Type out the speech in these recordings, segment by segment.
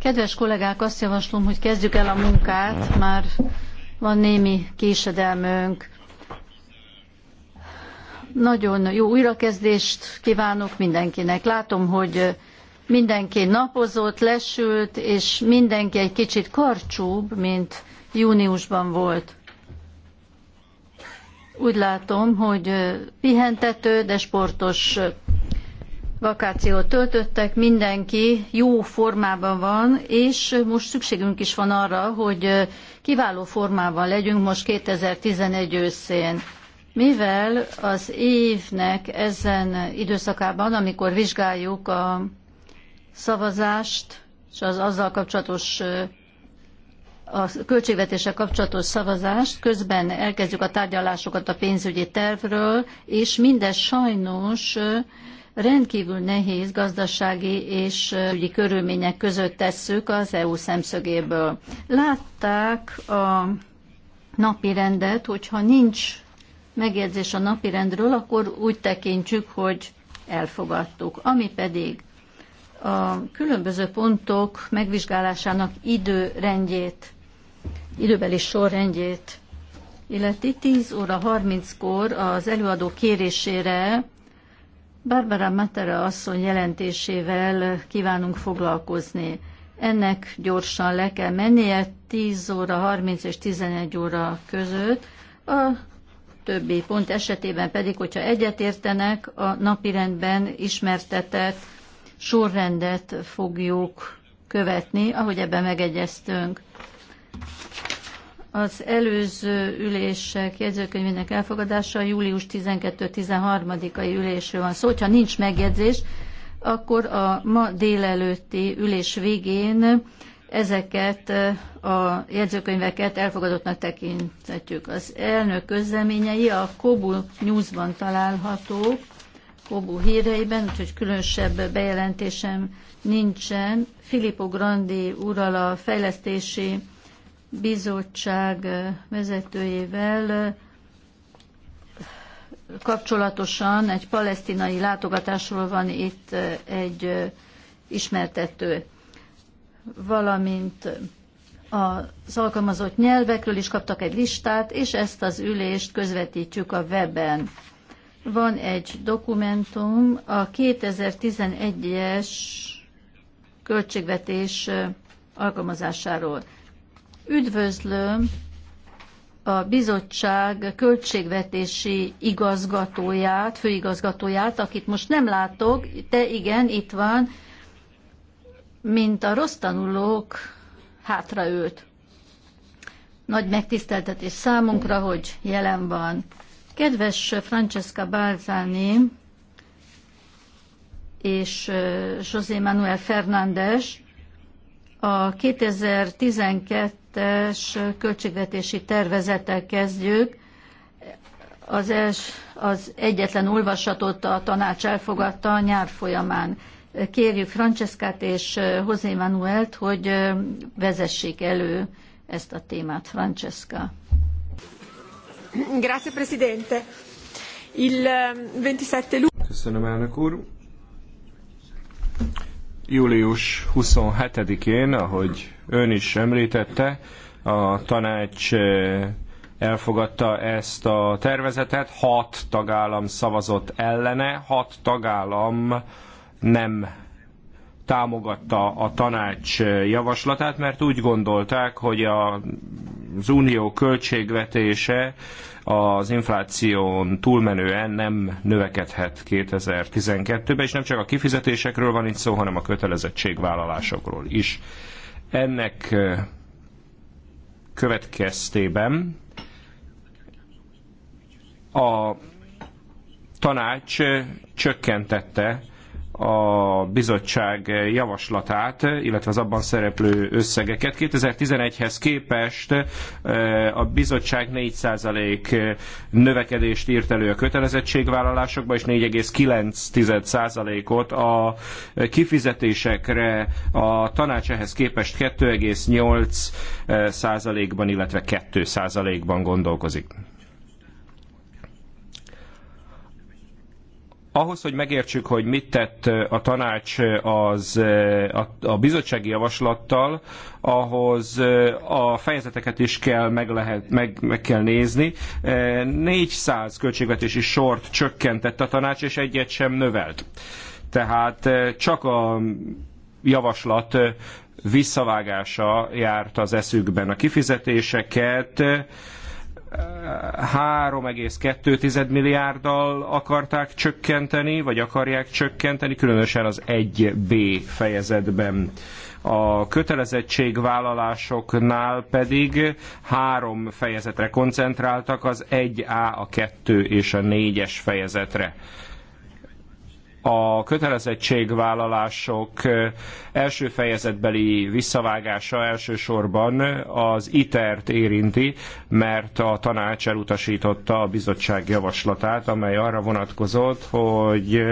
Kedves kollégák, azt javaslom, hogy kezdjük el a munkát, már van némi késedelmünk. Nagyon jó újrakezdést kívánok mindenkinek. Látom, hogy mindenki napozott, lesült, és mindenki egy kicsit karcsúbb, mint júniusban volt. Úgy látom, hogy pihentető, de sportos vakációt töltöttek, mindenki jó formában van, és most szükségünk is van arra, hogy kiváló formában legyünk most 2011 őszén. Mivel az évnek ezen időszakában, amikor vizsgáljuk a szavazást, és az azzal kapcsolatos a költségvetéssel kapcsolatos szavazást, közben elkezdjük a tárgyalásokat a pénzügyi tervről, és mindez sajnos rendkívül nehéz gazdasági és ügyi körülmények között tesszük az EU szemszögéből. Látták a napi rendet, hogyha nincs megjegyzés a napi rendről, akkor úgy tekintjük, hogy elfogadtuk. Ami pedig a különböző pontok megvizsgálásának időrendjét, időbeli sorrendjét illeti 10 óra 30-kor az előadó kérésére Barbara Matera asszony jelentésével kívánunk foglalkozni. Ennek gyorsan le kell mennie 10 óra 30 és 11 óra között. A többi pont esetében pedig, hogyha egyetértenek, a napirendben ismertetett sorrendet fogjuk követni, ahogy ebben megegyeztünk. Az előző ülések jegyzőkönyvének elfogadása július 12-13-ai ülésről van szó. Szóval, ha nincs megjegyzés, akkor a ma délelőtti ülés végén ezeket eh, a jegyzőkönyveket elfogadottnak tekinthetjük. Az elnök közleményei a Kobu Newsban találhatók, Kobu híreiben, úgyhogy különösebb bejelentésem nincsen. Filippo Grandi ural a fejlesztési bizottság vezetőjével kapcsolatosan egy palesztinai látogatásról van itt egy ismertető, valamint az alkalmazott nyelvekről is kaptak egy listát, és ezt az ülést közvetítjük a weben. Van egy dokumentum, a 2011-es költségvetés alkalmazásáról. Üdvözlöm a bizottság költségvetési igazgatóját, főigazgatóját, akit most nem látok, de igen, itt van, mint a rossz tanulók hátraült. Nagy megtiszteltetés számunkra, hogy jelen van. Kedves Francesca Balzani és José Manuel Fernández, a 2012 2017-es költségvetési tervezettel kezdjük. Az, els, az egyetlen olvasatot a tanács elfogadta a nyár folyamán. Kérjük Franceskát és José Manuelt, hogy vezessék elő ezt a témát. Francesca. Grazie, Presidente. Il 27 Köszönöm, elnök úr. Július 27-én, ahogy ön is említette, a tanács eh, elfogadta ezt a tervezetet, hat tagállam szavazott ellene, hat tagállam nem támogatta a tanács eh, javaslatát, mert úgy gondolták, hogy a, az unió költségvetése az infláción túlmenően nem növekedhet 2012-ben, és nem csak a kifizetésekről van itt szó, hanem a kötelezettségvállalásokról is. Ennek következtében a tanács csökkentette a bizottság javaslatát, illetve az abban szereplő összegeket. 2011-hez képest e, a bizottság 4% növekedést írt elő a kötelezettségvállalásokba, és 4,9%-ot a kifizetésekre. A tanács ehhez képest 2,8%-ban, illetve 2%-ban gondolkozik. ahhoz, hogy megértsük, hogy mit tett a tanács az, a, a bizottsági javaslattal, ahhoz a fejezeteket is kell, meg, lehet, meg, meg kell nézni. 400 költségvetési sort csökkentett a tanács, és egyet sem növelt. Tehát csak a javaslat visszavágása járt az eszükben. A kifizetéseket 3,2 milliárddal akarták csökkenteni, vagy akarják csökkenteni, különösen az 1B fejezetben. A kötelezettségvállalásoknál pedig három fejezetre koncentráltak, az 1A, a 2 és a 4-es fejezetre a kötelezettségvállalások első fejezetbeli visszavágása elsősorban az ITER-t e érinti, mert a tanács elutasította a bizottság javaslatát, amely arra vonatkozott, hogy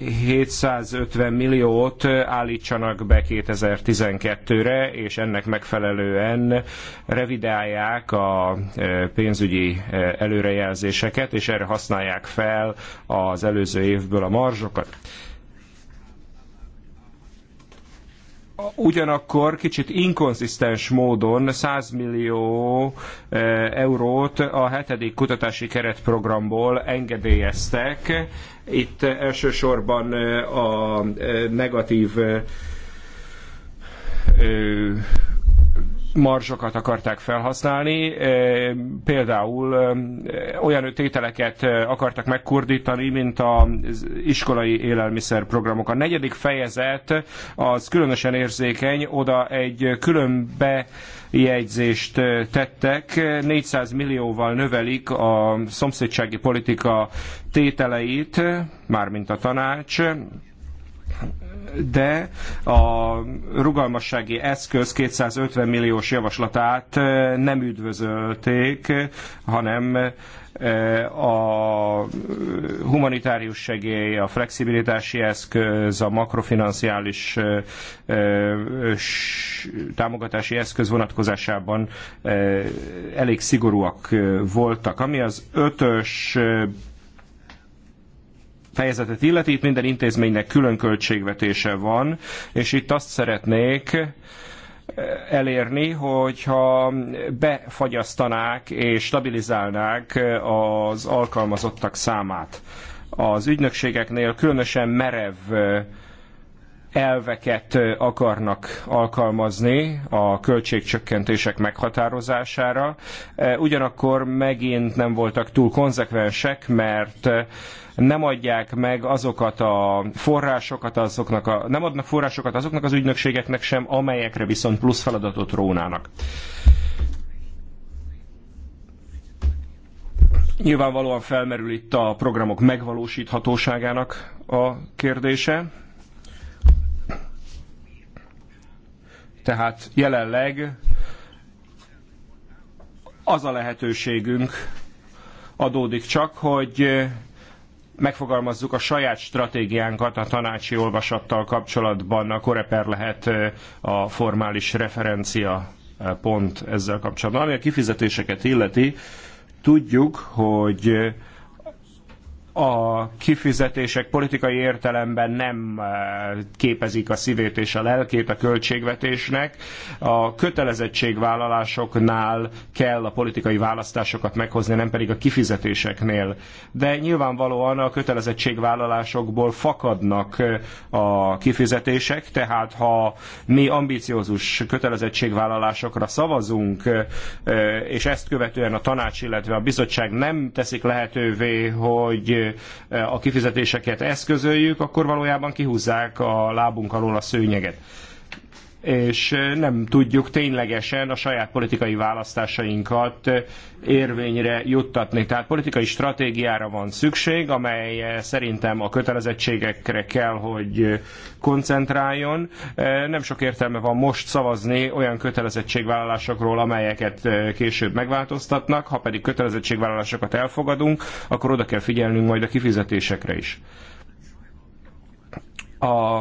750 milliót állítsanak be 2012-re, és ennek megfelelően revidálják a e, pénzügyi e, előrejelzéseket, és erre használják fel az előző évből a marzsokat. ugyanakkor kicsit inkonzisztens módon 100 millió e, eurót a hetedik kutatási keretprogramból engedélyeztek itt eh, elsősorban eh, a eh, negatív marzsokat akarták felhasználni, például olyan tételeket akartak megkurdítani, mint az iskolai élelmiszerprogramok. A negyedik fejezet az különösen érzékeny, oda egy külön bejegyzést tettek, 400 millióval növelik a szomszédsági politika tételeit, mármint a tanács, de a rugalmassági eszköz 250 milliós javaslatát eh, nem üdvözölték, hanem eh, a humanitárius segély, a flexibilitási eszköz, a makrofinanciális eh, támogatási eszköz vonatkozásában elég szigorúak voltak. Ami az ötös helyzetet illeti. Itt minden intézménynek külön költségvetése van, és itt azt szeretnék, eh, elérni, hogyha befagyasztanák és stabilizálnák eh, az alkalmazottak számát. Az ügynökségeknél különösen merev eh, elveket akarnak alkalmazni a költségcsökkentések meghatározására. Ugyanakkor megint nem voltak túl konzekvensek, mert nem adják meg azokat a forrásokat, azoknak a, nem adnak forrásokat azoknak az ügynökségeknek sem, amelyekre viszont plusz feladatot rónának. Nyilvánvalóan felmerül itt a programok megvalósíthatóságának a kérdése. Tehát jelenleg az a lehetőségünk adódik csak, hogy megfogalmazzuk a saját stratégiánkat a tanácsi olvasattal kapcsolatban, a koreper lehet a formális referencia pont ezzel kapcsolatban. Ami a kifizetéseket illeti, tudjuk, hogy a kifizetések politikai értelemben nem eh, képezik a szívét és a lelkét a költségvetésnek. A kötelezettségvállalásoknál kell a politikai választásokat meghozni, nem pedig a kifizetéseknél. De nyilvánvalóan a kötelezettségvállalásokból fakadnak eh, a kifizetések, tehát ha mi ambiciózus kötelezettségvállalásokra szavazunk, eh, és ezt követően a tanács, illetve a bizottság nem teszik lehetővé, hogy a kifizetéseket eszközöljük, akkor valójában kihúzzák a lábunk alól a szőnyeget és nem tudjuk ténylegesen a saját politikai választásainkat érvényre juttatni. Tehát politikai stratégiára van szükség, amely szerintem a kötelezettségekre kell, hogy koncentráljon. Nem sok értelme van most szavazni olyan kötelezettségvállalásokról, amelyeket később megváltoztatnak. Ha pedig kötelezettségvállalásokat elfogadunk, akkor oda kell figyelnünk majd a kifizetésekre is. A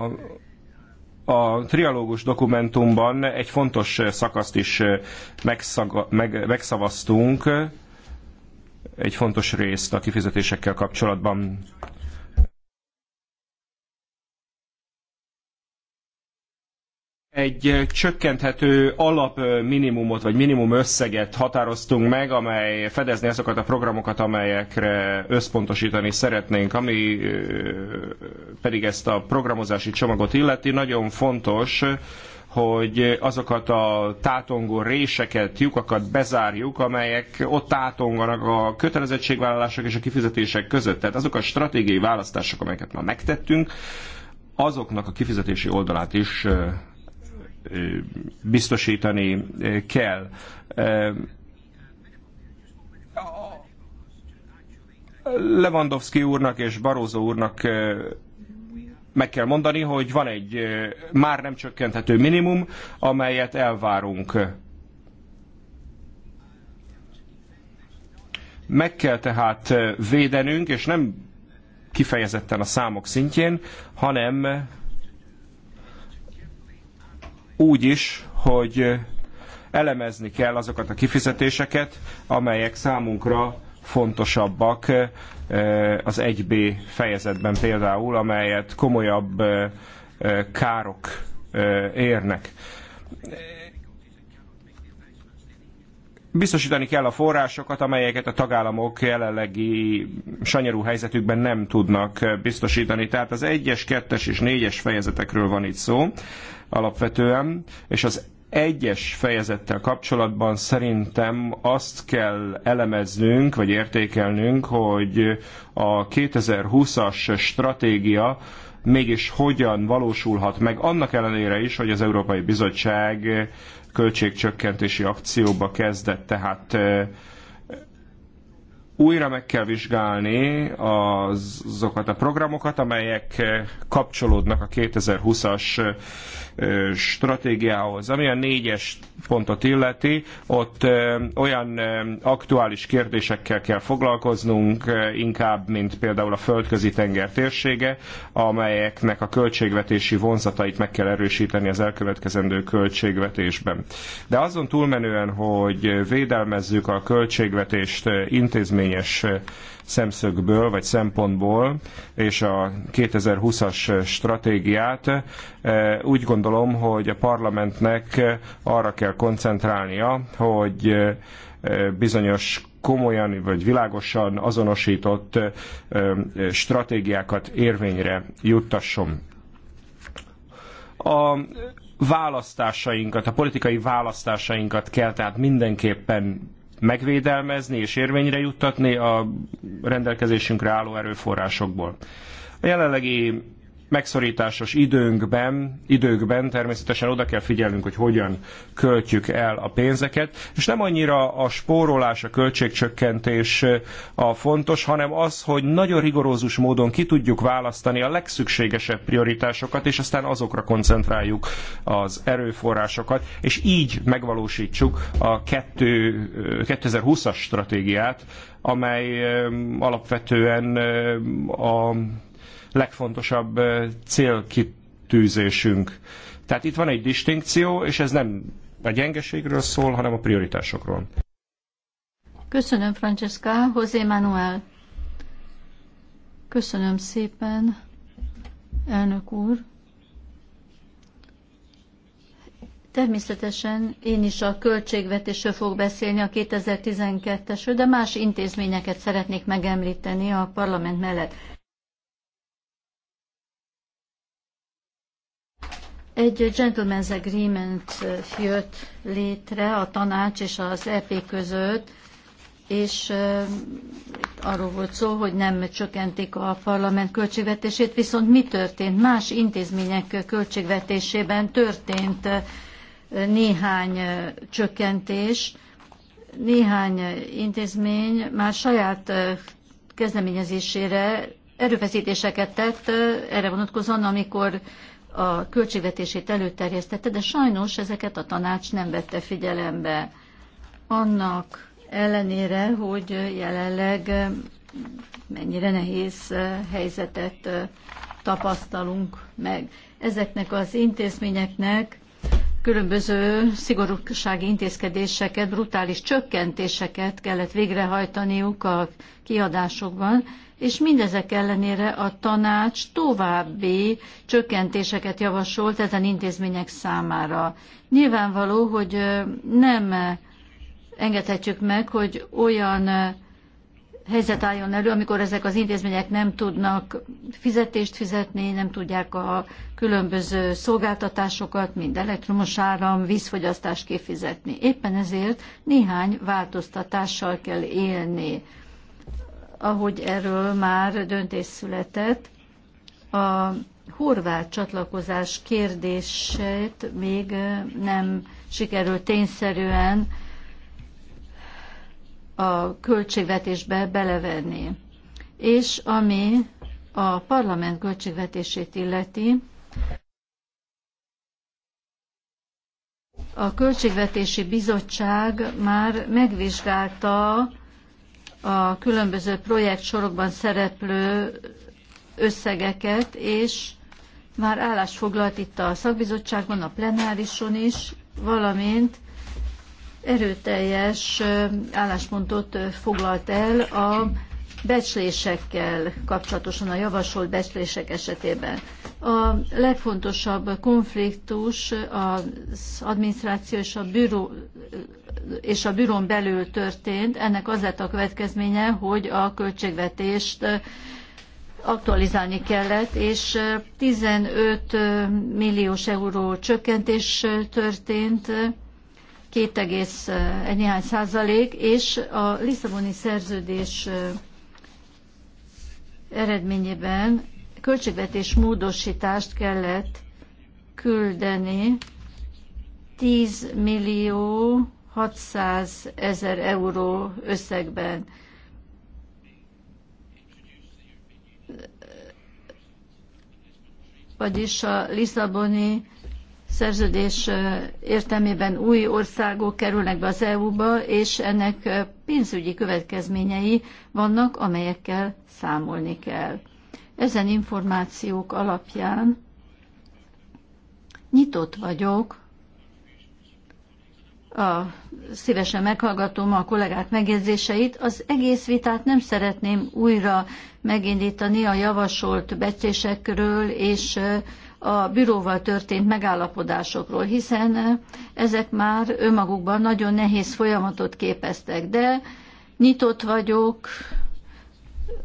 a trialógus dokumentumban egy fontos szakaszt is eh, megszaga, meg, megszavaztunk, egy fontos részt a kifizetésekkel kapcsolatban. egy csökkenthető alapminimumot vagy minimum összeget határoztunk meg, amely fedezni azokat a programokat, amelyekre összpontosítani szeretnénk, ami pedig ezt a programozási csomagot illeti. Nagyon fontos, hogy azokat a tátongó réseket, lyukakat bezárjuk, amelyek ott tátonganak a kötelezettségvállalások és a kifizetések között. Tehát azok a stratégiai választások, amelyeket már megtettünk, azoknak a kifizetési oldalát is biztosítani kell. Lewandowski úrnak és Barózó úrnak eh, meg kell mondani, hogy van egy eh, már nem csökkenthető minimum, amelyet elvárunk. Meg kell tehát eh, védenünk, és nem kifejezetten a számok szintjén, hanem úgy is, hogy elemezni kell azokat a kifizetéseket, amelyek számunkra fontosabbak eh, az 1B fejezetben például, amelyet komolyabb eh, eh, károk érnek. Biztosítani kell a forrásokat, amelyeket a tagállamok jelenlegi sanyarú helyzetükben nem tudnak biztosítani. Tehát az 1-es, 2-es és 4-es fejezetekről van itt szó alapvetően, és az egyes fejezettel kapcsolatban szerintem azt kell elemeznünk, vagy értékelnünk, hogy a 2020-as stratégia mégis hogyan valósulhat meg, annak ellenére is, hogy az Európai Bizottság költségcsökkentési akcióba kezdett. Tehát újra meg kell vizsgálni azokat a programokat, amelyek kapcsolódnak a 2020-as stratégiához. Ami a négyes pontot illeti, ott olyan aktuális kérdésekkel kell foglalkoznunk, inkább, mint például a földközi tenger térsége, amelyeknek a költségvetési vonzatait meg kell erősíteni az elkövetkezendő költségvetésben. De azon túlmenően, hogy védelmezzük a költségvetést intézményes szemszögből vagy szempontból, és a 2020-as stratégiát e, úgy gondolom, hogy a parlamentnek arra kell koncentrálnia, hogy e, e, bizonyos komolyan vagy világosan azonosított stratégiákat érvényre juttasson. A választásainkat, a politikai választásainkat kell tehát mindenképpen megvédelmezni és érvényre juttatni a rendelkezésünkre álló erőforrásokból. A jelenlegi megszorításos időnkben, időkben természetesen oda kell figyelnünk, hogy hogyan költjük el a pénzeket, és nem annyira a spórolás, a költségcsökkentés a fontos, hanem az, hogy nagyon rigorózus módon ki tudjuk választani a legszükségesebb prioritásokat, és aztán azokra koncentráljuk az erőforrásokat, és így megvalósítsuk a 2020-as stratégiát, amely alapvetően a legfontosabb célkitűzésünk. Tehát itt van egy distinkció, és ez nem a gyengeségről szól, hanem a prioritásokról. Köszönöm, Francesca. José Manuel. Köszönöm szépen, elnök úr. Természetesen én is a költségvetésről fog beszélni a 2012-esről, de más intézményeket szeretnék megemlíteni a parlament mellett. Egy gentleman's agreement jött létre a tanács és az EP között, és arról volt szó, hogy nem csökkentik a parlament költségvetését, viszont mi történt? Más intézmények költségvetésében történt néhány csökkentés, néhány intézmény már saját kezdeményezésére erőfeszítéseket tett erre vonatkozóan, amikor a költségvetését előterjesztette, de sajnos ezeket a tanács nem vette figyelembe. Annak ellenére, hogy jelenleg mennyire nehéz eh, helyzetet eh, tapasztalunk meg. Ezeknek az intézményeknek különböző szigorúsági intézkedéseket, brutális csökkentéseket kellett végrehajtaniuk a kiadásokban, és mindezek ellenére a tanács további csökkentéseket javasolt ezen intézmények számára. Nyilvánvaló, hogy nem engedhetjük meg, hogy olyan helyzet álljon elő, amikor ezek az intézmények nem tudnak fizetést fizetni, nem tudják a különböző szolgáltatásokat, mint elektromos áram, vízfogyasztást kifizetni. Éppen ezért néhány változtatással kell élni ahogy erről már döntés született. A horvát csatlakozás kérdését még nem sikerült tényszerűen a költségvetésbe belevenni. És ami a parlament költségvetését illeti, a Költségvetési Bizottság már megvizsgálta a különböző projekt sorokban szereplő összegeket, és már állásfoglalt foglalt itt a szakbizottságban, a plenárison is, valamint erőteljes álláspontot foglalt el a becslésekkel kapcsolatosan, a javasolt becslések esetében. A legfontosabb konfliktus az adminisztráció és a, bűró, és a bürón belül történt. Ennek az lett a következménye, hogy a költségvetést aktualizálni kellett, és 15 milliós euró csökkentés történt, 2,1 százalék, és a Lisszaboni szerződés eredményében költségvetés módosítást kellett küldeni 10 millió 600 ezer euró összegben. Vagyis a Lisszaboni szerződés értelmében új országok kerülnek be az EU-ba, és ennek pénzügyi következményei vannak, amelyekkel számolni kell. Ezen információk alapján nyitott vagyok, a, szívesen meghallgatom a kollégák megjegyzéseit. Az egész vitát nem szeretném újra megindítani a javasolt becslések körül és a bíróval történt megállapodásokról, hiszen eh, ezek már önmagukban nagyon nehéz folyamatot képeztek, de nyitott vagyok,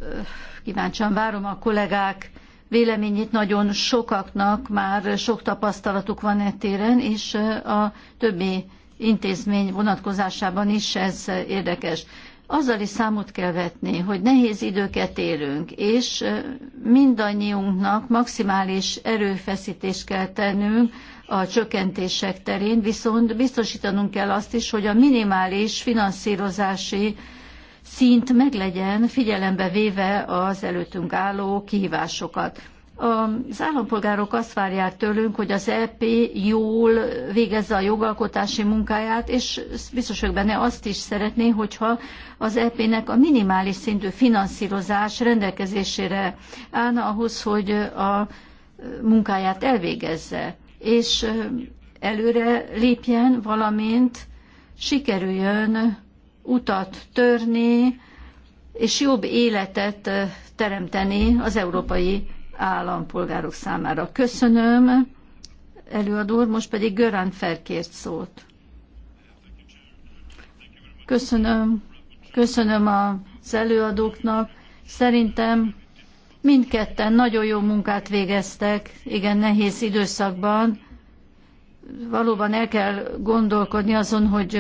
eh, kíváncsian várom a kollégák véleményét, nagyon sokaknak már sok tapasztalatuk van ettéren, és eh, a többi intézmény vonatkozásában is ez érdekes azzal is számot kell vetni, hogy nehéz időket élünk, és mindannyiunknak maximális erőfeszítést kell tennünk a csökkentések terén, viszont biztosítanunk kell azt is, hogy a minimális finanszírozási szint meglegyen, figyelembe véve az előttünk álló kihívásokat. Az állampolgárok azt várják tőlünk, hogy az EP jól végezze a jogalkotási munkáját, és biztos vagyok benne azt is szeretné, hogyha az EP-nek a minimális szintű finanszírozás rendelkezésére állna ahhoz, hogy a munkáját elvégezze, és előre lépjen, valamint sikerüljön utat törni, és jobb életet teremteni az európai állampolgárok számára. Köszönöm, előadó úr, most pedig Görán felkért szót. Köszönöm, köszönöm az előadóknak. Szerintem mindketten nagyon jó munkát végeztek, igen nehéz időszakban. Valóban el kell gondolkodni azon, hogy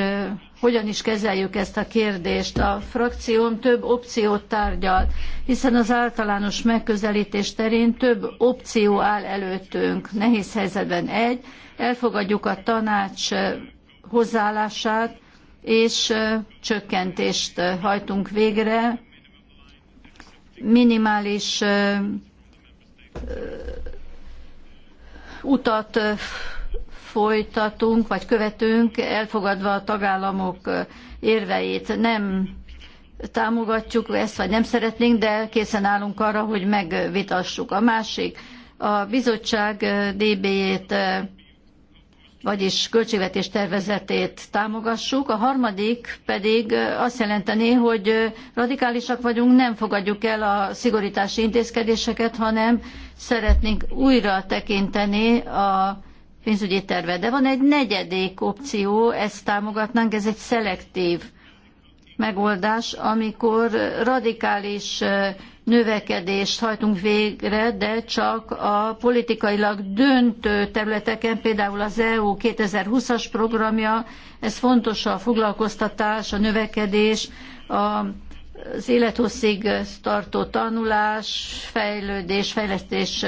hogyan is kezeljük ezt a kérdést. A frakcióm több opciót tárgyalt, hiszen az általános megközelítés terén több opció áll előttünk. Nehéz helyzetben egy, elfogadjuk a tanács hozzáállását, és csökkentést hajtunk végre, minimális utat folytatunk, vagy követünk, elfogadva a tagállamok érveit. Nem támogatjuk ezt, vagy nem szeretnénk, de készen állunk arra, hogy megvitassuk. A másik, a bizottság DB-jét, vagyis költségvetés tervezetét támogassuk. A harmadik pedig azt jelenteni, hogy radikálisak vagyunk, nem fogadjuk el a szigorítási intézkedéseket, hanem szeretnénk újra tekinteni a pénzügyi terve. De van egy negyedik opció, ezt támogatnánk, ez egy szelektív megoldás, amikor radikális növekedést hajtunk végre, de csak a politikailag döntő területeken, például az EU 2020-as programja, ez fontos a foglalkoztatás, a növekedés, a az élethosszig tartó tanulás, fejlődés, fejlesztés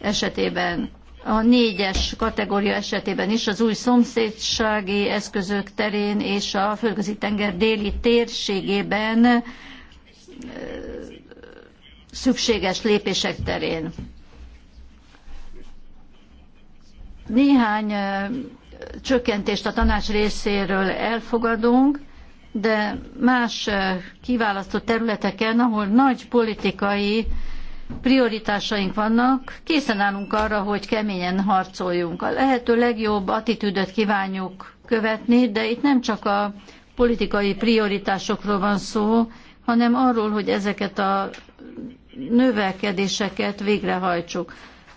esetében a négyes kategória esetében is az új szomszédsági eszközök terén és a földközi tenger déli térségében szükséges lépések terén. Néhány csökkentést a tanács részéről elfogadunk, de más kiválasztott területeken, ahol nagy politikai prioritásaink vannak, készen állunk arra, hogy keményen harcoljunk. A lehető legjobb attitűdöt kívánjuk követni, de itt nem csak a politikai prioritásokról van szó, hanem arról, hogy ezeket a növekedéseket végrehajtsuk.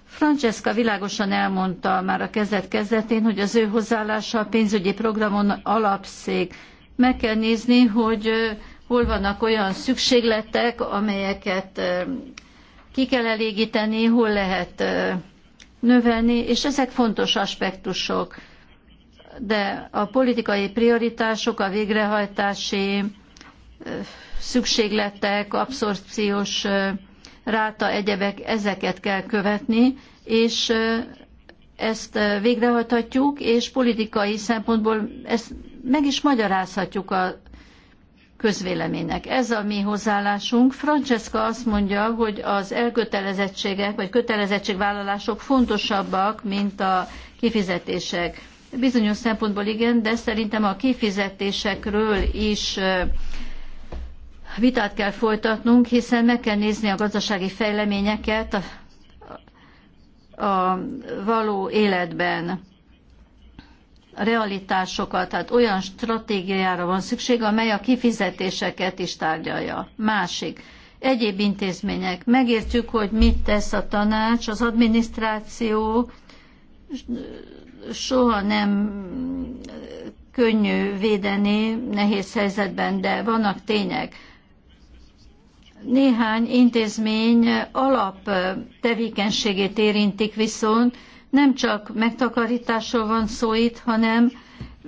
Francesca világosan elmondta már a kezdet-kezdetén, hogy az ő hozzáállása a pénzügyi programon alapszék. Meg kell nézni, hogy hol vannak olyan szükségletek, amelyeket ki kell elégíteni, hol lehet növelni, és ezek fontos aspektusok. De a politikai prioritások, a végrehajtási szükségletek, abszorpciós ráta, egyebek, ezeket kell követni, és ezt végrehajthatjuk, és politikai szempontból ezt meg is magyarázhatjuk a közvéleménynek. Ez a mi hozzáállásunk. Francesca azt mondja, hogy az elkötelezettségek vagy kötelezettségvállalások fontosabbak, mint a kifizetések. Bizonyos szempontból igen, de szerintem a kifizetésekről is vitát kell folytatnunk, hiszen meg kell nézni a gazdasági fejleményeket a, a való életben realitásokat, tehát olyan stratégiára van szükség, amely a kifizetéseket is tárgyalja. Másik. Egyéb intézmények. Megértjük, hogy mit tesz a tanács, az adminisztráció soha nem könnyű védeni nehéz helyzetben, de vannak tények. Néhány intézmény alap tevékenységét érintik viszont, nem csak megtakarításról van szó itt, hanem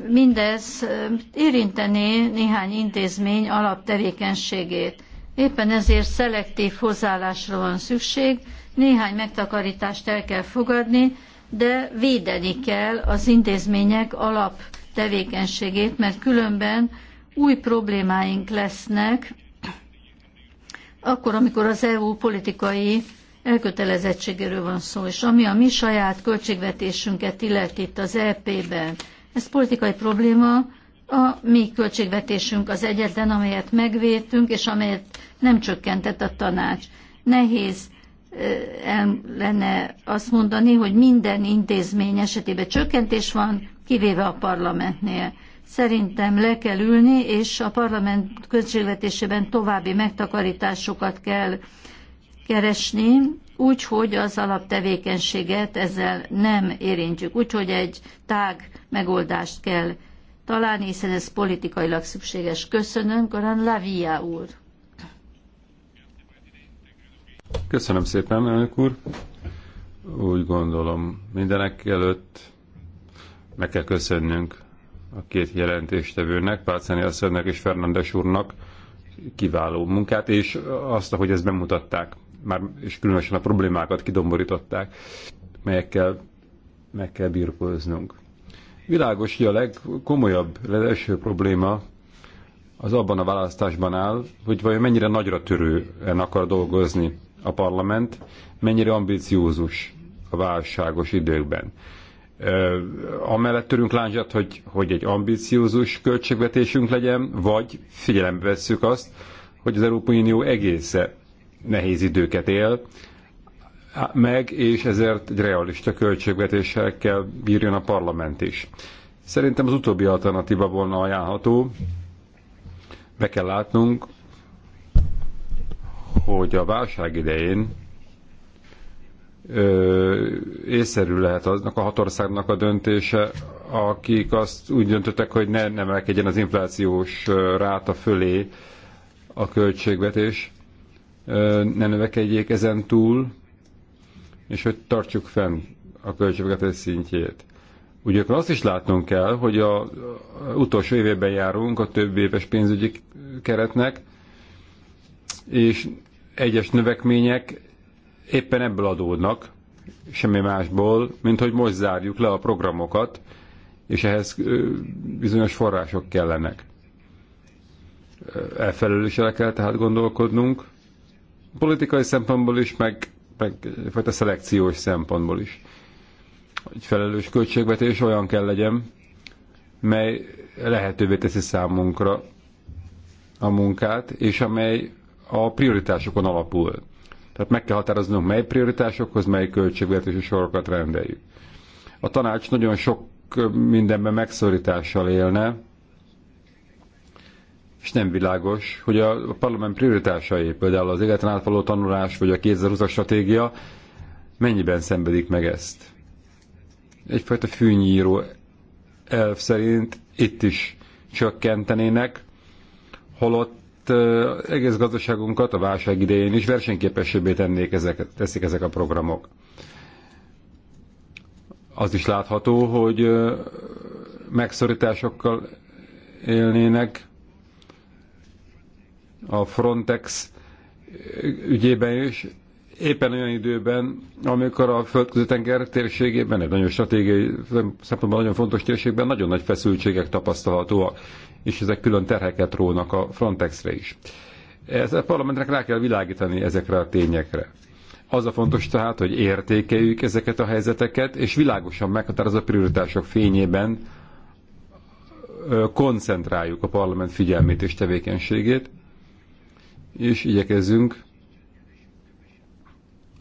mindez érintené néhány intézmény alaptevékenységét. Éppen ezért szelektív hozzáállásra van szükség, néhány megtakarítást el kell fogadni, de védeni kell az intézmények alaptevékenységét, mert különben új problémáink lesznek, akkor, amikor az EU politikai elkötelezettségéről van szó, és ami a mi saját költségvetésünket illeti itt az EP-ben, ez politikai probléma, a mi költségvetésünk az egyetlen, amelyet megvédtünk, és amelyet nem csökkentett a tanács. Nehéz el lenne azt mondani, hogy minden intézmény esetében csökkentés van, kivéve a parlamentnél. Szerintem le kell ülni, és a parlament költségvetésében további megtakarításokat kell keresni, úgyhogy az alaptevékenységet ezzel nem érintjük. úgyhogy egy tág megoldást kell találni, hiszen ez politikailag szükséges. Köszönöm, Karan Lavia úr. Köszönöm szépen, elnök úr. Úgy gondolom, mindenek előtt meg kell köszönnünk a két jelentéstevőnek, Pácáni Asszonynak és Fernandes úrnak kiváló munkát, és azt, hogy ezt bemutatták már és különösen a problémákat kidomborították, melyekkel meg kell birkóznunk. Világos, hogy a legkomolyabb, legelső probléma az abban a választásban áll, hogy vajon mennyire nagyra törően akar dolgozni a parlament, mennyire ambiciózus a válságos időkben. Ö, amellett törünk láncsát, hogy, hogy egy ambiciózus költségvetésünk legyen, vagy figyelembe vesszük azt, hogy az Európai Unió egésze nehéz időket él, meg, és ezért egy realista költségvetéssel kell bírjon a parlament is. Szerintem az utóbbi alternatíva volna ajánlható. Be kell látnunk, hogy a válság idején észszerű lehet aznak a hatországnak a döntése, akik azt úgy döntöttek, hogy ne emelkedjen az inflációs ráta fölé a költségvetés, ne növekedjék ezen túl, és hogy tartsuk fenn a költségvetés szintjét. akkor azt is látnunk kell, hogy a, a utolsó évében járunk a több éves pénzügyi keretnek, és egyes növekmények éppen ebből adódnak, semmi másból, mint hogy most zárjuk le a programokat, és ehhez bizonyos források kellenek. Elfelelősre kell tehát gondolkodnunk, politikai szempontból is, meg, meg fajta szelekciós szempontból is. Egy felelős költségvetés olyan kell legyen, mely lehetővé teszi számunkra a munkát, és amely a prioritásokon alapul. Tehát meg kell határoznunk, mely prioritásokhoz, mely költségvetési sorokat rendeljük. A tanács nagyon sok mindenben megszorítással élne, és nem világos, hogy a parlament prioritásai, például az életen átvaló tanulás, vagy a 2020-as stratégia mennyiben szenvedik meg ezt. Egyfajta fűnyíró elv szerint itt is csökkentenének, holott egész gazdaságunkat a válság idején is versenyképesebbé tennék ezek, teszik ezek a programok. Az is látható, hogy megszorításokkal élnének, a Frontex ügyében is, éppen olyan időben, amikor a földközi tenger térségében, egy nagyon stratégiai szempontból nagyon fontos térségben nagyon nagy feszültségek tapasztalhatóak, és ezek külön terheket rónak a Frontexre is. Ez a parlamentnek rá kell világítani ezekre a tényekre. Az a fontos tehát, hogy értékeljük ezeket a helyzeteket, és világosan a prioritások fényében koncentráljuk a parlament figyelmét és tevékenységét, és igyekezzünk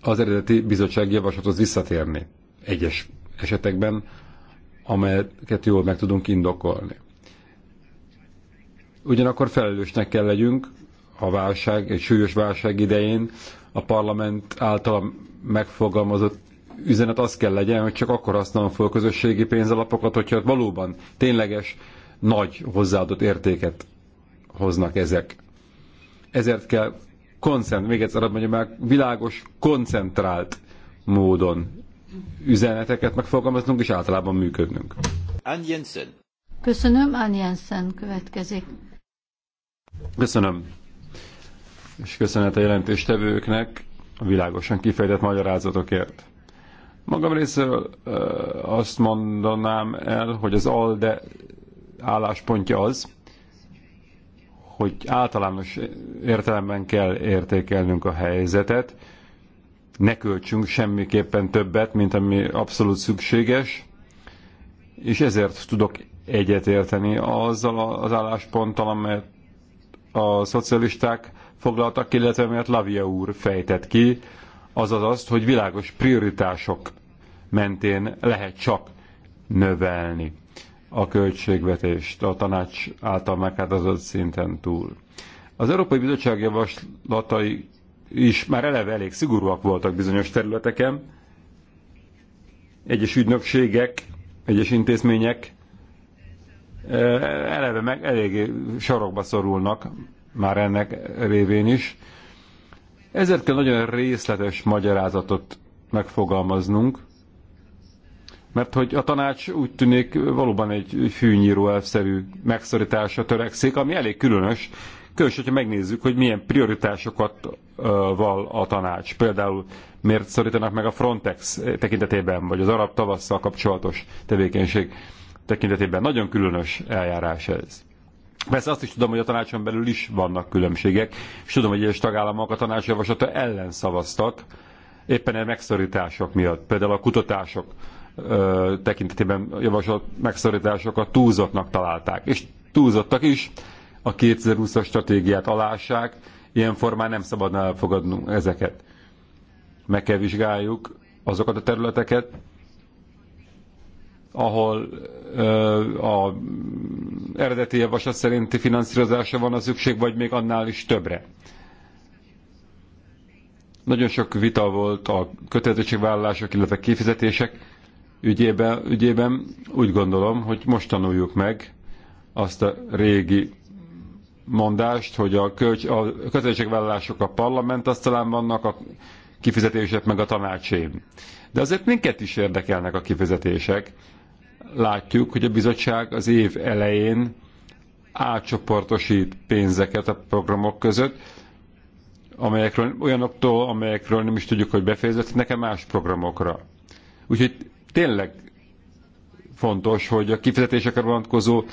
az eredeti bizottsági javaslathoz visszatérni egyes esetekben, amelyeket jól meg tudunk indokolni. Ugyanakkor felelősnek kell legyünk a válság, egy súlyos válság idején a parlament által megfogalmazott üzenet az kell legyen, hogy csak akkor használom fel közösségi pénzalapokat, hogyha valóban tényleges nagy hozzáadott értéket hoznak ezek. Ezért kell koncent, még egyszer mondjam meg, világos, koncentrált módon üzeneteket megfogalmaznunk, és általában működnünk. Ann Jensen. Köszönöm, Ann Jensen következik. Köszönöm. És köszönet a jelentéstevőknek a világosan kifejtett magyarázatokért. Magam részéről azt mondanám el, hogy az ALDE álláspontja az, hogy általános értelemben kell értékelnünk a helyzetet, ne költsünk semmiképpen többet, mint ami abszolút szükséges, és ezért tudok egyetérteni azzal az állásponttal, amelyet a szocialisták foglaltak, illetve amelyet Lavia úr fejtett ki, azaz azt, hogy világos prioritások mentén lehet csak növelni a költségvetést a tanács által meghatározott szinten túl. Az Európai Bizottság javaslatai is már eleve elég szigorúak voltak bizonyos területeken. Egyes ügynökségek, egyes intézmények eh, eleve meg elég sarokba szorulnak már ennek révén is. Ezért kell nagyon részletes magyarázatot megfogalmaznunk, mert hogy a tanács úgy tűnik valóban egy fűnyíró elszerű megszorításra törekszik, ami elég különös, különös, hogyha megnézzük, hogy milyen prioritásokat val a tanács. Például miért szorítanak meg a Frontex tekintetében, vagy az arab tavasszal kapcsolatos tevékenység tekintetében. Nagyon különös eljárás ez. Persze azt is tudom, hogy a tanácson belül is vannak különbségek, és tudom, hogy egyes tagállamok a tanács javaslata ellen szavaztak, éppen a megszorítások miatt, például a kutatások ö, tekintetében javasolt megszorításokat túlzottnak találták. És túlzottak is, a 2020-as stratégiát alássák, ilyen formán nem szabadna elfogadnunk ezeket. Meg kell vizsgáljuk azokat a területeket, ahol a eredeti javaslat szerinti finanszírozásra van a szükség, vagy még annál is többre. Nagyon sok vita volt a kötelezettségvállalások, illetve kifizetések ügyében, ügyében úgy gondolom, hogy most tanuljuk meg azt a régi mondást, hogy a, kölcs, a közösségvállalások a parlament, azt talán vannak a kifizetések meg a tanácsém. De azért minket is érdekelnek a kifizetések. Látjuk, hogy a bizottság az év elején átcsoportosít pénzeket a programok között, amelyekről, olyanoktól, amelyekről nem is tudjuk, hogy befejezett nekem más programokra. Úgyhogy tényleg fontos, hogy a kifizetésekre vonatkozó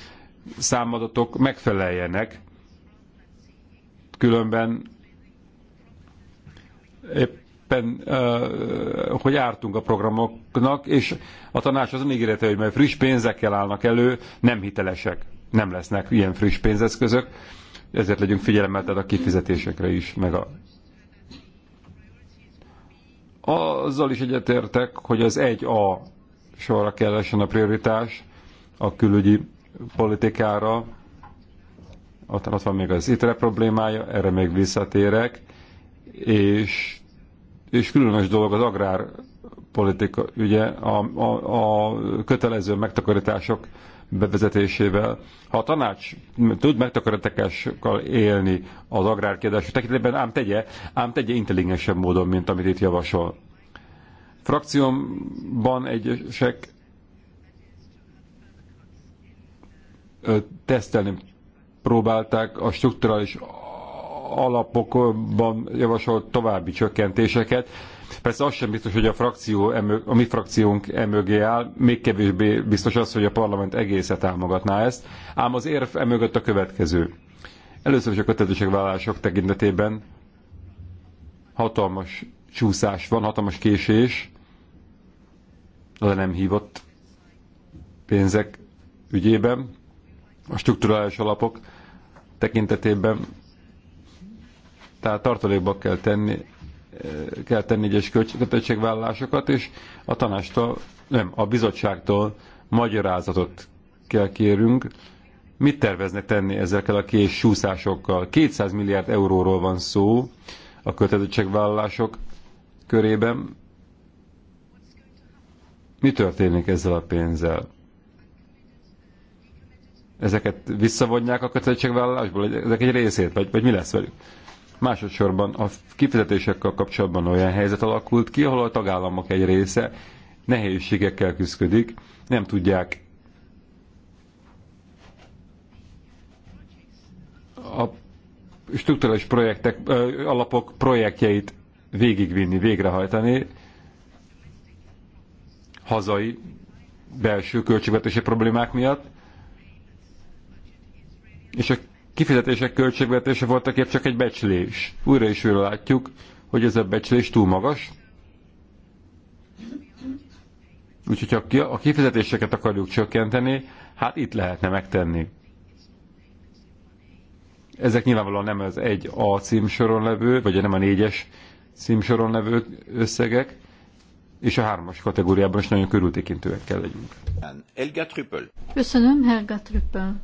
számadatok megfeleljenek, különben éppen, hogy ártunk a programoknak, és a tanács azon ígérete, hogy majd friss pénzekkel állnak elő, nem hitelesek, nem lesznek ilyen friss pénzeszközök, ezért legyünk figyelemmel a kifizetésekre is, meg a azzal is egyetértek, hogy az egy a sorra kellesen a prioritás a külügyi politikára. Ott, ott van még az ITRE problémája, erre még visszatérek. És, és különös dolog az agrárpolitika, ugye a, a, a kötelező megtakarítások bevezetésével. Ha a tanács tud megtakarításokkal élni az agrárkérdés tekintetében, ám tegye, ám tegye intelligensebb módon, mint amit itt javasol. Frakciómban egyesek tesztelni próbálták a strukturális alapokban javasolt további csökkentéseket, Persze az sem biztos, hogy a, frakció, a mi frakciónk emögé áll, még kevésbé biztos az, hogy a parlament egészet támogatná ezt, ám az érv emögött a következő. Először is a kötelezettségvállalások tekintetében hatalmas csúszás van, hatalmas késés, de nem hívott pénzek ügyében, a strukturális alapok tekintetében, tehát tartalékba kell tenni kell tenni egyes kötelezettségvállalásokat, és a tanástól, nem, a bizottságtól magyarázatot kell kérünk, mit tervezne tenni ezekkel a kés súszásokkal. 200 milliárd euróról van szó a kötelezettségvállalások körében. Mi történik ezzel a pénzzel? Ezeket visszavonják a kötelezettségvállalásból? Ezek egy részét? Vagy, vagy mi lesz velük? Másodszorban a kifizetésekkel kapcsolatban olyan helyzet alakult ki, ahol a tagállamok egy része nehézségekkel küzdik, nem tudják a strukturális projektek, alapok projektjeit végigvinni, végrehajtani hazai belső költségvetési problémák miatt, és a kifizetések költségvetése voltak épp csak egy becslés. Újra is újra látjuk, hogy ez a becslés túl magas. Úgyhogy ha a kifizetéseket akarjuk csökkenteni, hát itt lehetne megtenni. Ezek nyilvánvalóan nem az egy a címsoron levő, vagy nem a négyes címsoron levő összegek, és a hármas kategóriában is nagyon körültékintőek kell legyünk. Köszönöm, Helga Trüppel.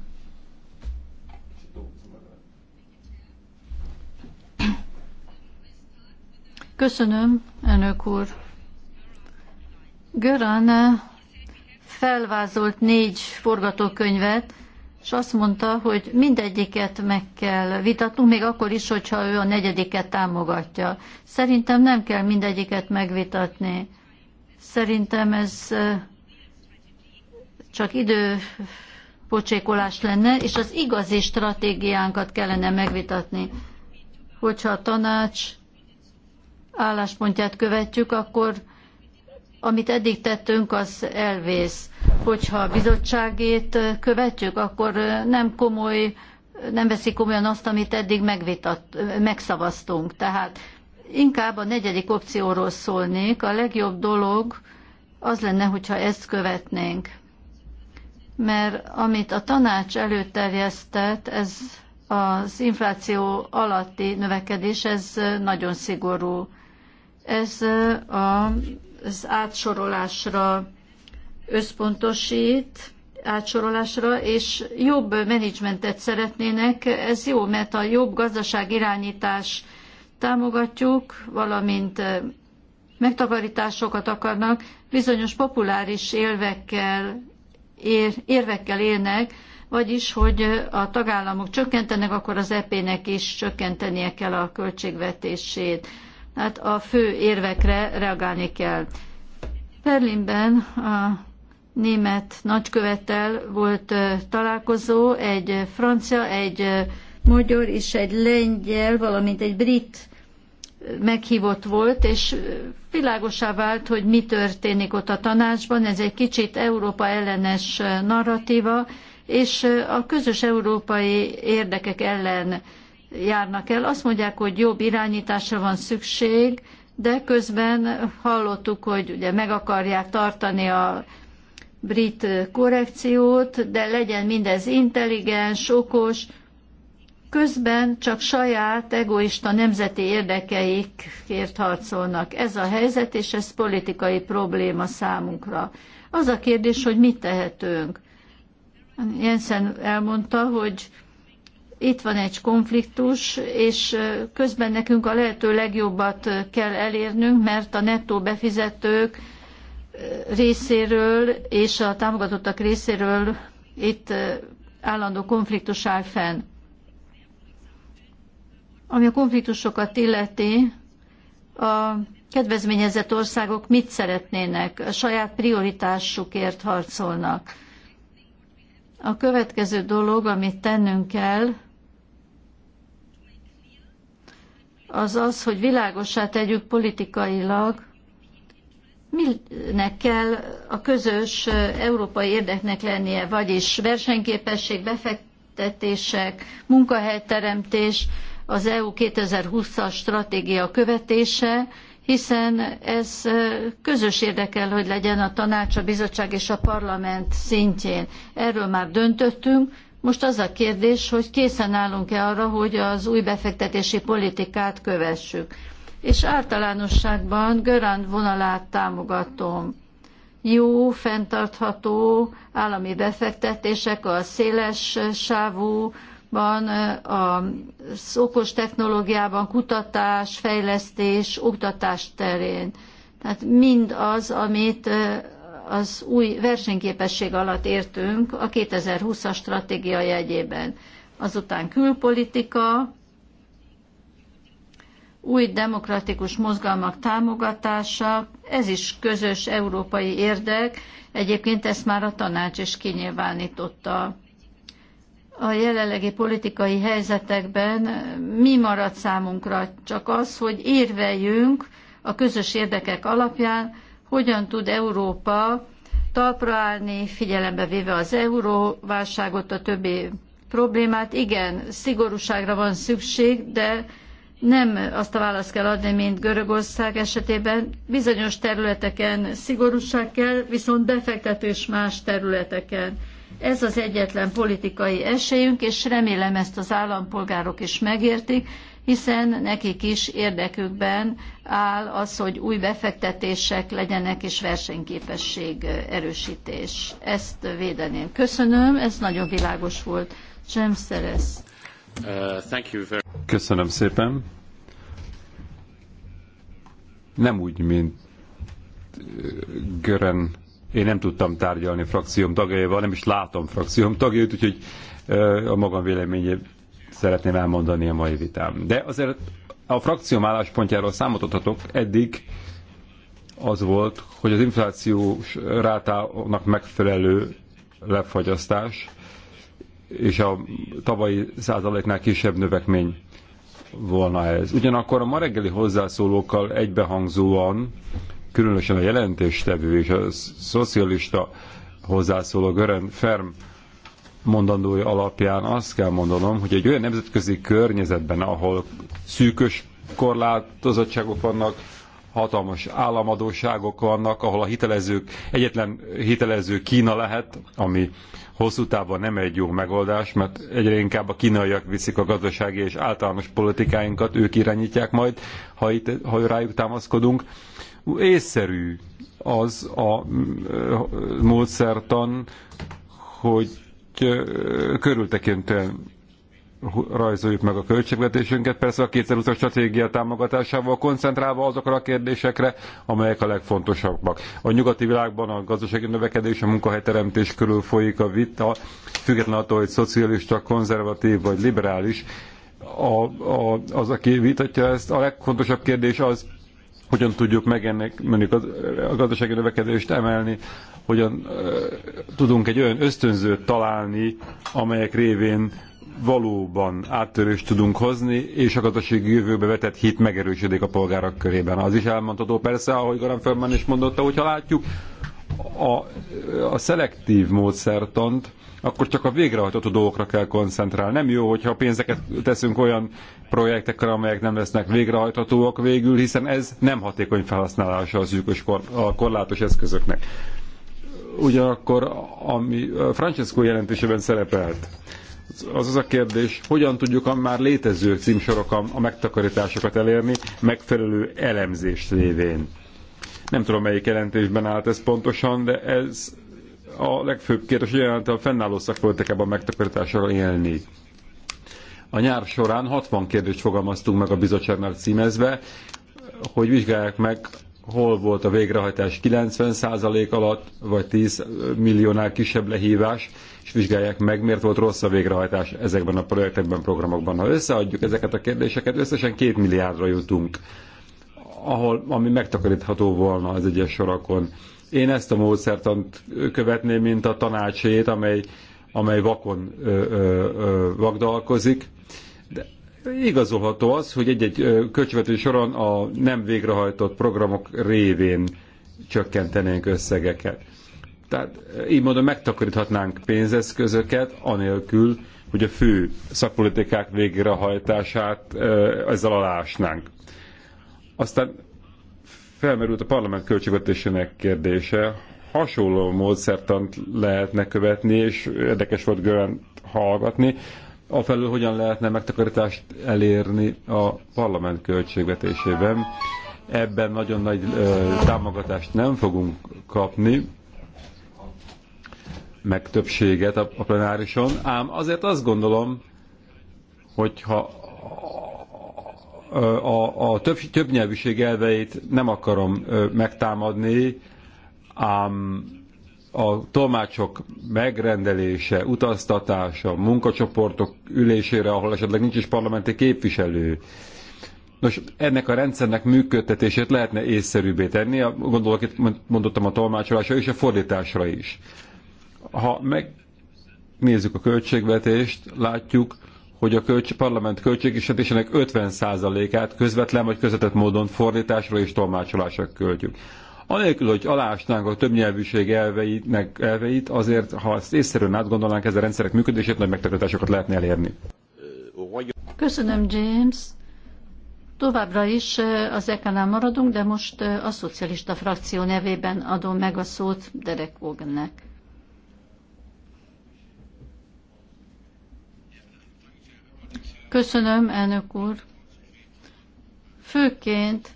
Köszönöm, elnök úr. Görán felvázolt négy forgatókönyvet, és azt mondta, hogy mindegyiket meg kell vitatnunk, még akkor is, hogyha ő a negyediket támogatja. Szerintem nem kell mindegyiket megvitatni. Szerintem ez csak időpocsékolás lenne, és az igazi stratégiánkat kellene megvitatni. Hogyha a tanács álláspontját követjük, akkor amit eddig tettünk, az elvész. Hogyha a bizottságét követjük, akkor nem komoly, nem veszik komolyan azt, amit eddig megvitat, megszavaztunk. Tehát inkább a negyedik opcióról szólnék. A legjobb dolog az lenne, hogyha ezt követnénk. Mert amit a tanács előterjesztett, ez az infláció alatti növekedés, ez nagyon szigorú ez a, az átsorolásra összpontosít, átsorolásra, és jobb menedzsmentet szeretnének. Ez jó, mert a jobb gazdaság irányítás támogatjuk, valamint megtakarításokat akarnak, bizonyos populáris élvekkel, ér, érvekkel élnek, vagyis, hogy a tagállamok csökkentenek, akkor az EP-nek is csökkentenie kell a költségvetését hát a fő érvekre reagálni kell. Berlinben a német nagykövettel volt találkozó, egy francia, egy magyar és egy lengyel, valamint egy brit meghívott volt, és világosá vált, hogy mi történik ott a tanácsban. Ez egy kicsit Európa ellenes narratíva, és a közös európai érdekek ellen járnak el. Azt mondják, hogy jobb irányításra van szükség, de közben hallottuk, hogy ugye meg akarják tartani a brit korrekciót, de legyen mindez intelligens, okos, közben csak saját egoista nemzeti érdekeikért harcolnak. Ez a helyzet, és ez politikai probléma számunkra. Az a kérdés, hogy mit tehetünk. Jensen elmondta, hogy itt van egy konfliktus, és közben nekünk a lehető legjobbat kell elérnünk, mert a nettó befizetők részéről és a támogatottak részéről itt állandó konfliktus áll fenn. Ami a konfliktusokat illeti, a kedvezményezett országok mit szeretnének? A saját prioritásukért harcolnak. A következő dolog, amit tennünk kell, az az, hogy világossá tegyük politikailag, minek kell a közös európai érdeknek lennie, vagyis versenyképesség, befektetések, munkahelyteremtés, az EU 2020-as stratégia követése, hiszen ez közös érdekel, hogy legyen a tanács, a bizottság és a parlament szintjén. Erről már döntöttünk, most az a kérdés, hogy készen állunk-e arra, hogy az új befektetési politikát kövessük. És általánosságban Görand vonalát támogatom. Jó, fenntartható állami befektetések a széles sávú, az a okos technológiában, kutatás, fejlesztés, oktatás terén. Tehát mind az, amit az új versenyképesség alatt értünk a 2020-as stratégia jegyében. Azután külpolitika, új demokratikus mozgalmak támogatása, ez is közös európai érdek, egyébként ezt már a tanács is kinyilvánította. A jelenlegi politikai helyzetekben mi marad számunkra? Csak az, hogy érveljünk a közös érdekek alapján, hogyan tud Európa talpra állni, figyelembe véve az euróválságot, a többi problémát. Igen, szigorúságra van szükség, de nem azt a választ kell adni, mint Görögország esetében. Bizonyos területeken szigorúság kell, viszont befektetés más területeken. Ez az egyetlen politikai esélyünk, és remélem ezt az állampolgárok is megértik, hiszen nekik is érdekükben áll az, hogy új befektetések legyenek és versenyképesség erősítés. Ezt védeném. Köszönöm, ez nagyon világos volt. James Szeresz. Uh, Köszönöm szépen. Nem úgy, mint uh, Gören én nem tudtam tárgyalni frakcióm tagjaival, nem is látom frakcióm tagjait, úgyhogy a magam véleményét szeretném elmondani a mai vitám. De azért a frakcióm álláspontjáról számot adhatok. Eddig az volt, hogy az inflációs rátának megfelelő lefagyasztás és a tavalyi százaléknál kisebb növekmény volna ez. Ugyanakkor a ma reggeli hozzászólókkal egybehangzóan különösen a jelentéstevő és a szocialista hozzászóló Gören Ferm mondandója alapján azt kell mondanom, hogy egy olyan nemzetközi környezetben, ahol szűkös korlátozottságok vannak, hatalmas államadóságok vannak, ahol a hitelezők, egyetlen hitelező Kína lehet, ami hosszú távon nem egy jó megoldás, mert egyre inkább a kínaiak viszik a gazdasági és általános politikáinkat, ők irányítják majd, ha, itt, ha rájuk támaszkodunk észszerű az a módszertan, hogy körültekintően rajzoljuk meg a költségvetésünket, persze a 2020-as stratégia támogatásával koncentrálva azokra a kérdésekre, amelyek a legfontosabbak. A nyugati világban a gazdasági növekedés, a munkahelyteremtés körül folyik a vita, független attól, hogy szocialista, konzervatív vagy liberális. A, a, az, aki vitatja ezt, a legfontosabb kérdés az, hogyan tudjuk meg ennek mondjuk a gazdasági növekedést emelni, hogyan tudunk egy olyan ösztönzőt találni, amelyek révén valóban áttörést tudunk hozni, és a gazdasági jövőbe vetett hit megerősödik a polgárok körében. Az is elmondható persze, ahogy Garam Fölman is mondotta, hogyha látjuk a, a szelektív módszertant, akkor csak a végrehajtott dolgokra kell koncentrálni. Nem jó, hogyha a pénzeket teszünk olyan projektekre, amelyek nem lesznek végrehajthatóak végül, hiszen ez nem hatékony felhasználása az szűkös kor, a korlátos eszközöknek. Ugyanakkor, ami Francesco jelentésében szerepelt, az az a kérdés, hogyan tudjuk a már létező címsorokon a megtakarításokat elérni megfelelő elemzést lévén. Nem tudom, melyik jelentésben állt ez pontosan, de ez a legfőbb kérdés, hogy a fennálló szakpolitikában megtakarítással élni. A nyár során 60 kérdést fogalmaztunk meg a bizottságnak címezve, hogy vizsgálják meg, hol volt a végrehajtás 90% alatt, vagy 10 milliónál kisebb lehívás, és vizsgálják meg, miért volt rossz a végrehajtás ezekben a projektekben, programokban. Ha összeadjuk ezeket a kérdéseket, összesen 2 milliárdra jutunk, ahol, ami megtakarítható volna az egyes sorakon. Én ezt a módszertant követném, mint a tanácsét, amely, amely vakon ö, ö, ö, vagdalkozik. De igazolható az, hogy egy-egy költségvető soron a nem végrehajtott programok révén csökkentenénk összegeket. Tehát így mondom, megtakaríthatnánk pénzeszközöket, anélkül, hogy a fő szakpolitikák végrehajtását ezzel alásnánk. Aztán felmerült a parlament költségvetésének kérdése. Hasonló módszertant lehetne követni, és érdekes volt Görön hallgatni. Afelől hogyan lehetne megtakarítást elérni a parlament költségvetésében. Ebben nagyon nagy ö, támogatást nem fogunk kapni, meg többséget a, a plenárison, ám azért azt gondolom, hogyha a, a több, többnyelvűség elveit nem akarom megtámadni, ám a tolmácsok megrendelése, utaztatása, munkacsoportok ülésére, ahol esetleg nincs is parlamenti képviselő. Nos, ennek a rendszernek működtetését lehetne észszerűbbé tenni, gondolok itt mondottam a tolmácsolásra és a fordításra is. Ha megnézzük a költségvetést, látjuk, hogy a költs parlament költségviselésének 50%-át közvetlen vagy közvetett módon fordításra és tolmácsolásra költjük. Anélkül, hogy alásnánk a többnyelvűség meg elveit, azért, ha ezt észszerűen átgondolnánk, ezzel a rendszerek működését nagy megtakarításokat lehetne elérni. Köszönöm, James. Továbbra is eh, az EK-nál maradunk, de most eh, a szocialista frakció nevében adom meg a szót Derek Ogennek. Köszönöm, elnök úr. Főként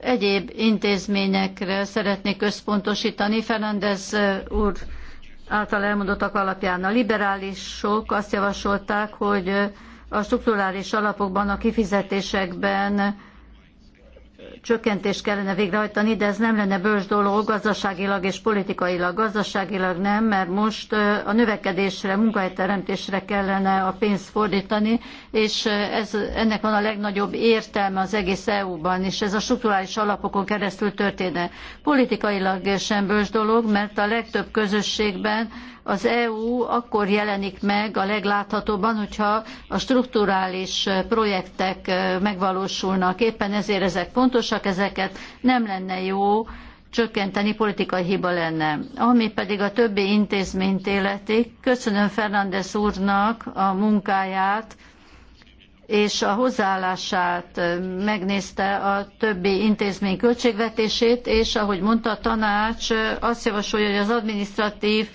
egyéb intézményekre szeretnék összpontosítani. Fernández eh, úr által elmondottak alapján a liberálisok azt javasolták, hogy eh, a strukturális alapokban, a kifizetésekben csökkentést kellene végrehajtani, de ez nem lenne bölcs dolog gazdaságilag és politikailag. Gazdaságilag nem, mert most a növekedésre, munkahelyteremtésre kellene a pénzt fordítani, és ez, ennek van a legnagyobb értelme az egész EU-ban, és ez a strukturális alapokon keresztül történne. Politikailag sem bölcs dolog, mert a legtöbb közösségben az EU akkor jelenik meg a legláthatóbban, hogyha a strukturális projektek megvalósulnak. Éppen ezért ezek fontosak, ezeket nem lenne jó csökkenteni politikai hiba lenne. Ami pedig a többi intézményt életi, köszönöm Fernández úrnak a munkáját, és a hozzáállását megnézte a többi intézmény költségvetését, és ahogy mondta a tanács, azt javasolja, hogy az administratív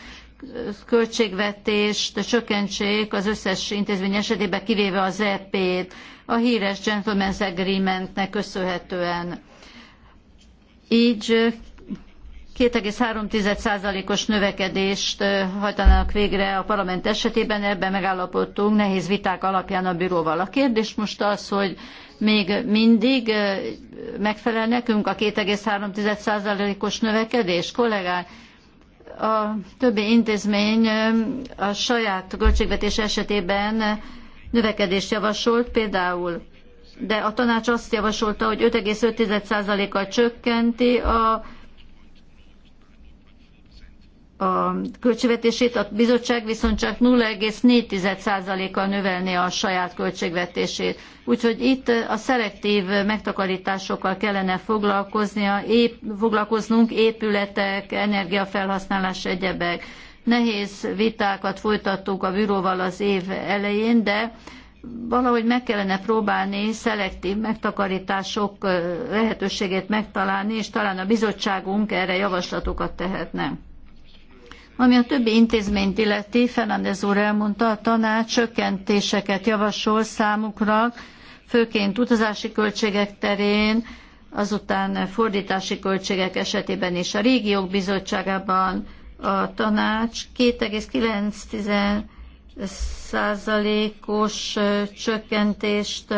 költségvetést csökkentsék az összes intézmény esetében, kivéve az EP-t, a híres Gentleman's Agreementnek köszönhetően. Így 2,3%-os növekedést hajtanának végre a parlament esetében, ebben megállapodtunk nehéz viták alapján a bíróval. A kérdés most az, hogy még mindig megfelel nekünk a 2,3%-os növekedés, kollégák? A többi intézmény a saját költségvetés esetében növekedést javasolt, például de a tanács azt javasolta, hogy 5,5%-kal csökkenti a a költségvetését, a bizottság viszont csak 0,4%-kal növelné a saját költségvetését. Úgyhogy itt a szelektív megtakarításokkal kellene foglalkoznia, foglalkoznunk épületek, energiafelhasználás, egyebek. Nehéz vitákat folytattunk a bíróval az év elején, de valahogy meg kellene próbálni szelektív megtakarítások lehetőségét megtalálni, és talán a bizottságunk erre javaslatokat tehetne. Ami a többi intézményt illeti, Fernández úr elmondta, a tanács csökkentéseket javasol számukra, főként utazási költségek terén, azután fordítási költségek esetében és a régiók bizottságában a tanács 2,9 os csökkentést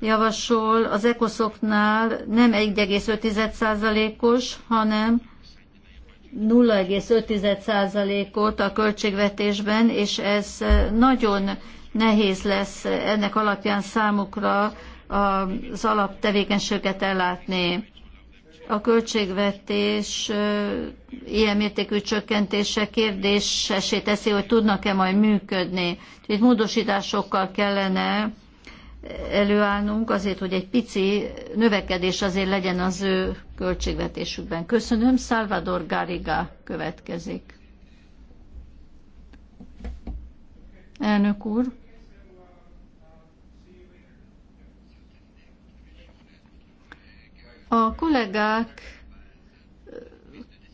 javasol, az ECOSZoknál nem 1,5 százalékos, hanem 0,5%-ot a költségvetésben, és ez nagyon nehéz lesz ennek alapján számukra az alaptevékenységet ellátni. A költségvetés ilyen mértékű csökkentése kérdésesé teszi, hogy tudnak-e majd működni. Itt módosításokkal kellene előállnunk azért, hogy egy pici növekedés azért legyen az ő költségvetésükben. Köszönöm, Salvador Gariga következik. Elnök úr. A kollégák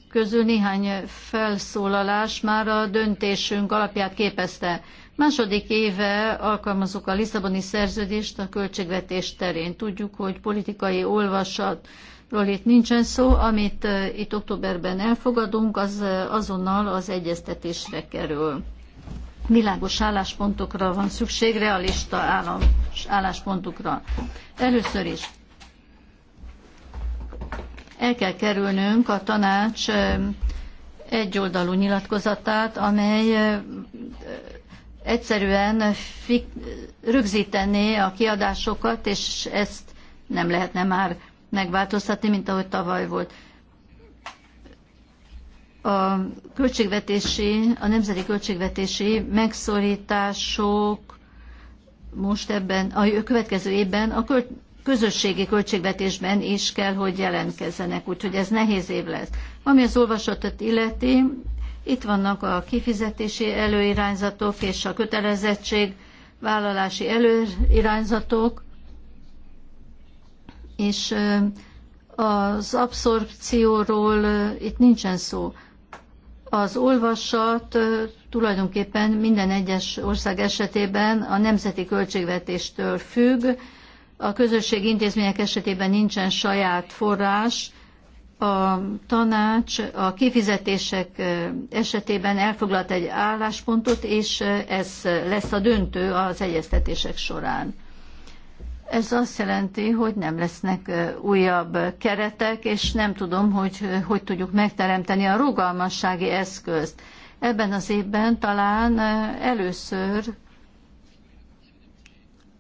közül néhány felszólalás már a döntésünk alapját képezte. Második éve alkalmazok a Lisszaboni szerződést a költségvetés terén. Tudjuk, hogy politikai olvasatról itt nincsen szó, amit eh, itt októberben elfogadunk, az eh, azonnal az egyeztetésre kerül. Világos álláspontokra van szükség, realista állás, álláspontokra. Először is el kell kerülnünk a tanács egyoldalú nyilatkozatát, amely egyszerűen rögzítené a kiadásokat, és ezt nem lehetne már megváltoztatni, mint ahogy tavaly volt. A költségvetési, a nemzeti költségvetési megszorítások most ebben, a következő évben a költ, közösségi költségvetésben is kell, hogy jelentkezzenek, úgyhogy ez nehéz év lesz. Ami az olvasatot illeti, itt vannak a kifizetési előirányzatok és a kötelezettség vállalási előirányzatok, és az abszorpcióról itt nincsen szó. Az olvasat tulajdonképpen minden egyes ország esetében a nemzeti költségvetéstől függ, a közösség intézmények esetében nincsen saját forrás, a tanács a kifizetések esetében elfoglalt egy álláspontot, és ez lesz a döntő az egyeztetések során. Ez azt jelenti, hogy nem lesznek újabb keretek, és nem tudom, hogy hogy tudjuk megteremteni a rugalmassági eszközt. Ebben az évben talán először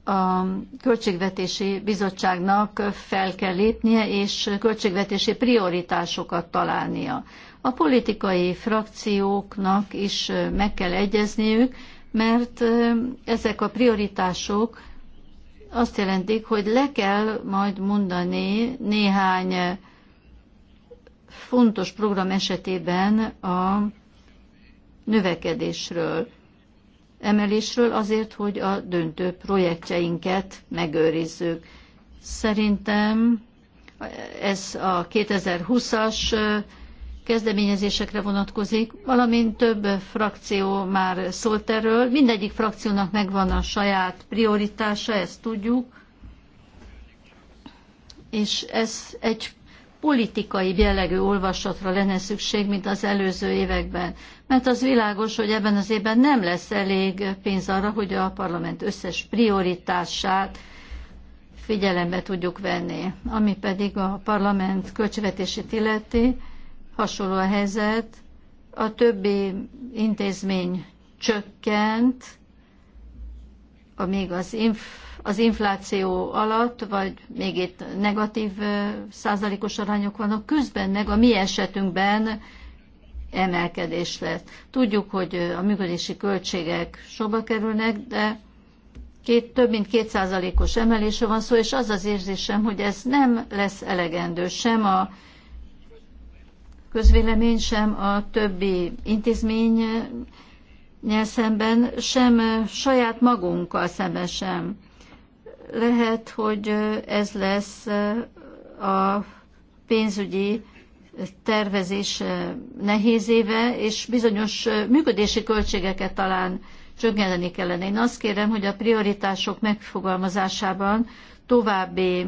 a Költségvetési Bizottságnak fel kell lépnie, és költségvetési prioritásokat találnia. A politikai frakcióknak is meg kell egyezniük, mert ezek a prioritások azt jelentik, hogy le kell majd mondani néhány fontos program esetében a növekedésről emelésről azért, hogy a döntő projektjeinket megőrizzük. Szerintem ez a 2020-as kezdeményezésekre vonatkozik, valamint több frakció már szólt erről. Mindegyik frakciónak megvan a saját prioritása, ezt tudjuk, és ez egy politikai jellegű olvasatra lenne szükség, mint az előző években. Mert az világos, hogy ebben az évben nem lesz elég pénz arra, hogy a parlament összes prioritását figyelembe tudjuk venni. Ami pedig a parlament költségvetését illeti, hasonló a helyzet, a többi intézmény csökkent, amíg az inf az infláció alatt, vagy még itt negatív százalékos arányok vannak, közben meg a mi esetünkben emelkedés lesz. Tudjuk, hogy a működési költségek soba kerülnek, de két, több mint kétszázalékos emelésre van szó, és az az érzésem, hogy ez nem lesz elegendő sem a közvélemény, sem a többi intézmény szemben, sem saját magunkkal szemben sem. Lehet, hogy ez lesz a pénzügyi tervezés nehéz éve, és bizonyos működési költségeket talán csökkenteni kellene. Én azt kérem, hogy a prioritások megfogalmazásában további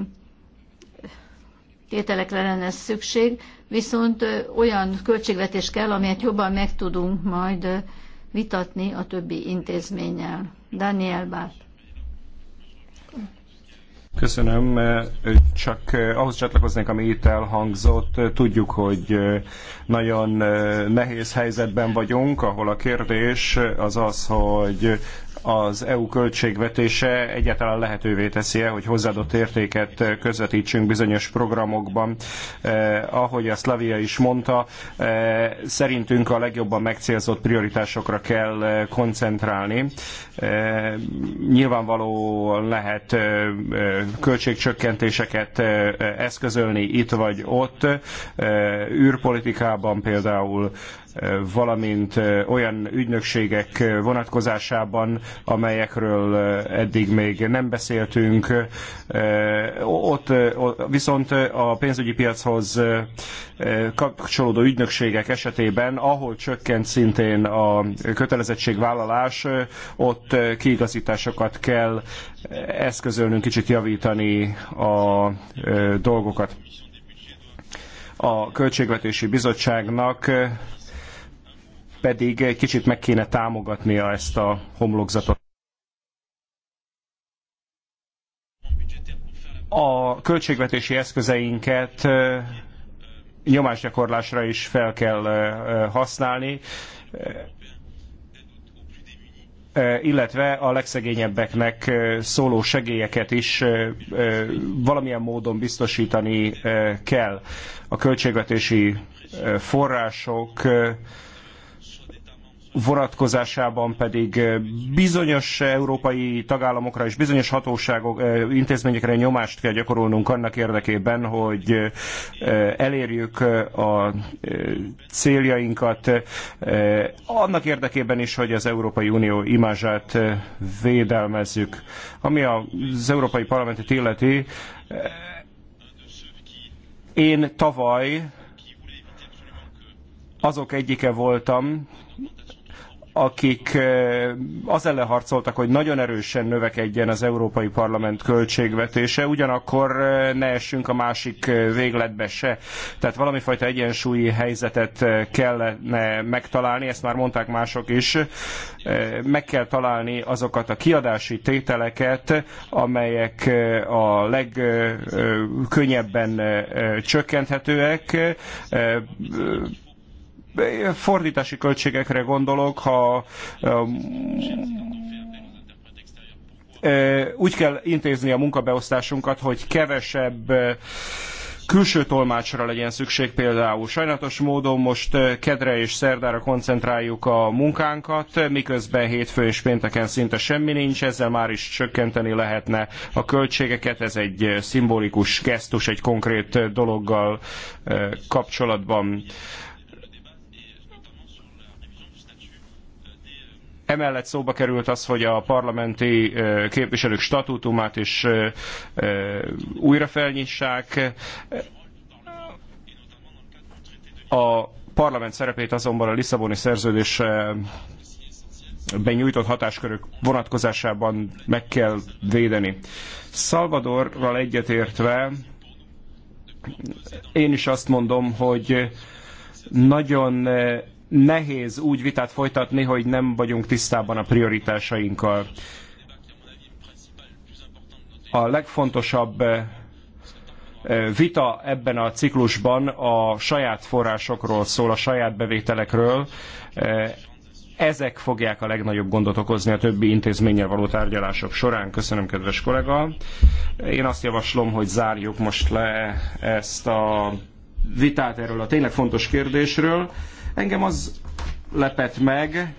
tételekre lenne szükség, viszont olyan költségvetés kell, amelyet jobban meg tudunk majd vitatni a többi intézménnyel. Daniel Bárt. Köszönöm. Csak ahhoz csatlakoznék, ami itt elhangzott. Tudjuk, hogy nagyon nehéz helyzetben vagyunk, ahol a kérdés az az, hogy az EU költségvetése egyáltalán lehetővé teszi-e, hogy hozzáadott értéket közvetítsünk bizonyos programokban. Eh, ahogy a Slavia is mondta, eh, szerintünk a legjobban megcélzott prioritásokra kell eh, koncentrálni. Eh, nyilvánvaló lehet eh, költségcsökkentéseket eszközölni itt vagy ott, űrpolitikában például valamint olyan ügynökségek vonatkozásában, amelyekről eddig még nem beszéltünk. Ott viszont a pénzügyi piachoz kapcsolódó ügynökségek esetében, ahol csökkent szintén a kötelezettségvállalás, ott kiigazításokat kell eszközölnünk, kicsit javítani a dolgokat. A Költségvetési Bizottságnak pedig egy kicsit meg kéne támogatnia ezt a homlokzatot. A költségvetési eszközeinket nyomásgyakorlásra is fel kell használni, illetve a legszegényebbeknek szóló segélyeket is valamilyen módon biztosítani kell. A költségvetési források vonatkozásában pedig bizonyos európai tagállamokra és bizonyos hatóságok, intézményekre nyomást kell gyakorolnunk annak érdekében, hogy elérjük a céljainkat, annak érdekében is, hogy az Európai Unió imázsát védelmezzük. Ami az Európai Parlamentet illeti, én tavaly azok egyike voltam, akik eh, az ellen harcoltak, hogy nagyon erősen növekedjen az Európai Parlament költségvetése, ugyanakkor eh, ne essünk a másik eh, végletbe se. Tehát valami fajta egyensúlyi helyzetet kellene megtalálni, ezt már mondták mások is, meg kell találni azokat a kiadási tételeket, amelyek a legkönnyebben csökkenthetőek, fordítási költségekre gondolok, ha um, úgy kell intézni a munkabeosztásunkat, hogy kevesebb külső tolmácsra legyen szükség például. Sajnálatos módon most kedre és szerdára koncentráljuk a munkánkat, miközben hétfő és pénteken szinte semmi nincs, ezzel már is csökkenteni lehetne a költségeket, ez egy szimbolikus gesztus, egy konkrét dologgal kapcsolatban. Emellett szóba került az, hogy a parlamenti képviselők statútumát is újra felnyissák. A parlament szerepét azonban a Lisszaboni szerződés benyújtott hatáskörök vonatkozásában meg kell védeni. Szalvadorral egyetértve én is azt mondom, hogy nagyon nehéz úgy vitát folytatni, hogy nem vagyunk tisztában a prioritásainkkal. A legfontosabb eh, eh, vita ebben a ciklusban a saját forrásokról szól, a saját bevételekről. Eh, ezek fogják a legnagyobb gondot okozni a többi intézménnyel való tárgyalások során. Köszönöm, kedves kollega. Én azt javaslom, hogy zárjuk most le ezt a vitát erről a tényleg fontos kérdésről. Engem az lepett meg,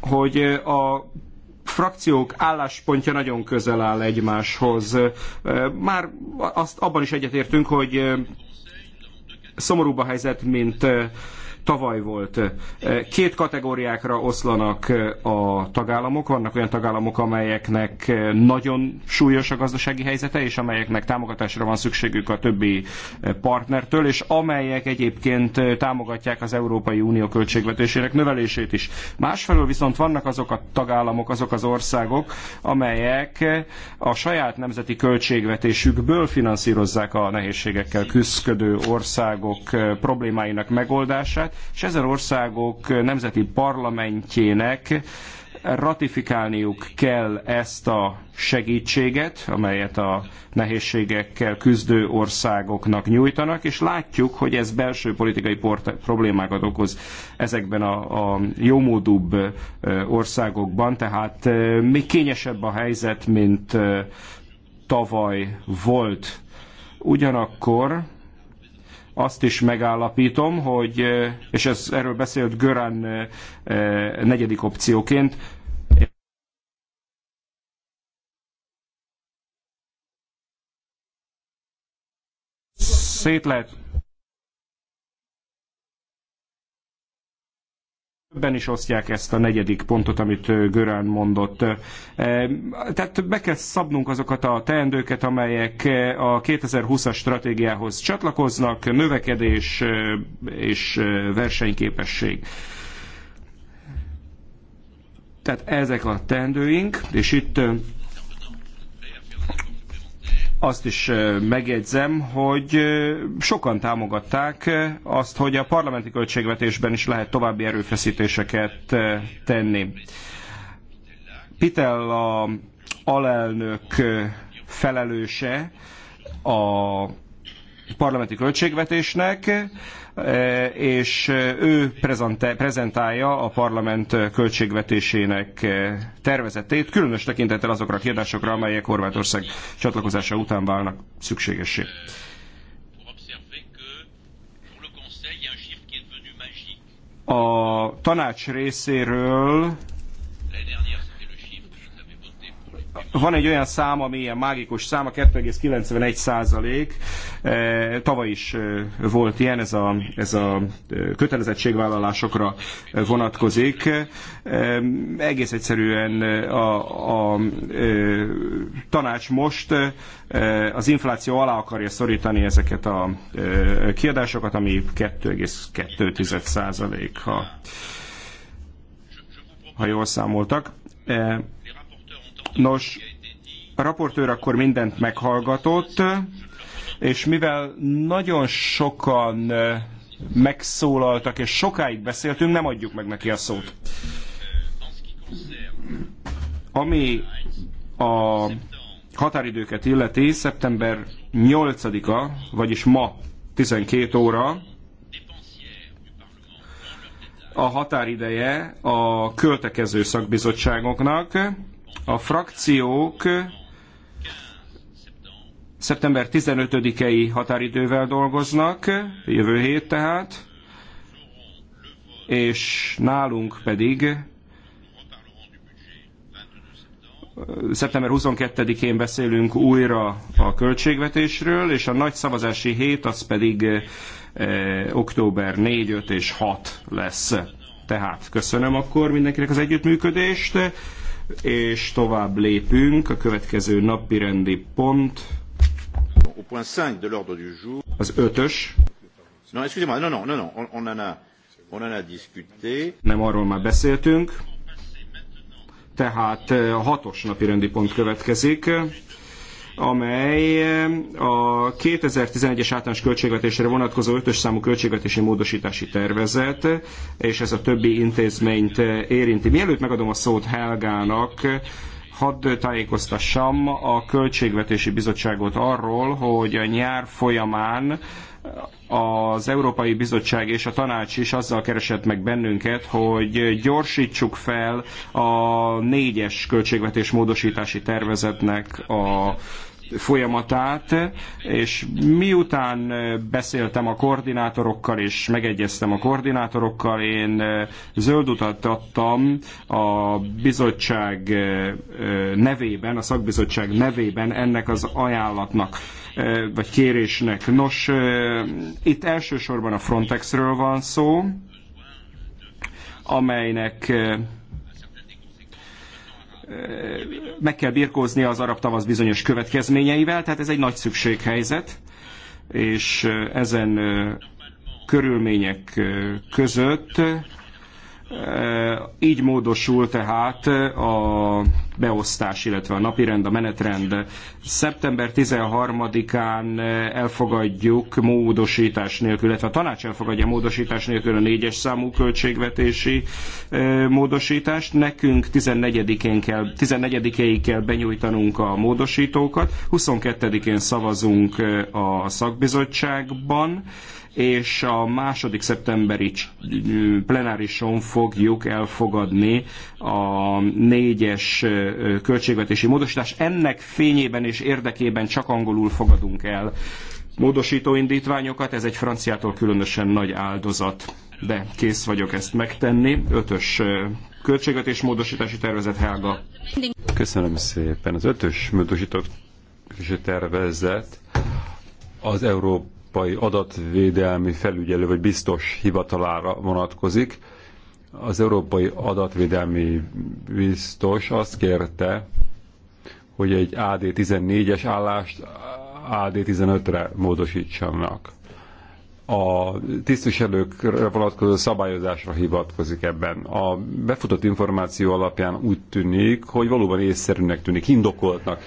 hogy a frakciók álláspontja nagyon közel áll egymáshoz. Már azt abban is egyetértünk, hogy szomorúbb a helyzet, mint tavaly volt. Két kategóriákra oszlanak eh, a tagállamok. Vannak olyan tagállamok, amelyeknek eh, nagyon súlyos a gazdasági helyzete, és amelyeknek támogatásra van szükségük a többi eh, partnertől, és amelyek egyébként támogatják az Európai Unió költségvetésének növelését is. Másfelől viszont vannak azok a tagállamok, azok az országok, amelyek a saját nemzeti költségvetésükből finanszírozzák a nehézségekkel küzdködő országok problémáinak megoldását, és ezen országok nemzeti parlamentjének ratifikálniuk kell ezt a segítséget, amelyet a nehézségekkel küzdő országoknak nyújtanak, és látjuk, hogy ez belső politikai problémákat okoz ezekben a, a jómódúbb országokban, tehát még kényesebb a helyzet, mint tavaly volt. Ugyanakkor azt is megállapítom, hogy, és ez, erről beszélt Görán negyedik opcióként, szét lehet Többen is osztják ezt a negyedik pontot, amit Görán mondott. Tehát be kell szabnunk azokat a teendőket, amelyek a 2020-as stratégiához csatlakoznak, növekedés és versenyképesség. Tehát ezek a teendőink, és itt azt is megjegyzem, hogy sokan támogatták azt, hogy a parlamenti költségvetésben is lehet további erőfeszítéseket tenni. a alelnök felelőse a parlamenti költségvetésnek, eh, és ő prezentálja a parlament költségvetésének eh, tervezetét, különös tekintettel azokra a kiadásokra, amelyek Horvátország csatlakozása után válnak szükségessé. A tanács részéről van egy olyan szám, ami ilyen mágikus szám, a 2,91 százalék. E, tavaly is e, volt ilyen, ez a, ez a e, kötelezettségvállalásokra vonatkozik. Egész egyszerűen a, a tanács most az infláció alá akarja szorítani ezeket a kiadásokat, ami 2,2 százalék, ha, ha jól számoltak Nos, a raportőr akkor mindent meghallgatott, és mivel nagyon sokan megszólaltak, és sokáig beszéltünk, nem adjuk meg neki a szót. Ami a határidőket illeti, szeptember 8-a, vagyis ma 12 óra, a határideje a költekező szakbizottságoknak, a frakciók szeptember 15-i határidővel dolgoznak, jövő hét tehát, és nálunk pedig szeptember 22-én beszélünk újra a költségvetésről, és a nagy szavazási hét az pedig eh, október 4, 5 és 6 lesz. Tehát köszönöm akkor mindenkinek az együttműködést és tovább lépünk. A következő napi rendi pont az ötös. Nem arról már beszéltünk. Tehát eh, a hatos napi rendi pont következik amely eh, a 2011-es általános költségvetésre vonatkozó ötös számú költségvetési módosítási tervezet, és ez a többi intézményt eh, érinti. Mielőtt megadom a szót Helgának, hadd tájékoztassam a Költségvetési Bizottságot arról, hogy a nyár folyamán az Európai Bizottság és a Tanács is azzal keresett meg bennünket, hogy gyorsítsuk fel a négyes költségvetés módosítási tervezetnek a folyamatát, és miután beszéltem a koordinátorokkal, és megegyeztem a koordinátorokkal, én zöld utat adtam a bizottság nevében, a szakbizottság nevében ennek az ajánlatnak vagy kérésnek. Nos, itt elsősorban a Frontexről van szó, amelynek meg kell birkózni az arab tavasz bizonyos következményeivel, tehát ez egy nagy szükséghelyzet, és ezen körülmények között így módosul tehát a beosztás, illetve a napirend, a menetrend. Szeptember 13-án elfogadjuk módosítás nélkül, illetve a tanács elfogadja módosítás nélkül a négyes számú költségvetési e, módosítást. Nekünk 14-én kell, 14 kell benyújtanunk a módosítókat, 22-én szavazunk e, a szakbizottságban, és a második szeptemberi plenárison fogjuk elfogadni a négyes költségvetési módosítás. Ennek fényében és érdekében csak angolul fogadunk el módosító indítványokat, ez egy franciától különösen nagy áldozat, de kész vagyok ezt megtenni. Ötös költségvetés módosítási tervezet Helga. Köszönöm szépen. Az ötös módosítási tervezet az Európa Európai Adatvédelmi Felügyelő vagy Biztos Hivatalára vonatkozik. Az Európai Adatvédelmi Biztos azt kérte, hogy egy AD14-es állást AD15-re módosítsanak. A tisztviselőkre vonatkozó szabályozásra hivatkozik ebben. A befutott információ alapján úgy tűnik, hogy valóban észszerűnek tűnik, indokoltnak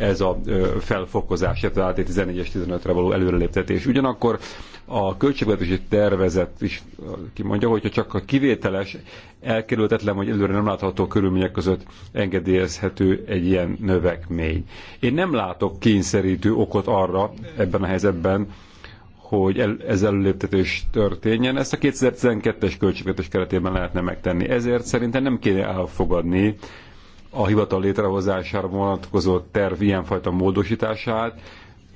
ez a felfokozás, tehát 14-es 15-re való előreléptetés. Ugyanakkor a költségvetési tervezet is kimondja, hogyha csak a kivételes, elkerülhetetlen vagy előre nem látható körülmények között engedélyezhető egy ilyen növekmény. Én nem látok kényszerítő okot arra ebben a helyzetben, hogy el, ez előléptetés történjen. Ezt a 2012-es költségvetés keretében lehetne megtenni. Ezért szerintem nem kéne elfogadni a hivatal létrehozására vonatkozó terv ilyenfajta módosítását,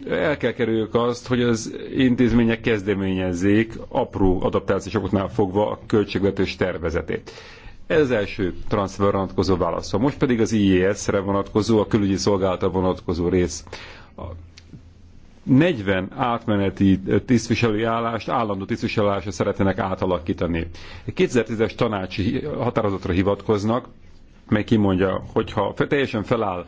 el kell kerüljük azt, hogy az intézmények kezdeményezzék apró adaptációsoknál fogva a költségvetés tervezetét. Ez az első transfer vonatkozó válaszom. Most pedig az IES-re vonatkozó, a külügyi szolgálata vonatkozó rész. A 40 átmeneti tisztviselői állást, állandó tisztviselőállásra szeretnének átalakítani. 2010-es tanácsi határozatra hivatkoznak, meg kimondja, hogyha teljesen feláll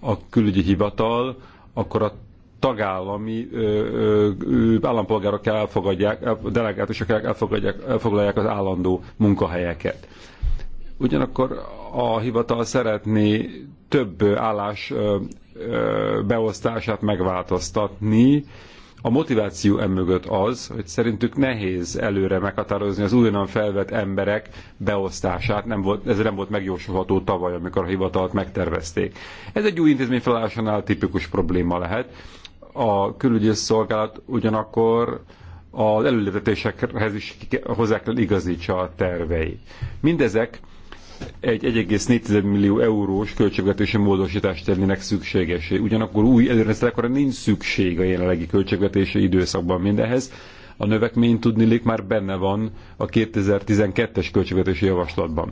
a külügyi hivatal, akkor a tagállami ö, ö, ö, állampolgárok elfogadják, delegátusok elfogadják, elfoglalják az állandó munkahelyeket. Ugyanakkor a hivatal szeretné több állás ö, ö, beosztását megváltoztatni, a motiváció emögött az, hogy szerintük nehéz előre meghatározni az újonnan felvett emberek beosztását, nem volt, ez nem volt megjósolható tavaly, amikor a hivatalt megtervezték. Ez egy új intézmény felállásánál tipikus probléma lehet. A külügyi szolgálat ugyanakkor az előletetésekhez is hozzá kell igazítsa a terveit. Mindezek egy 1,4 millió eurós költségvetési módosítást tennének szükségesé. Ugyanakkor új előrendszerekre nincs szükség a jelenlegi költségvetési időszakban mindehhez. A növekmény tudnilik már benne van a 2012-es költségvetési javaslatban.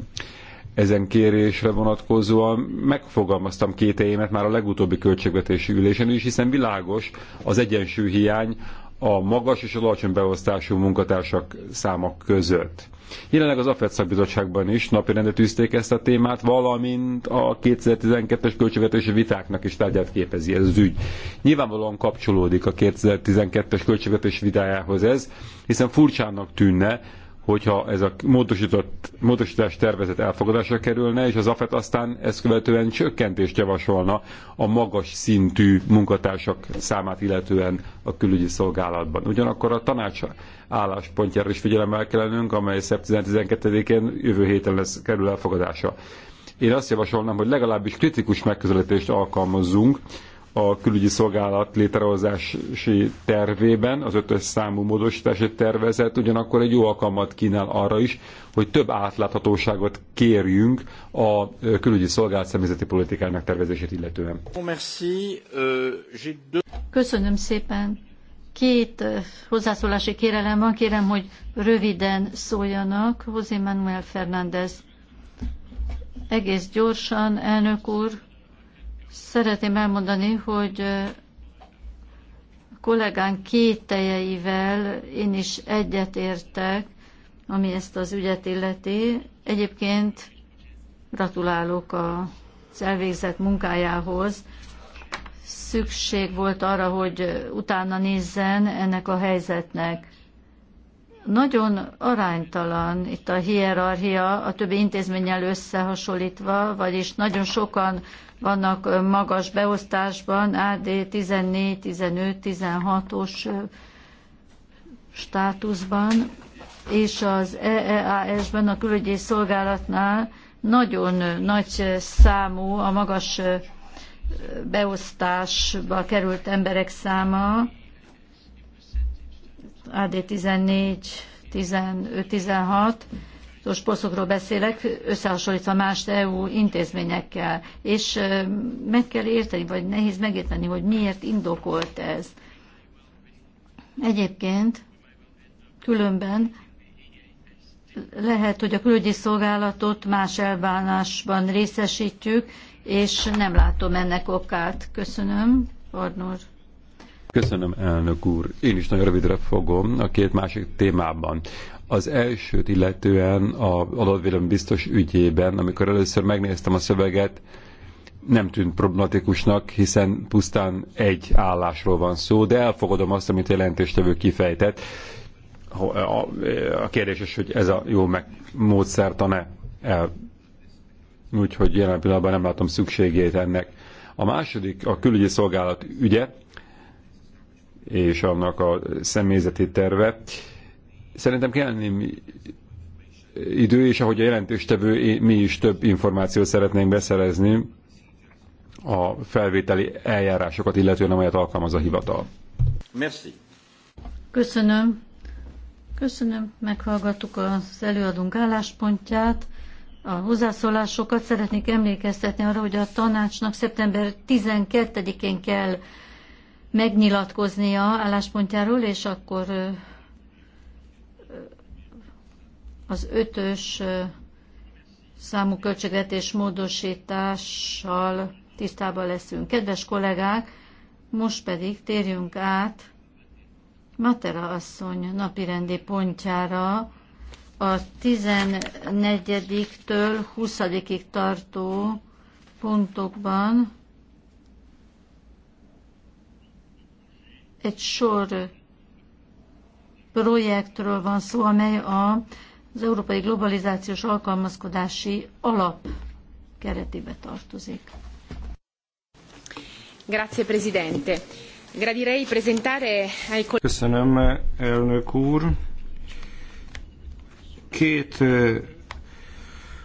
Ezen kérésre vonatkozóan megfogalmaztam kételjémet már a legutóbbi költségvetési ülésen is, hiszen világos az egyensúlyhiány a magas és az alacsony beosztású munkatársak számak között. Jelenleg az Afet szakbizottságban is napirendre tűzték ezt a témát, valamint a 2012-es költségvetési vitáknak is tárgyát képezi ez az ügy. Nyilvánvalóan kapcsolódik a 2012-es költségvetési vitájához ez, hiszen furcsának tűnne, hogyha ez a módosított, módosítás tervezet elfogadásra kerülne, és az AFET aztán ezt követően csökkentést javasolna a magas szintű munkatársak számát illetően a külügyi szolgálatban. Ugyanakkor a tanács álláspontjára is figyelemmel kell lennünk, amely szeptember 12-én jövő héten lesz kerül elfogadása. Én azt javasolnám, hogy legalábbis kritikus megközelítést alkalmazzunk, a külügyi szolgálat létrehozási tervében, az ötös számú módosítási tervezet ugyanakkor egy jó alkalmat kínál arra is, hogy több átláthatóságot kérjünk a külügyi szolgálat személyzeti politikának tervezését illetően. Euh, Köszönöm szépen. Két hozzászólási kérelem van, kérem, hogy röviden szóljanak. José Manuel Fernández. Egész gyorsan, elnök úr, Szeretném elmondani, hogy kollégán kételjeivel én is egyetértek, ami ezt az ügyet illeti. Egyébként gratulálok az elvégzett munkájához. Szükség volt arra, hogy utána nézzen ennek a helyzetnek. Nagyon aránytalan itt a hierarchia a többi intézménnyel összehasonlítva, vagyis nagyon sokan vannak magas beosztásban, AD 14, 15, 16-os státuszban, és az EEAS-ben, a külügyi szolgálatnál nagyon nagy számú a magas beosztásba került emberek száma, AD 14, 15, 16 os poszokról beszélek, összehasonlítva más EU intézményekkel, és meg kell érteni, vagy nehéz megérteni, hogy miért indokolt ez. Egyébként különben lehet, hogy a külügyi szolgálatot más elbánásban részesítjük, és nem látom ennek okát. Köszönöm, Arnor Köszönöm, elnök úr. Én is nagyon rövidre fogom a két másik témában. Az elsőt illetően a adatvédelem biztos ügyében, amikor először megnéztem a szöveget, nem tűnt problematikusnak, hiszen pusztán egy állásról van szó, de elfogadom azt, amit jelentéstevő kifejtett. A kérdés is, hogy ez a jó meg módszertan-e el. Úgyhogy jelen pillanatban nem látom szükségét ennek. A második a külügyi szolgálat ügye, és annak a személyzeti terve. Szerintem kell idő, és ahogy a jelentéstevő, mi is több információt szeretnénk beszerezni a felvételi eljárásokat, illetően amelyet alkalmaz a hivatal. Merci. Köszönöm. Köszönöm, meghallgattuk az előadónk álláspontját, a hozzászólásokat. Szeretnék emlékeztetni arra, hogy a tanácsnak szeptember 12-én kell megnyilatkoznia álláspontjáról, és akkor az ötös számú költségvetés módosítással tisztában leszünk. Kedves kollégák, most pedig térjünk át Matera asszony napirendi pontjára a 14-től 20-ig tartó pontokban egy sor projektről van szó, amely a, az Európai Globalizációs Alkalmazkodási Alap keretébe tartozik. Grazie Presidente. Gradirei presentare ai Köszönöm, elnök úr. Két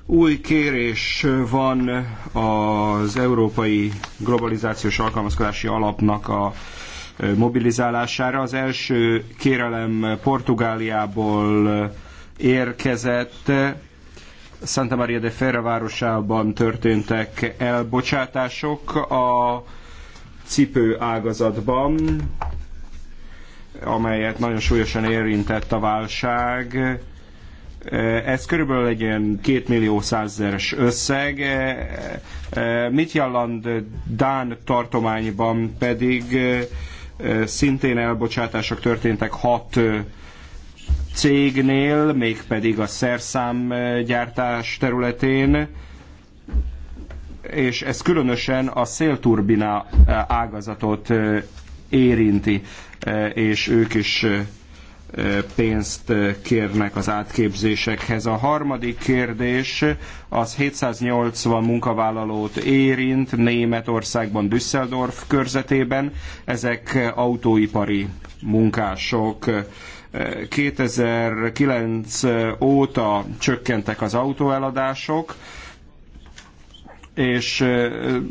új kérés van az Európai Globalizációs Alkalmazkodási Alapnak a mobilizálására. Az első kérelem Portugáliából érkezett, Santa Maria de Ferra városában történtek elbocsátások a cipő ágazatban, amelyet nagyon súlyosan érintett a válság. Ez körülbelül egy ilyen két millió százzeres összeg. Mitjalland Dán tartományban pedig Szintén elbocsátások történtek hat cégnél, mégpedig a szerszámgyártás területén, és ez különösen a szélturbina ágazatot érinti, és ők is pénzt kérnek az átképzésekhez. A harmadik kérdés az 780 munkavállalót érint Németországban, Düsseldorf körzetében. Ezek autóipari munkások. 2009 óta csökkentek az autóeladások, és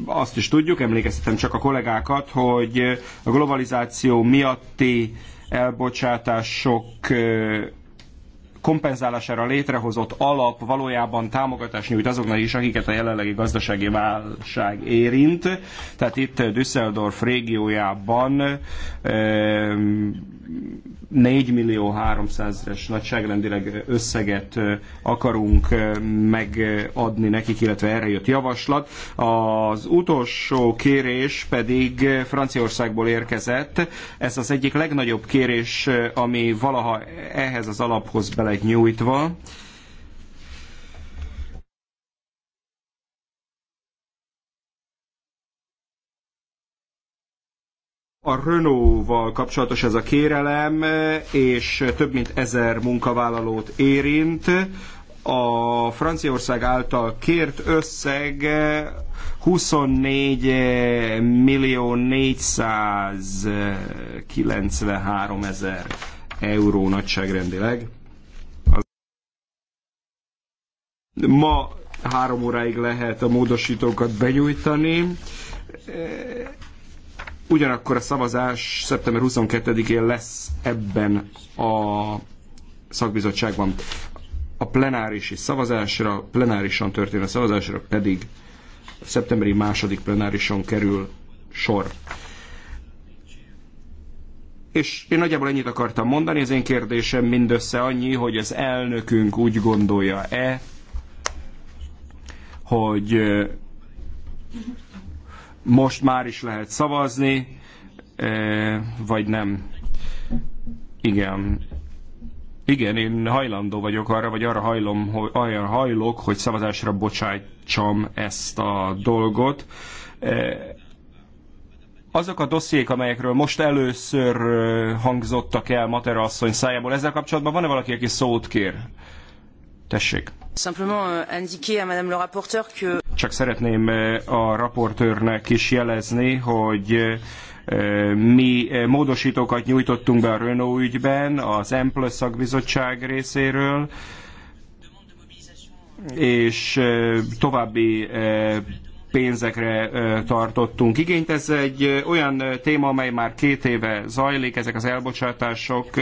azt is tudjuk, emlékeztetem csak a kollégákat, hogy a globalizáció miatti elbocsátások kompenzálására létrehozott alap valójában támogatást nyújt azoknak is, akiket a jelenlegi gazdasági válság érint. Tehát itt Düsseldorf régiójában 4 ehm, millió 300 es nagyságrendileg összeget akarunk megadni nekik, illetve erre jött javaslat. Az utolsó kérés pedig Franciaországból érkezett. Ez az egyik legnagyobb kérés, ami valaha ehhez az alaphoz bele egy nyújtva. A Renault-val kapcsolatos ez a kérelem, és több mint ezer munkavállalót érint. A Franciaország által kért összeg 24 millió 493 ezer euró nagyságrendileg. Ma három óráig lehet a módosítókat benyújtani. Ugyanakkor a szavazás szeptember 22-én lesz ebben a szakbizottságban. A plenárisi szavazásra, plenárisan történő szavazásra pedig szeptemberi második plenárison kerül sor. És én nagyjából ennyit akartam mondani, az én kérdésem mindössze annyi, hogy az elnökünk úgy gondolja-e, hogy most már is lehet szavazni, vagy nem. Igen. Igen, én hajlandó vagyok arra, vagy arra, hajlom, hogy, arra hajlok, hogy szavazásra bocsájtsam ezt a dolgot. Azok a dossziék, amelyekről most először hangzottak el Matera asszony szájából, ezzel kapcsolatban van-e valaki, aki szót kér? Tessék. Euh, Csak szeretném euh, a raportőrnek is jelezni, hogy euh, mi módosítókat nyújtottunk be a Renault ügyben, az Emple szakbizottság részéről, és további pénzekre tartottunk igényt. Ez egy olyan téma, amely már két éve zajlik, ezek az elbocsátások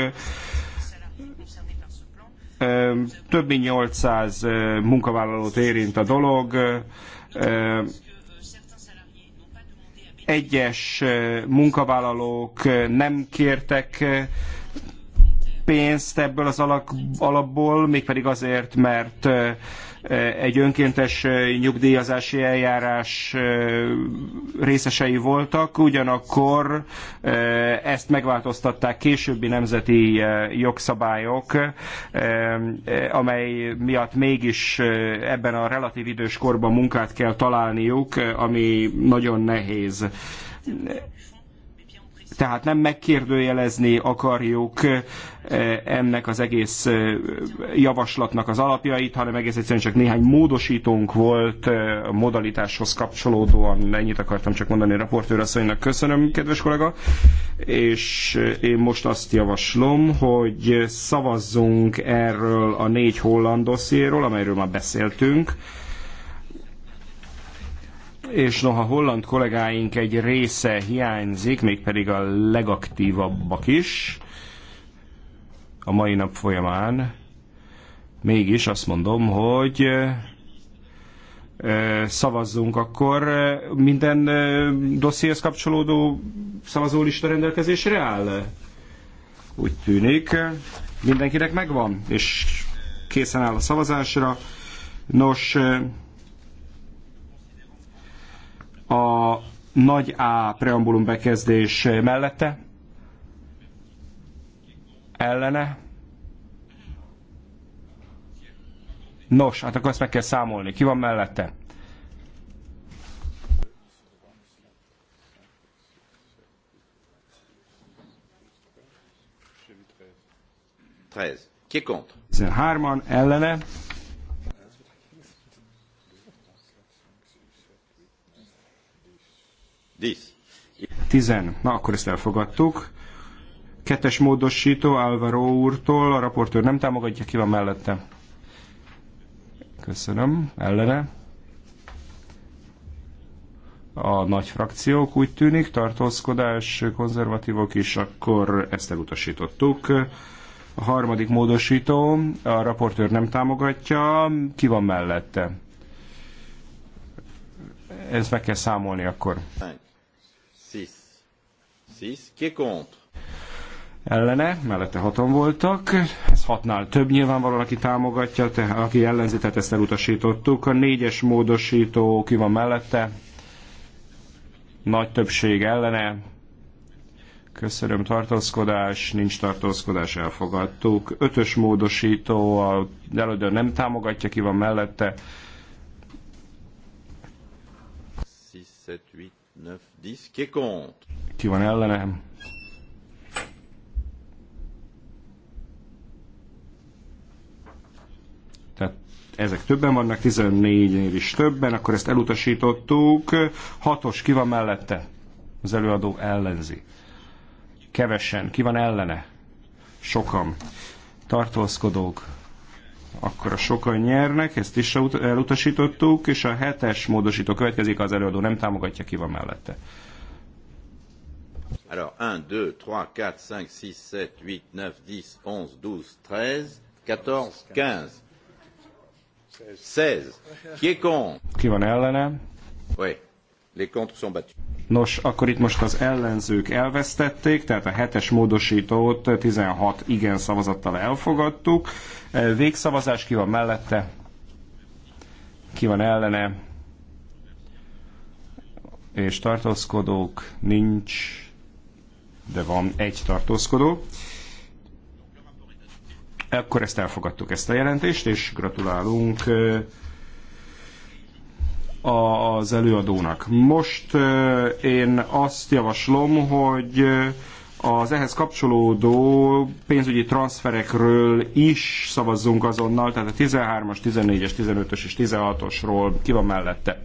több mint 800 munkavállalót érint a dolog. Egyes munkavállalók nem kértek pénzt ebből az alak, alapból, mégpedig azért, mert egy önkéntes nyugdíjazási eljárás részesei voltak, ugyanakkor ezt megváltoztatták későbbi nemzeti jogszabályok, amely miatt mégis ebben a relatív idős korban munkát kell találniuk, ami nagyon nehéz tehát nem megkérdőjelezni akarjuk Eh, ennek az egész eh, javaslatnak az alapjait, hanem egész egyszerűen csak néhány módosítónk volt eh, a modalitáshoz kapcsolódóan. Ennyit akartam csak mondani a raportőrasszonynak. Köszönöm, kedves kollega. És én most azt javaslom, hogy szavazzunk erről a négy holland dossziéről, amelyről már beszéltünk és noha holland kollégáink egy része hiányzik, mégpedig a legaktívabbak is, a mai nap folyamán. Mégis azt mondom, hogy szavazzunk, akkor minden dossziéhez kapcsolódó szavazólista rendelkezésre áll? Úgy tűnik, mindenkinek megvan, és készen áll a szavazásra. Nos, a nagy A preambulum bekezdés mellette ellene. Nos, hát akkor ezt meg kell számolni. Ki van mellette? Ki kont? 13 ellene. Tizen. Na, akkor ezt elfogadtuk. Kettes módosító Álvaro úrtól, a raportőr nem támogatja, ki van mellette? Köszönöm. Ellene? A nagy frakciók úgy tűnik, tartózkodás, konzervatívok is, akkor ezt elutasítottuk. A harmadik módosító, a raportőr nem támogatja, ki van mellette? Ez meg kell számolni akkor. 6. 6. Ki est contre? ellene, mellette haton voltak, ez hatnál több nyilvánvalóan, aki támogatja, te, aki ellenzi, tehát ezt elutasítottuk. A négyes módosító ki van mellette, nagy többség ellene, köszönöm tartózkodás, nincs tartózkodás, elfogadtuk. Ötös módosító, a elődő nem támogatja, ki van mellette. 6, 7, 8, 9, 10, ki van ellene? ezek többen vannak, 14-nél is többen, akkor ezt elutasítottuk. Hatos, ki van mellette? Az előadó ellenzi. Kevesen, ki van ellene? Sokan. Tartózkodók, akkor a sokan nyernek, ezt is elutasítottuk, és a hetes módosító következik, az előadó nem támogatja, ki van mellette. Alors 1, 2, 3, 4, 5, 6, 7, 8, 9, 10, 11, 12, 13, 14, 15. Ki van Nos, akkor itt most az ellenzők elvesztették, tehát a hetes módosítót 16 igen szavazattal elfogadtuk. E, végszavazás ki van mellette? Ki van ellene? És tartózkodók nincs, de van egy tartózkodó. Akkor ezt elfogadtuk, ezt a jelentést, és gratulálunk az előadónak. Most én azt javaslom, hogy az ehhez kapcsolódó pénzügyi transferekről is szavazzunk azonnal, tehát a 13-as, 14-es, 15-ös és 16-osról ki van mellette.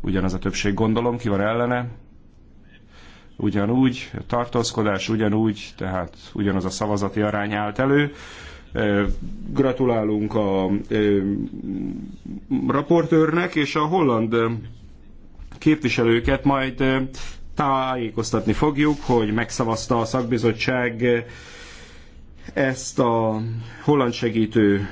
Ugyanaz a többség gondolom, ki van ellene. Ugyanúgy, tartózkodás ugyanúgy, tehát ugyanaz a szavazati arány állt elő. Gratulálunk a raportőrnek, és a holland képviselőket majd tájékoztatni fogjuk, hogy megszavazta a szakbizottság ezt a holland segítő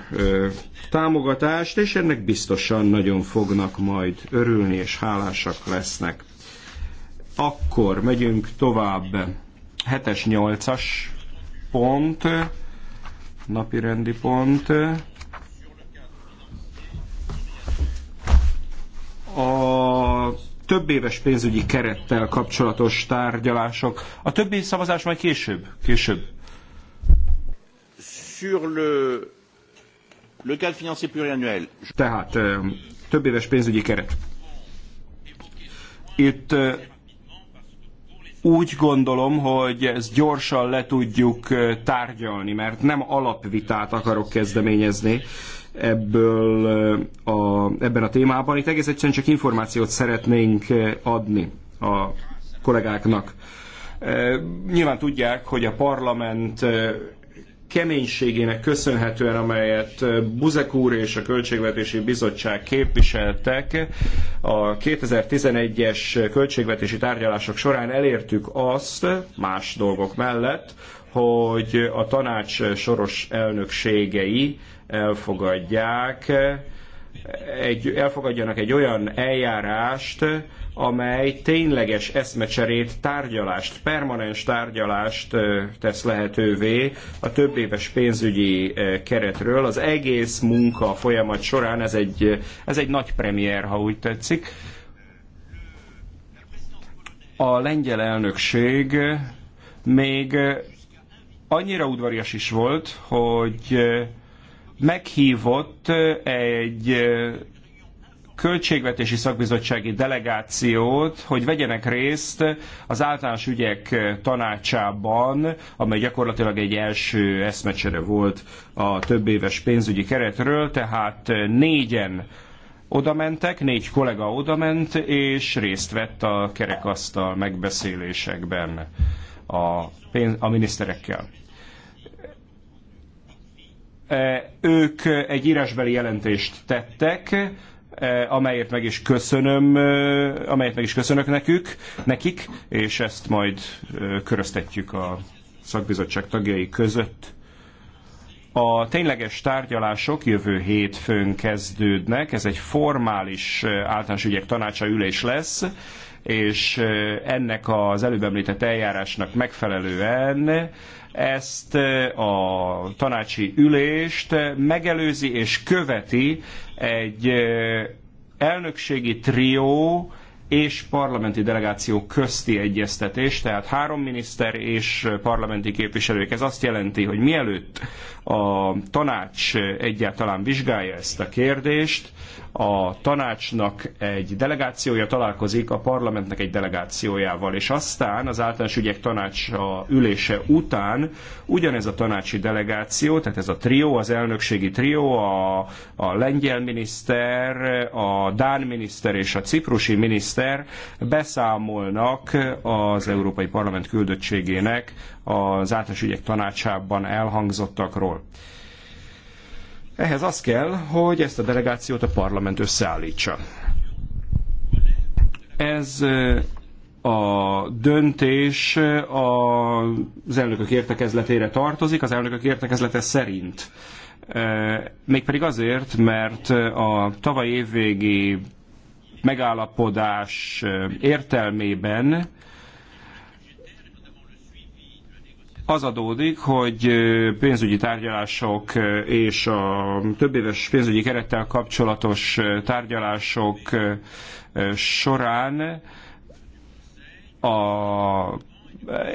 támogatást, és ennek biztosan nagyon fognak majd örülni, és hálásak lesznek. Akkor megyünk tovább. 7-es, 8-as pont napi rendi pont. A több éves pénzügyi kerettel kapcsolatos tárgyalások. A többi szavazás majd később. Később. Sur le, le cadre financier pluriannuel. Tehát több éves pénzügyi keret. Itt úgy gondolom, hogy ezt gyorsan le tudjuk tárgyalni, mert nem alapvitát akarok kezdeményezni ebből a, ebben a témában. Itt egész egyszerűen csak információt szeretnénk adni a kollégáknak. Nyilván tudják, hogy a parlament keménységének köszönhetően, amelyet eh, Buzek úr és a Költségvetési Bizottság képviseltek, a 2011-es költségvetési tárgyalások során elértük azt, más dolgok mellett, hogy a tanács soros elnökségei elfogadják, egy, elfogadjanak egy olyan eljárást, amely tényleges eszmecserét, tárgyalást, permanens tárgyalást tesz lehetővé a több éves pénzügyi keretről. Az egész munka folyamat során ez egy, ez egy nagy premier, ha úgy tetszik. A lengyel elnökség még annyira udvarias is volt, hogy meghívott egy költségvetési szakbizottsági delegációt, hogy vegyenek részt az általános ügyek tanácsában, amely gyakorlatilag egy első eszmecsere volt a többéves pénzügyi keretről, tehát négyen odamentek, négy kollega odament, és részt vett a kerekasztal megbeszélésekben a, pénz, a miniszterekkel e, ők egy írásbeli jelentést tettek, Eh, amelyért meg is köszönöm, eh, amelyet meg is köszönök nekük, nekik, és ezt majd eh, köröztetjük a szakbizottság tagjai között. A tényleges tárgyalások jövő hétfőn kezdődnek, ez egy formális általános ügyek tanácsa ülés lesz, és ennek az előbb említett eljárásnak megfelelően ezt a tanácsi ülést megelőzi és követi egy elnökségi trió és parlamenti delegáció közti egyeztetés, tehát három miniszter és parlamenti képviselők. Ez azt jelenti, hogy mielőtt a tanács egyáltalán vizsgálja ezt a kérdést, a tanácsnak egy delegációja találkozik a parlamentnek egy delegációjával, és aztán az általános ügyek tanácsa ülése után ugyanez a tanácsi delegáció, tehát ez a trió, az elnökségi trió, a, a lengyel miniszter, a dán miniszter és a ciprusi miniszter beszámolnak az Európai Parlament küldöttségének az általános ügyek tanácsában elhangzottakról. Ehhez az kell, hogy ezt a delegációt a parlament összeállítsa. Ez a döntés az elnökök értekezletére tartozik, az elnökök értekezlete szerint. Mégpedig azért, mert a tavaly évvégi megállapodás értelmében az adódik, hogy pénzügyi tárgyalások és a többéves pénzügyi kerettel kapcsolatos tárgyalások során a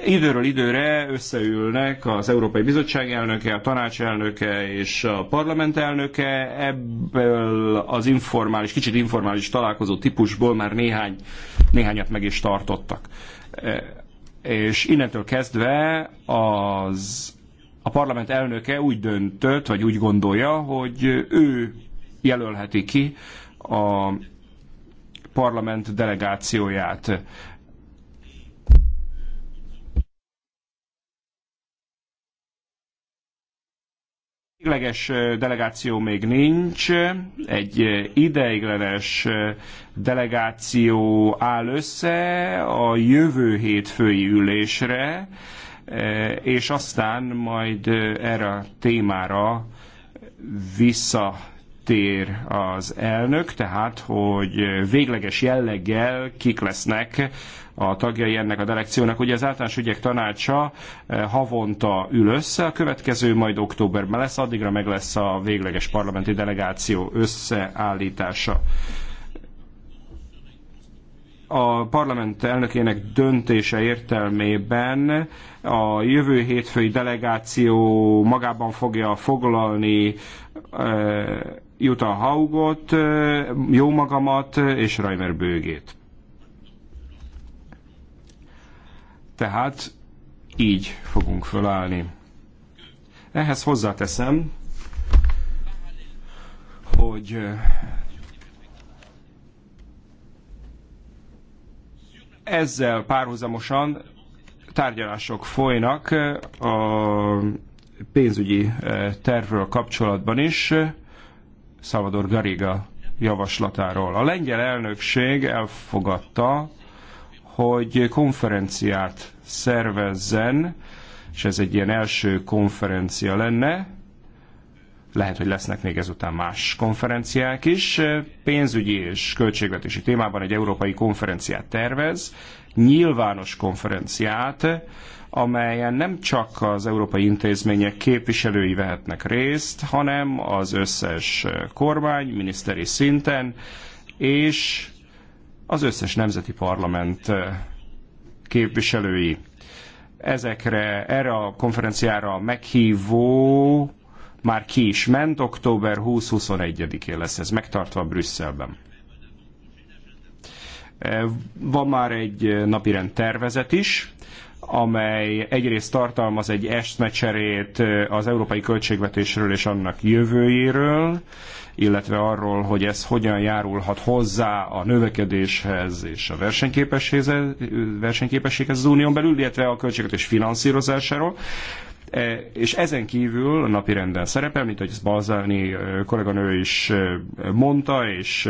időről időre összeülnek az Európai Bizottság elnöke, a tanács elnöke és a parlament elnöke. Ebből az informális, kicsit informális találkozó típusból már néhány, néhányat meg is tartottak és innentől kezdve az, a parlament elnöke úgy döntött, vagy úgy gondolja, hogy ő jelölheti ki a parlament delegációját. Végleges delegáció még nincs, egy ideiglenes delegáció áll össze a jövő hétfői ülésre, és aztán majd erre a témára visszatér az elnök, tehát hogy végleges jelleggel kik lesznek a tagjai ennek a delekciónak. Ugye az általános ügyek tanácsa eh, havonta ül össze, a következő majd októberben lesz, addigra meg lesz a végleges parlamenti delegáció összeállítása a parlament elnökének döntése értelmében a jövő hétfői delegáció magában fogja foglalni eh, Jutta Haugot, eh, jó magamat és Reimer Bőgét. Tehát így fogunk fölállni. Ehhez hozzáteszem, hogy ezzel párhuzamosan tárgyalások folynak a pénzügyi tervről kapcsolatban is, Salvador Gariga javaslatáról. A lengyel elnökség elfogadta hogy konferenciát szervezzen, és ez egy ilyen első konferencia lenne, lehet, hogy lesznek még ezután más konferenciák is, pénzügyi és költségvetési témában egy európai konferenciát tervez, nyilvános konferenciát, amelyen nem csak az európai intézmények képviselői vehetnek részt, hanem az összes kormány, miniszteri szinten, és az összes nemzeti parlament eh, képviselői. Ezekre, erre a konferenciára a meghívó már ki is ment, október 20-21-én lesz ez megtartva Brüsszelben. Eh, van már egy eh, napirend tervezet is, amely egyrészt tartalmaz egy eszmecserét az európai költségvetésről és annak jövőjéről, illetve arról, hogy ez hogyan járulhat hozzá a növekedéshez és a versenyképességhez az unión belül, illetve a költségvetés finanszírozásáról. E, és ezen kívül a napi renden szerepel, mint ahogy ezt Balzáni kolléganő is mondta, és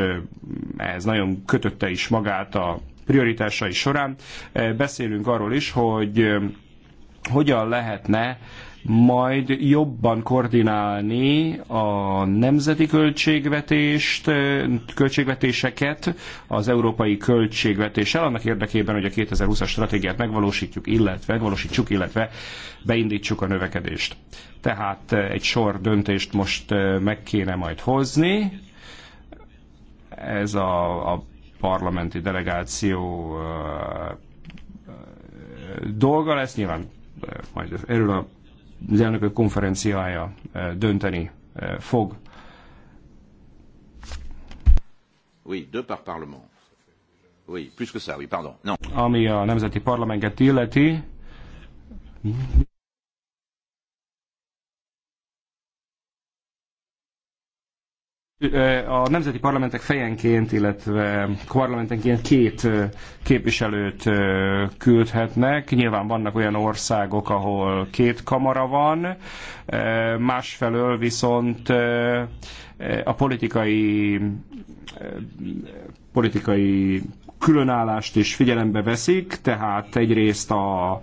ez nagyon kötötte is magát a prioritásai során. Beszélünk arról is, hogy hogyan lehetne majd jobban koordinálni a nemzeti költségvetést, költségvetéseket az európai költségvetéssel, annak érdekében, hogy a 2020-as stratégiát megvalósítjuk, illetve megvalósítsuk, illetve beindítsuk a növekedést. Tehát egy sor döntést most meg kéne majd hozni, ez a, a parlamenti delegáció dolga lesz, nyilván majd erről az elnökök konferenciája dönteni fog. Oui, deux par parlement. Oui, plus que ça, oui, pardon. Non. Ami a nemzeti parlamentet illeti, a nemzeti parlamentek fejenként, illetve parlamentenként két képviselőt küldhetnek. Nyilván vannak olyan országok, ahol két kamara van, másfelől viszont a politikai politikai különállást is figyelembe veszik, tehát egyrészt a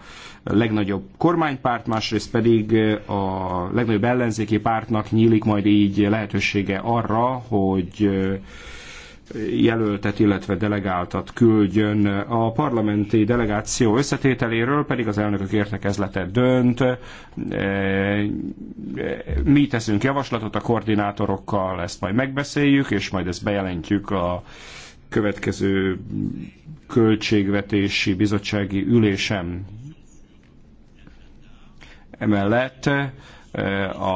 legnagyobb kormánypárt, másrészt pedig a legnagyobb ellenzéki pártnak nyílik majd így lehetősége arra, hogy jelöltet, illetve delegáltat küldjön. A parlamenti delegáció összetételéről pedig az elnökök értekezlete dönt. Mi teszünk javaslatot a koordinátorokkal, ezt majd megbeszéljük, és majd ezt bejelentjük a következő költségvetési bizottsági ülésem. Emellett a,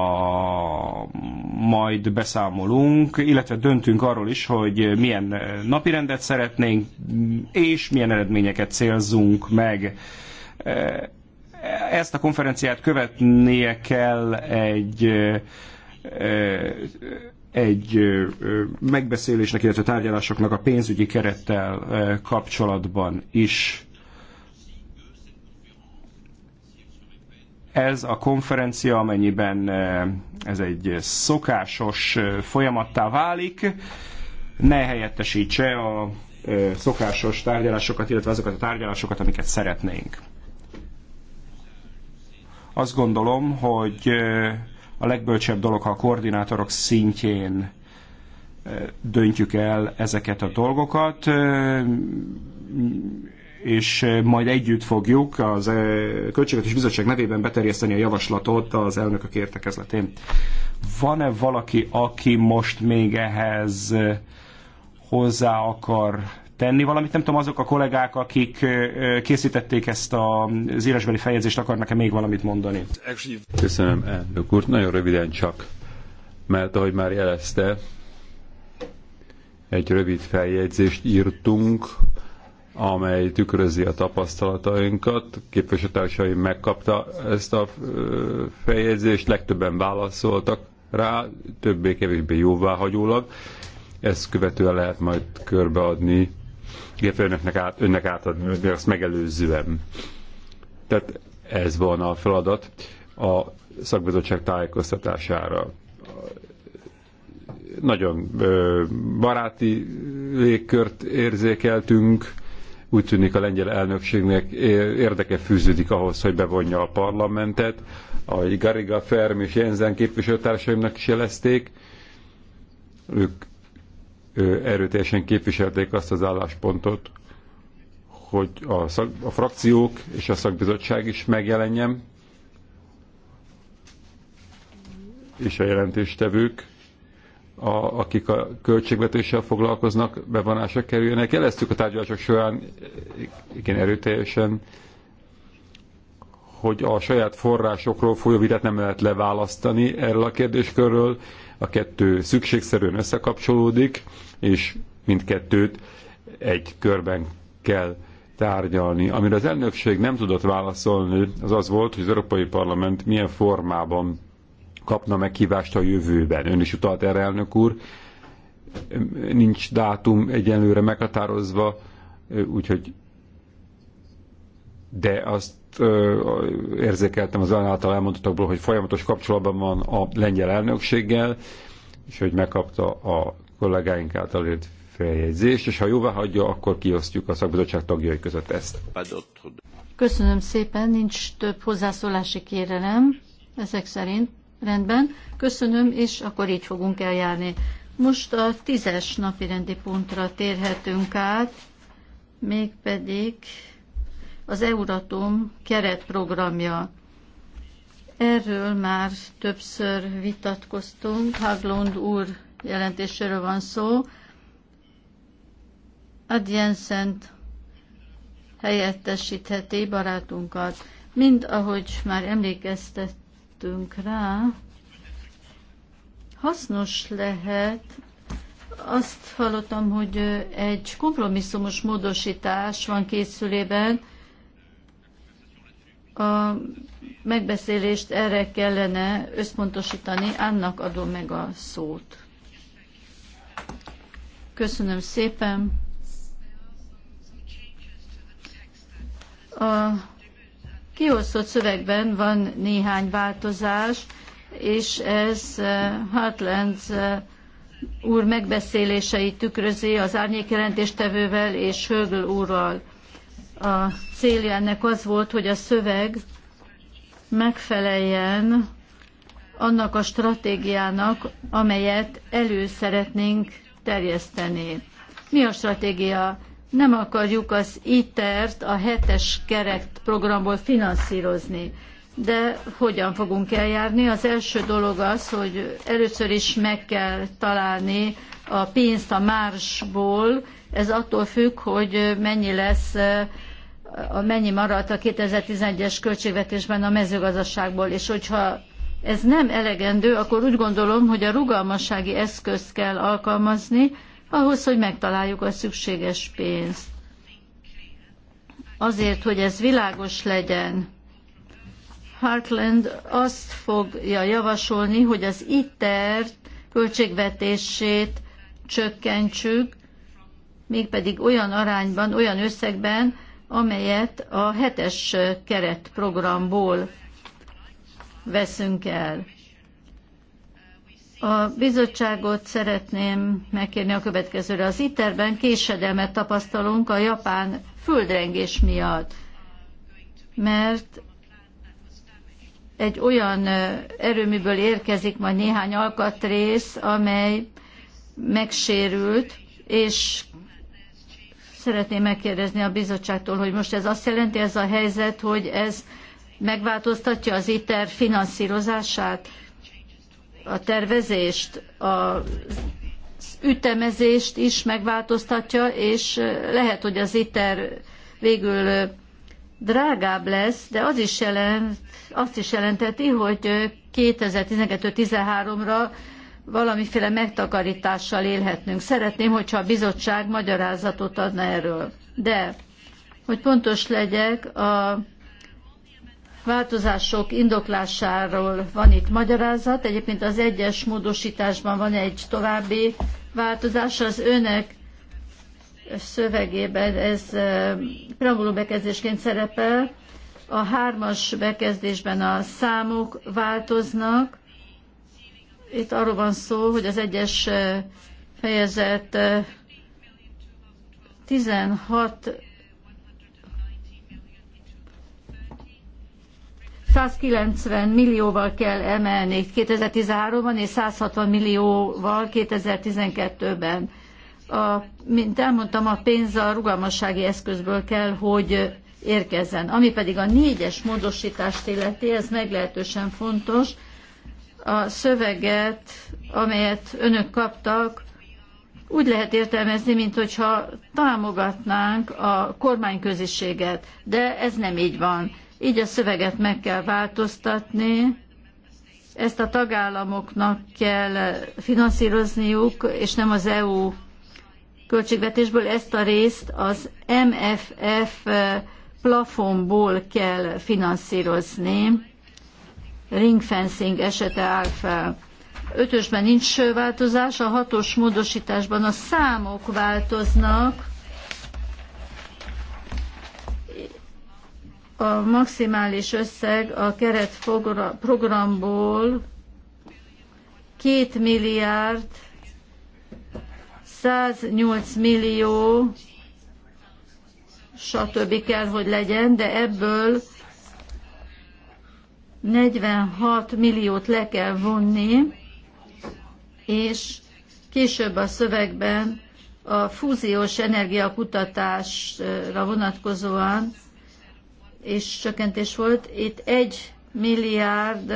majd beszámolunk, illetve döntünk arról is, hogy milyen napirendet szeretnénk, és milyen eredményeket célzunk meg. Ezt a konferenciát követnie kell egy egy megbeszélésnek, illetve tárgyalásoknak a pénzügyi kerettel kapcsolatban is Ez a konferencia, amennyiben eh, ez egy szokásos eh, folyamattá válik, ne helyettesítse a eh, szokásos tárgyalásokat, illetve azokat a tárgyalásokat, amiket szeretnénk. Azt gondolom, hogy a legbölcsebb dolog, ha a koordinátorok szintjén döntjük el ezeket a dolgokat és eh, majd együtt fogjuk az eh, Költségvetés Bizottság nevében beterjeszteni a javaslatot az elnökök értekezletén. Van-e valaki, aki most még ehhez eh, hozzá akar tenni valamit? Nem tudom, azok a kollégák, akik készítették ezt az írásbeli fejezést, akarnak-e még valamit mondani? Köszönöm, elnök úr. Nagyon röviden csak, mert ahogy már jelezte, egy rövid feljegyzést írtunk amely tükrözi a tapasztalatainkat. Képviselőtársaim megkapta ezt a feljegyzést, legtöbben válaszoltak rá, többé-kevésbé jóváhagyólag. Ezt követően lehet majd körbeadni, illetve önöknek át, önnek átadni, azt megelőzően. Tehát ez van a feladat a szakbizottság tájékoztatására nagyon baráti légkört érzékeltünk, úgy tűnik a lengyel elnökségnek érdeke fűződik ahhoz, hogy bevonja a parlamentet, ahogy Gariga Ferm és Jensen képviselőtársaimnak is jelezték. Ők erőteljesen képviselték azt az álláspontot, hogy a, szak, a frakciók és a szakbizottság is megjelenjen, és a jelentéstevők a, akik a költségvetéssel foglalkoznak, bevonásra kerüljenek. Jeleztük a tárgyalások során igen erőteljesen, hogy a saját forrásokról folyó vitát nem lehet leválasztani erről a kérdéskörről. A kettő szükségszerűen összekapcsolódik, és mindkettőt egy körben kell tárgyalni. Amire az elnökség nem tudott válaszolni, az az volt, hogy az Európai Parlament milyen formában kapna meghívást a jövőben. Ön is utalt erre, elnök úr. Nincs dátum egyenlőre meghatározva, úgyhogy de azt érzékeltem az ön által elmondottakból, hogy folyamatos kapcsolatban van a lengyel elnökséggel, és hogy megkapta a kollégáink által írt feljegyzést, és ha jóvá hagyja, akkor kiosztjuk a szakbizottság tagjai között ezt. Köszönöm szépen, nincs több hozzászólási kérelem ezek szerint. Rendben, köszönöm, és akkor így fogunk eljárni. Most a tízes napi rendi pontra térhetünk át, mégpedig az Euratom keretprogramja. Erről már többször vitatkoztunk, Haglund úr jelentéséről van szó. Ad helyettesítheti barátunkat. Mind ahogy már emlékeztett jöttünk rá, hasznos lehet, azt hallottam, hogy egy kompromisszumos módosítás van készülében, a megbeszélést erre kellene összpontosítani, annak adom meg a szót. Köszönöm szépen. A kiosztott szövegben van néhány változás, és ez Heartlands eh, eh, úr megbeszélései tükrözi az árnyékjelentéstevővel és Högl úrral. A célja ennek az volt, hogy a szöveg megfeleljen annak a stratégiának, amelyet elő szeretnénk terjeszteni. Mi a stratégia? nem akarjuk az ITER-t a hetes programból finanszírozni. De hogyan fogunk eljárni? Az első dolog az, hogy először is meg kell találni a pénzt a Marsból. Ez attól függ, hogy mennyi lesz, mennyi maradt a 2011-es költségvetésben a mezőgazdaságból. És hogyha ez nem elegendő, akkor úgy gondolom, hogy a rugalmassági eszközt kell alkalmazni, ahhoz, hogy megtaláljuk a szükséges pénzt. Azért, hogy ez világos legyen, Heartland azt fogja javasolni, hogy az ITER költségvetését csökkentsük, mégpedig olyan arányban, olyan összegben, amelyet a hetes keretprogramból veszünk el. A bizottságot szeretném megkérni a következőre. Az ITER-ben késedelmet tapasztalunk a japán földrengés miatt, mert egy olyan erőműből érkezik majd néhány alkatrész, amely megsérült, és szeretném megkérdezni a bizottságtól, hogy most ez azt jelenti ez a helyzet, hogy ez megváltoztatja az ITER finanszírozását? a tervezést, a ütemezést is megváltoztatja, és lehet, hogy az ITER végül drágább lesz, de az is jelent, azt is jelenteti, hogy 2012-13-ra valamiféle megtakarítással élhetnünk. Szeretném, hogyha a bizottság magyarázatot adna erről. De, hogy pontos legyek, a változások indoklásáról van itt magyarázat. Egyébként az egyes módosításban van egy további változás. Az önök szövegében ez preambuló bekezdésként szerepel. A hármas bekezdésben a számok változnak. Itt arról van szó, hogy az egyes fejezet 16 190 millióval kell emelni 2013-ban és 160 millióval 2012-ben. A, mint elmondtam, a pénz a rugalmassági eszközből kell, hogy érkezzen. Ami pedig a négyes módosítást illeti, ez meglehetősen fontos. A szöveget, amelyet önök kaptak, úgy lehet értelmezni, mint hogyha támogatnánk a kormányköziséget, de ez nem így van. Így a szöveget meg kell változtatni, ezt a tagállamoknak kell finanszírozniuk, és nem az EU költségvetésből, ezt a részt az MFF plafonból kell finanszírozni. Ringfencing esete áll fel. Ötösben nincs változás, a hatos módosításban a számok változnak, a maximális összeg a keretprogramból 2 milliárd 108 millió stb. kell, hogy legyen, de ebből 46 milliót le kell vonni, és később a szövegben a fúziós energiakutatásra vonatkozóan és csökkentés volt. Itt 1 milliárd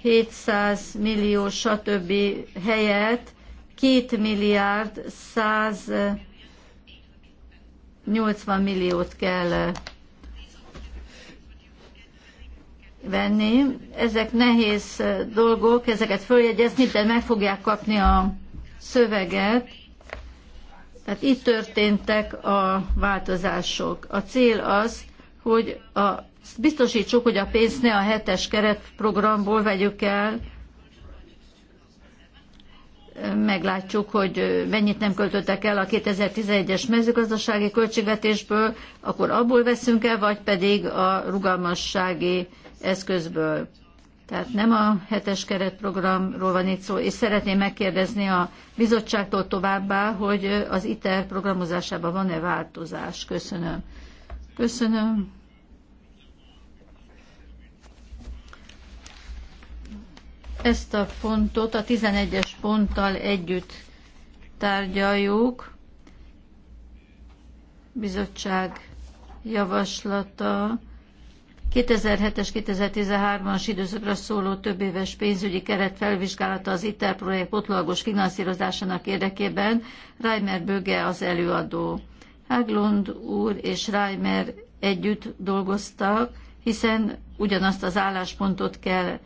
700 millió stb. helyett 2 milliárd 180 milliót kell venni. Ezek nehéz dolgok, ezeket följegyezni, de meg fogják kapni a szöveget. Tehát itt történtek a változások. A cél az, hogy a, biztosítsuk, hogy a pénzt ne a hetes keretprogramból vegyük el, meglátjuk, hogy mennyit nem költöttek el a 2011-es mezőgazdasági költségvetésből, akkor abból veszünk el, vagy pedig a rugalmassági eszközből. Tehát nem a hetes keretprogramról van itt szó, és szeretném megkérdezni a bizottságtól továbbá, hogy az ITER programozásában van-e változás. Köszönöm. Köszönöm. Ezt a pontot a 11-es ponttal együtt tárgyaljuk. Bizottság javaslata 2007-es 2013-as időszakra szóló több éves pénzügyi keret felvizsgálata az ITER projekt potlagos finanszírozásának érdekében. Reimer Böge az előadó. Haglund úr és Reimer együtt dolgoztak, hiszen ugyanazt az álláspontot kell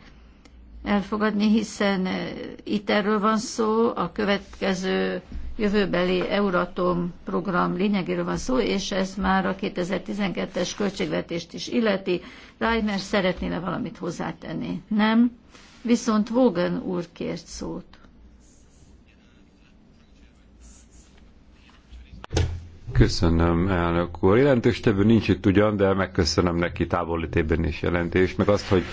elfogadni, hiszen eh, itt erről van szó, a következő jövőbeli Euratom program lényegéről van szó, és ez már a 2012-es költségvetést is illeti. Reimer szeretné le valamit hozzátenni? Nem? Viszont Vogan úr kért szót. Köszönöm, elnök úr. Jelentős tevő nincs itt ugyan, de megköszönöm neki távolítében is jelentés, meg azt, hogy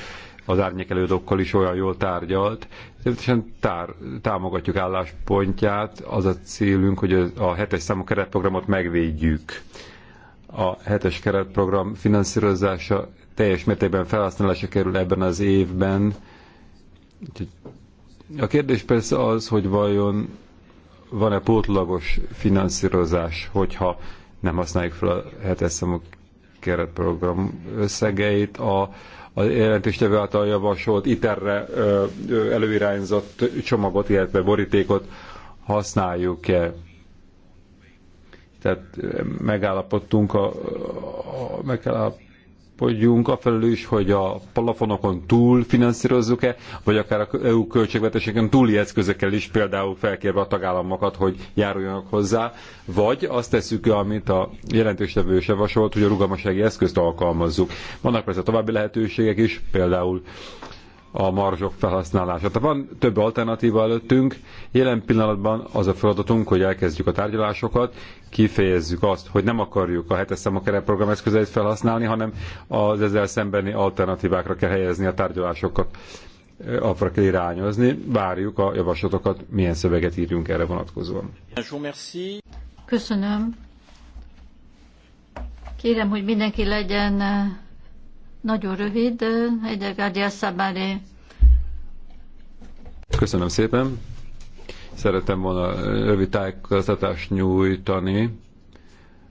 az árnyékelődokkal is olyan jól tárgyalt. Természetesen tár, támogatjuk álláspontját, az a célunk, hogy a hetes számú keretprogramot megvédjük. A hetes keretprogram finanszírozása teljes mértékben felhasználásra kerül ebben az évben. a kérdés persze az, hogy vajon van-e pótlagos finanszírozás, hogyha nem használjuk fel a hetes számú keretprogram összegeit. A, a jelentéstevő által javasolt iterre előirányzott csomagot, illetve borítékot használjuk-e. Tehát megállapodtunk, a, a, a, a gondolkodjunk afelől is, hogy a plafonokon túl finanszírozzuk-e, vagy akár a EU költségvetéseken túli eszközökkel is, például felkérve a tagállamokat, hogy járuljanak hozzá, vagy azt tesszük, amit a jelentéstevő is javasolt, hogy a rugalmasági eszközt alkalmazzuk. Vannak persze további lehetőségek is, például a marzsok felhasználását. Tehát van több alternatíva előttünk. Jelen pillanatban az a feladatunk, hogy elkezdjük a tárgyalásokat, kifejezzük azt, hogy nem akarjuk a hetes a program eszközeit felhasználni, hanem az ezzel szembeni alternatívákra kell helyezni a tárgyalásokat arra kell irányozni. Várjuk a javaslatokat, milyen szöveget írjunk erre vonatkozóan. Köszönöm. Kérem, hogy mindenki legyen nagyon rövid, Hegyegádi Szabáré. Köszönöm szépen. Szeretem volna rövid tájékoztatást nyújtani.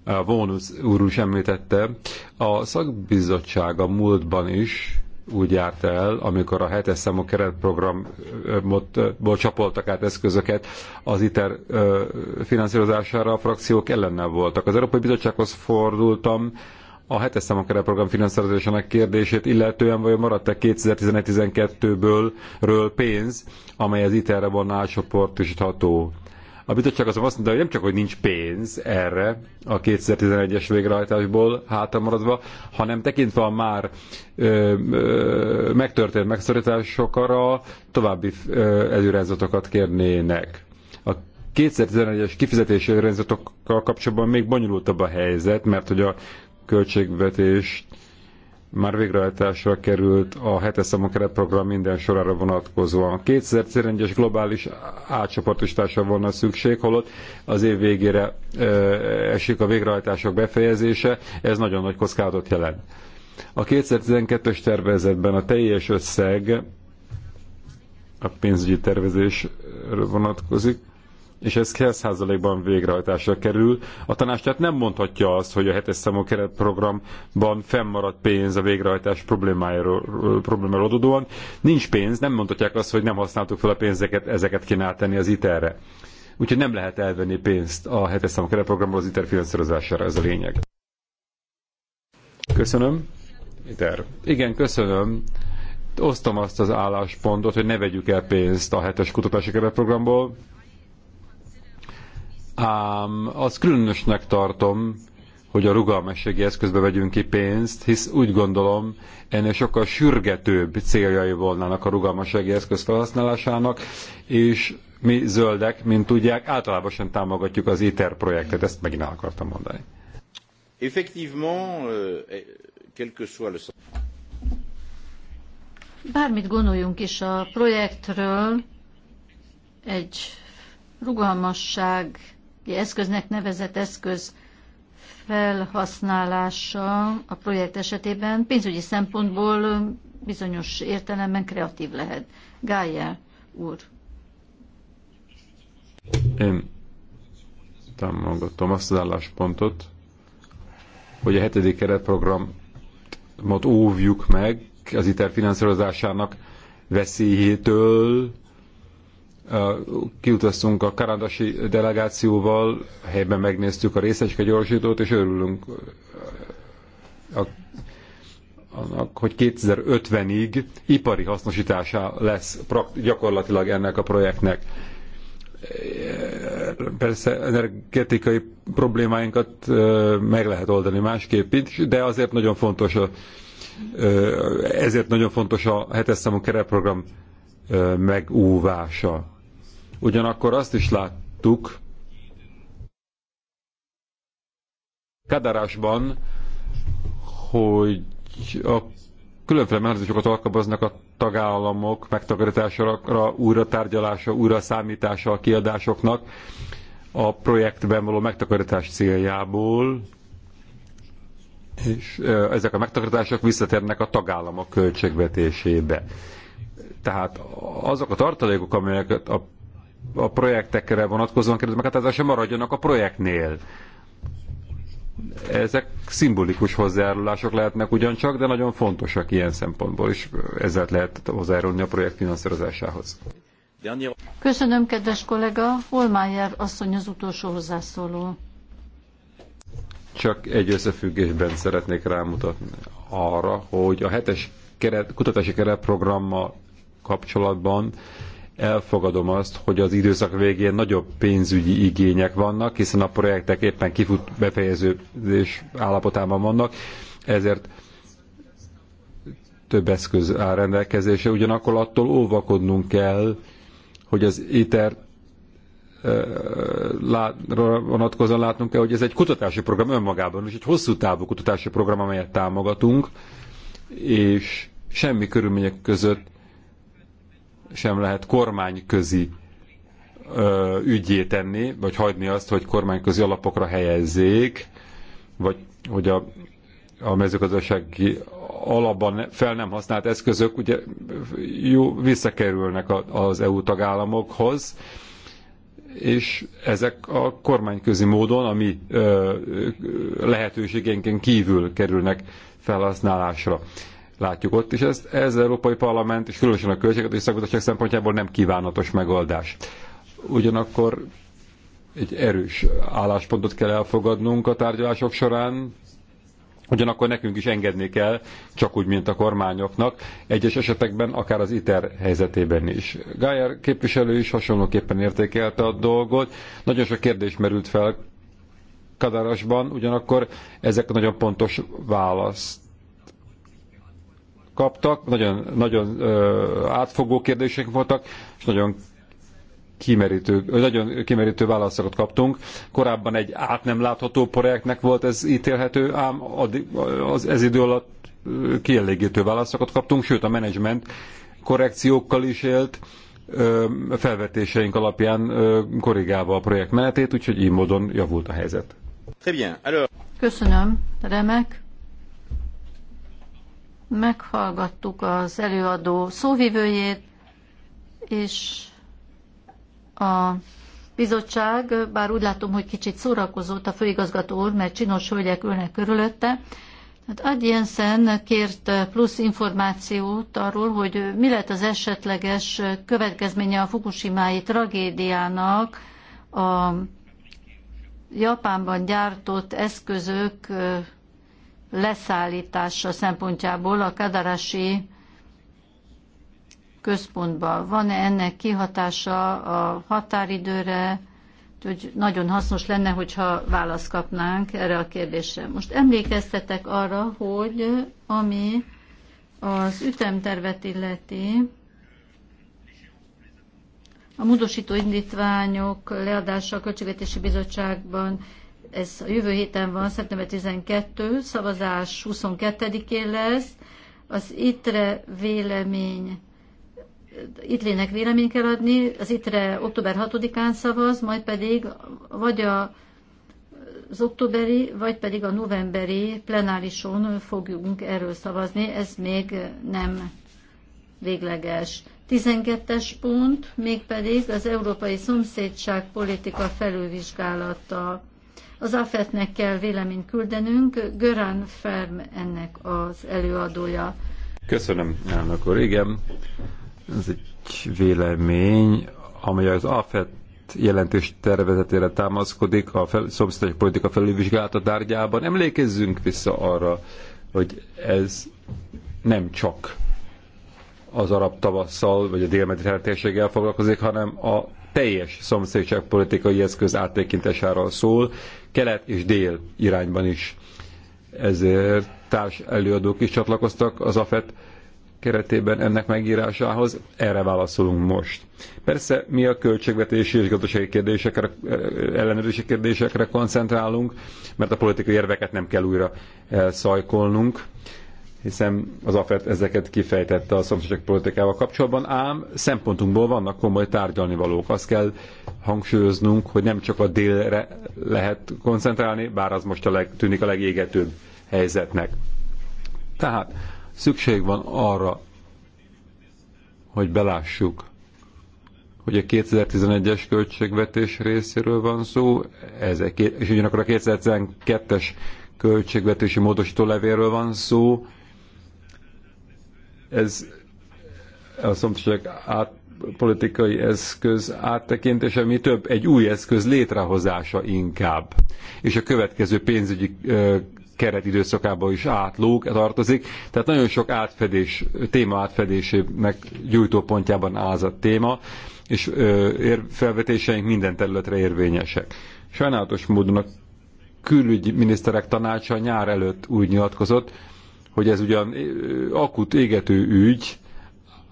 A Vónusz úr is említette, a szakbizottság a múltban is úgy járt el, amikor a hetes számú keretprogramból csapoltak át eszközöket az ITER finanszírozására, a frakciók ellennel voltak. Az Európai Bizottsághoz fordultam, a hetes számú keretprogram finanszírozásának kérdését illetően vajon maradt-e 2011-12-ből ről pénz, amely az ITER-re volna átcsoportosítható? A bizottság azon azt mondta, hogy nem csak, hogy nincs pénz erre a 2011-es végrehajtásból maradva, hanem tekintve a már ö, ö, megtörtént megszorításokra további ö, előrehajzatokat kérnének. A 2011-es kifizetési előrehajzatokkal kapcsolatban még bonyolultabb a helyzet, mert hogy a költségvetés már végrehajtásra került a hetes számú keretprogram minden sorára vonatkozóan. 2011-es globális átcsoportosításra volna szükség, holott az év végére ö, esik a végrehajtások befejezése, ez nagyon nagy kockázatot jelent. A 2012-es tervezetben a teljes összeg a pénzügyi tervezésről vonatkozik, és ez 100%-ban végrehajtásra kerül. A tanács tehát nem mondhatja azt, hogy a hetes számú keretprogramban fennmaradt pénz a végrehajtás problémájáról, problémáról adódóan. Nincs pénz, nem mondhatják azt, hogy nem használtuk fel a pénzeket, ezeket kéne áttenni az ITER-re. Úgyhogy nem lehet elvenni pénzt a hetes számú keretprogramból az ITER finanszírozására, ez a lényeg. Köszönöm. ITER. Igen, köszönöm osztom azt az álláspontot, hogy ne vegyük el pénzt a hetes kutatási keretprogramból ám az különösnek tartom, hogy a rugalmességi eszközbe vegyünk ki pénzt, hisz úgy gondolom, ennél sokkal sürgetőbb céljai volnának a rugalmassági eszköz felhasználásának, és mi zöldek, mint tudják, általában sem támogatjuk az ITER projektet, ezt megint el akartam mondani. Effectivement, euh, quel que soit le Bármit gondoljunk is a projektről, egy rugalmasság eszköznek nevezett eszköz felhasználása a projekt esetében pénzügyi szempontból bizonyos értelemben kreatív lehet. Gájer úr. Én támogatom azt az álláspontot, hogy a hetedik keretprogramot óvjuk meg az ITER finanszírozásának veszélyétől, kiutaztunk a kanadasi delegációval, helyben megnéztük a részecske gyorsítót, és örülünk a, annak, hogy 2050-ig ipari hasznosítása lesz gyakorlatilag ennek a projektnek. Persze energetikai problémáinkat meg lehet oldani másképp is, de azért nagyon fontos a, ezért nagyon fontos a hetes számú keretprogram megúvása. Ugyanakkor azt is láttuk, Kadarásban, hogy a különféle mechanizmusokat alkalmaznak a tagállamok megtakarítására, újra tárgyalása, újra számítása a kiadásoknak a projektben való megtakarítás céljából, és ezek a megtakarítások visszatérnek a tagállamok költségvetésébe. Tehát azok a tartalékok, amelyeket a a projektekre vonatkozóan került meghatározása maradjanak a projektnél. Ezek szimbolikus hozzájárulások lehetnek ugyancsak, de nagyon fontosak ilyen szempontból, és ezzel lehet hozzájárulni a projekt finanszírozásához. Köszönöm, kedves kollega. Holmájer asszony az utolsó hozzászóló. Csak egy összefüggésben szeretnék rámutatni arra, hogy a hetes keret, kutatási keretprogrammal kapcsolatban elfogadom azt, hogy az időszak végén nagyobb pénzügyi igények vannak, hiszen a projektek éppen kifut befejeződés állapotában vannak, ezért több eszköz áll rendelkezésre. Ugyanakkor attól óvakodnunk kell, hogy az ITER lát, vonatkozóan látnunk kell, hogy ez egy kutatási program önmagában, és egy hosszú távú kutatási program, amelyet támogatunk, és semmi körülmények között sem lehet kormányközi ügyé tenni, vagy hagyni azt, hogy kormányközi alapokra helyezzék, vagy hogy a, a mezőgazdasági alapban fel nem használt eszközök ugye jó, visszakerülnek az EU tagállamokhoz, és ezek a kormányközi módon, ami lehetőségénken kívül kerülnek felhasználásra látjuk ott, is ezt ez az Európai Parlament, és különösen a költségvetés szakadatosság szempontjából nem kívánatos megoldás. Ugyanakkor egy erős álláspontot kell elfogadnunk a tárgyalások során, Ugyanakkor nekünk is engedni kell, csak úgy, mint a kormányoknak, egyes esetekben, akár az ITER helyzetében is. Gájer képviselő is hasonlóképpen értékelte a dolgot. Nagyon sok kérdés merült fel Kadarasban, ugyanakkor ezek nagyon pontos választ kaptak, nagyon, nagyon átfogó kérdések voltak, és nagyon kimerítő, nagyon kimerítő válaszokat kaptunk. Korábban egy át nem látható projektnek volt ez ítélhető, ám az, ez idő alatt kielégítő válaszokat kaptunk, sőt a menedzsment korrekciókkal is élt, felvetéseink alapján korrigálva a projekt menetét, úgyhogy így módon javult a helyzet. Köszönöm, remek meghallgattuk az előadó szóvivőjét, és a bizottság, bár úgy látom, hogy kicsit szórakozott a főigazgató úr, mert csinos hölgyek ülnek körülötte, Hát Ad Jensen kért plusz információt arról, hogy mi lett az esetleges következménye a fukushima tragédiának a Japánban gyártott eszközök leszállítása szempontjából a kadarasi központban Van-e ennek kihatása a határidőre, hogy nagyon hasznos lenne, hogyha választ kapnánk erre a kérdésre. Most emlékeztetek arra, hogy ami az ütemtervet illeti, a módosító indítványok leadása a Költségvetési Bizottságban ez a jövő héten van, szeptember 12, szavazás 22-én lesz, az ITRE vélemény, itt nek vélemény kell adni, az ITRE október 6-án szavaz, majd pedig vagy a, az októberi, vagy pedig a novemberi plenárison fogjunk erről szavazni, ez még nem végleges. 12-es pont, mégpedig az európai szomszédság politika felülvizsgálata az AFET-nek kell véleményt küldenünk, Görán Ferm ennek az előadója. Köszönöm, elnök úr. Igen, ez egy vélemény, amely az AFET jelentős tervezetére támaszkodik a fel, szomszédos politika felülvizsgálata tárgyában. Emlékezzünk vissza arra, hogy ez nem csak az arab tavasszal, vagy a délmediterrán térséggel foglalkozik, hanem a teljes politikai eszköz áttekintésáról szól, kelet és dél irányban is. Ezért társ előadók is csatlakoztak az AFET keretében ennek megírásához, erre válaszolunk most. Persze mi a költségvetési és gazdasági kérdésekre, ellenőrzési kérdésekre koncentrálunk, mert a politikai érveket nem kell újra szajkolnunk hiszen az AFET ezeket kifejtette a szomszédság politikával kapcsolatban, ám szempontunkból vannak komoly valók, Azt kell hangsúlyoznunk, hogy nem csak a délre lehet koncentrálni, bár az most a leg, tűnik a legégetőbb helyzetnek. Tehát szükség van arra, hogy belássuk, hogy a 2011-es költségvetés részéről van szó, ez, és ugyanakkor a 2012-es költségvetési módosító levéről van szó, ez a szomszédság át, politikai eszköz áttekintése, mi több egy új eszköz létrehozása inkább. És a következő pénzügyi ö, keret időszakába is átlók tartozik. Tehát nagyon sok átfedés, téma átfedésének gyújtópontjában áll a téma, és ö, felvetéseink minden területre érvényesek. Sajnálatos módon a külügyminiszterek tanácsa nyár előtt úgy nyilatkozott, hogy ez ugyan akut égető ügy,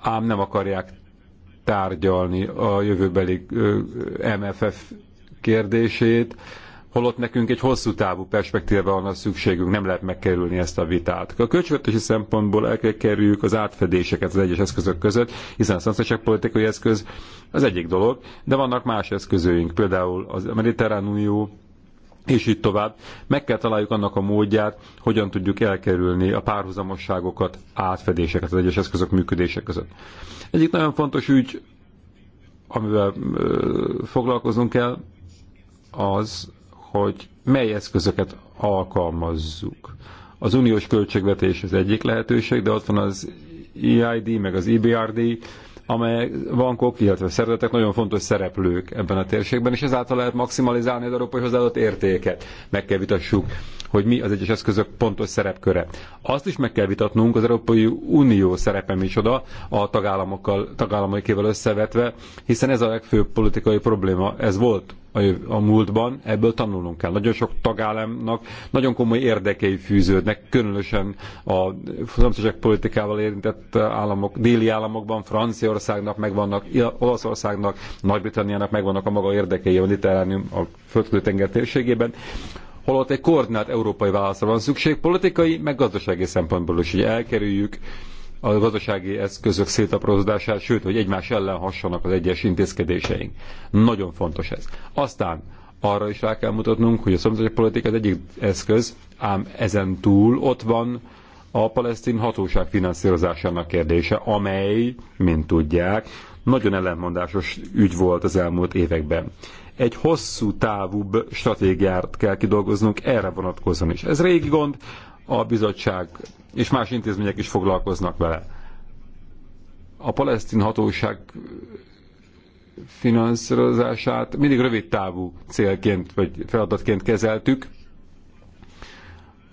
ám nem akarják tárgyalni a jövőbeli MFF kérdését, holott nekünk egy hosszú távú perspektíve van a szükségünk, nem lehet megkerülni ezt a vitát. A költségvetési szempontból el kell kerüljük az átfedéseket az egyes eszközök között, hiszen a szomszédságpolitikai eszköz az egyik dolog, de vannak más eszközőink, például az Mediterrán Unió, és így tovább. Meg kell találjuk annak a módját, hogyan tudjuk elkerülni a párhuzamosságokat, átfedéseket az egyes eszközök működése között. Egyik nagyon fontos ügy, amivel ö, foglalkozunk kell, az, hogy mely eszközöket alkalmazzuk. Az uniós költségvetés az egyik lehetőség, de ott van az EID, meg az EBRD, amely bankok, illetve szervezetek nagyon fontos szereplők ebben a térségben, és ezáltal lehet maximalizálni az európai hozzáadott értéket. Meg kell vitassuk, hogy mi az egyes eszközök pontos szerepköre. Azt is meg kell vitatnunk, az Európai Unió szerepe micsoda a tagállamokkal, tagállamaikével összevetve, hiszen ez a legfőbb politikai probléma, ez volt a, jöv, a múltban, ebből tanulnunk kell. Nagyon sok tagállamnak nagyon komoly érdekei fűződnek, különösen a szomszédság politikával érintett államok, déli államokban, Franciaországnak megvannak, Olaszországnak, Nagy-Britanniának megvannak a maga érdekei a Mediterránium a földkötő-tenger térségében holott egy koordinált európai válaszra van szükség politikai, meg gazdasági szempontból is, hogy elkerüljük a gazdasági eszközök szétaprózódását, sőt, hogy egymás ellen hassanak az egyes intézkedéseink. Nagyon fontos ez. Aztán arra is rá kell mutatnunk, hogy a szomszédos politika az egyik eszköz, ám ezen túl ott van a palesztin hatóság finanszírozásának kérdése, amely, mint tudják, nagyon ellentmondásos ügy volt az elmúlt években. Egy hosszú távú stratégiát kell kidolgoznunk erre vonatkozóan is. Ez régi gond, a bizottság és más intézmények is foglalkoznak vele. A palesztin hatóság finanszírozását mindig rövid távú célként vagy feladatként kezeltük,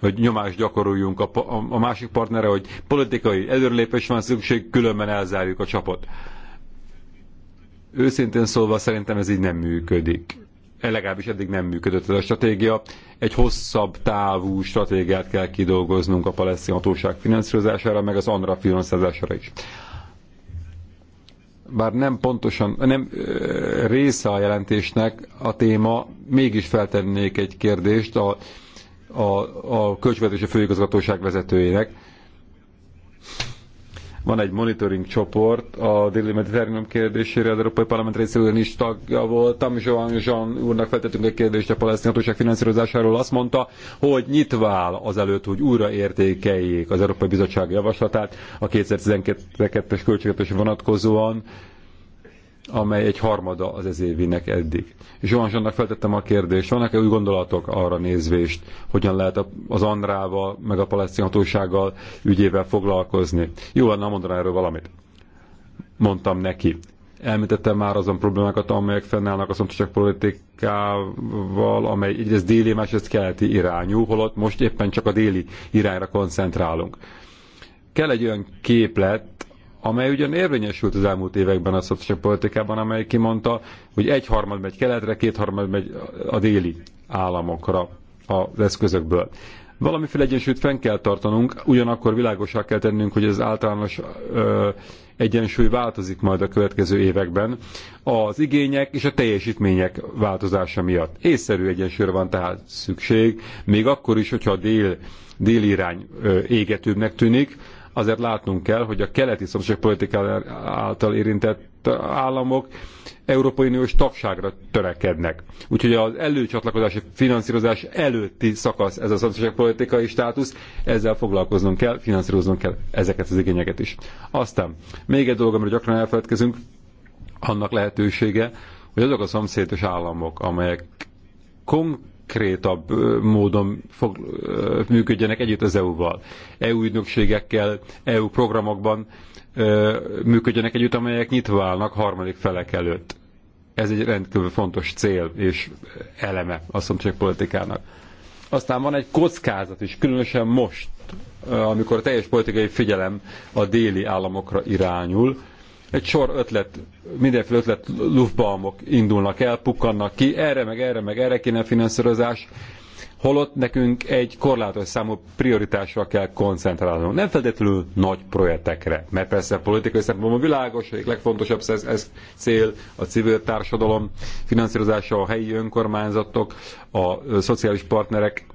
hogy nyomást gyakoroljunk a, a, a másik partnere, hogy politikai előrelépés van szükség, különben elzárjuk a csapot. Őszintén szólva szerintem ez így nem működik legalábbis eddig nem működött ez a stratégia. Egy hosszabb távú stratégiát kell kidolgoznunk a palesztin hatóság finanszírozására, meg az ANRA finanszírozására is. Bár nem pontosan, nem része a jelentésnek a téma, mégis feltennék egy kérdést a, a, a Költségvetési Főigazgatóság vezetőjének van egy monitoring csoport a déli mediterránum kérdésére, az Európai Parlament részéről is tagja voltam, és olyan Jean úrnak feltettünk egy kérdést a palesztin hatóság finanszírozásáról, azt mondta, hogy nyitva áll azelőtt, hogy újra értékeljék az Európai Bizottság javaslatát a 2012-es költségvetésre vonatkozóan, amely egy harmada az ez évinek eddig. Zsohan Zsannak feltettem a kérdést, vannak-e új gondolatok arra nézvést, hogyan lehet az Andrával, meg a palesztin hatósággal ügyével foglalkozni? Jó lenne, mondaná erről valamit. Mondtam neki. Elmítettem már azon problémákat, amelyek fennállnak a szomszédság politikával, amely egyrészt déli, másrészt keleti irányú, holott most éppen csak a déli irányra koncentrálunk. Kell egy olyan képlet, amely ugyan érvényesült az elmúlt években a politikában amely kimondta, hogy egyharmad megy keletre, kétharmad megy a déli államokra az eszközökből. Valamiféle egyensúlyt fenn kell tartanunk, ugyanakkor világosá kell tennünk, hogy az általános ö, egyensúly változik majd a következő években az igények és a teljesítmények változása miatt. Észszerű egyensúlyra van tehát szükség, még akkor is, hogyha a dél, irány égetőbbnek tűnik, azért látnunk kell, hogy a keleti szomszédpolitika által érintett államok Európai Uniós tagságra törekednek. Úgyhogy az előcsatlakozási finanszírozás előtti szakasz ez a szomszédpolitikai státusz, ezzel foglalkoznunk kell, finanszíroznunk kell ezeket az igényeket is. Aztán még egy dolog, amiről gyakran elfeledkezünk, annak lehetősége, hogy azok a szomszédos államok, amelyek kon legkonkrétabb módon fog, működjenek együtt az EU-val. EU ügynökségekkel, EU programokban működjenek együtt, amelyek nyitva állnak harmadik felek előtt. Ez egy rendkívül fontos cél és eleme a szomszédpolitikának. Aztán van egy kockázat is, különösen most, amikor a teljes politikai figyelem a déli államokra irányul, egy sor ötlet, mindenféle ötlet lufbalmok indulnak el, pukkannak ki, erre meg erre meg erre kéne finanszírozás, holott nekünk egy korlátos számú prioritásra kell koncentrálnunk. Nem feltétlenül nagy projektekre, mert persze a politikai szempontból világos, hogy legfontosabb ez, ez cél a civil társadalom finanszírozása, a helyi önkormányzatok, a szociális partnerek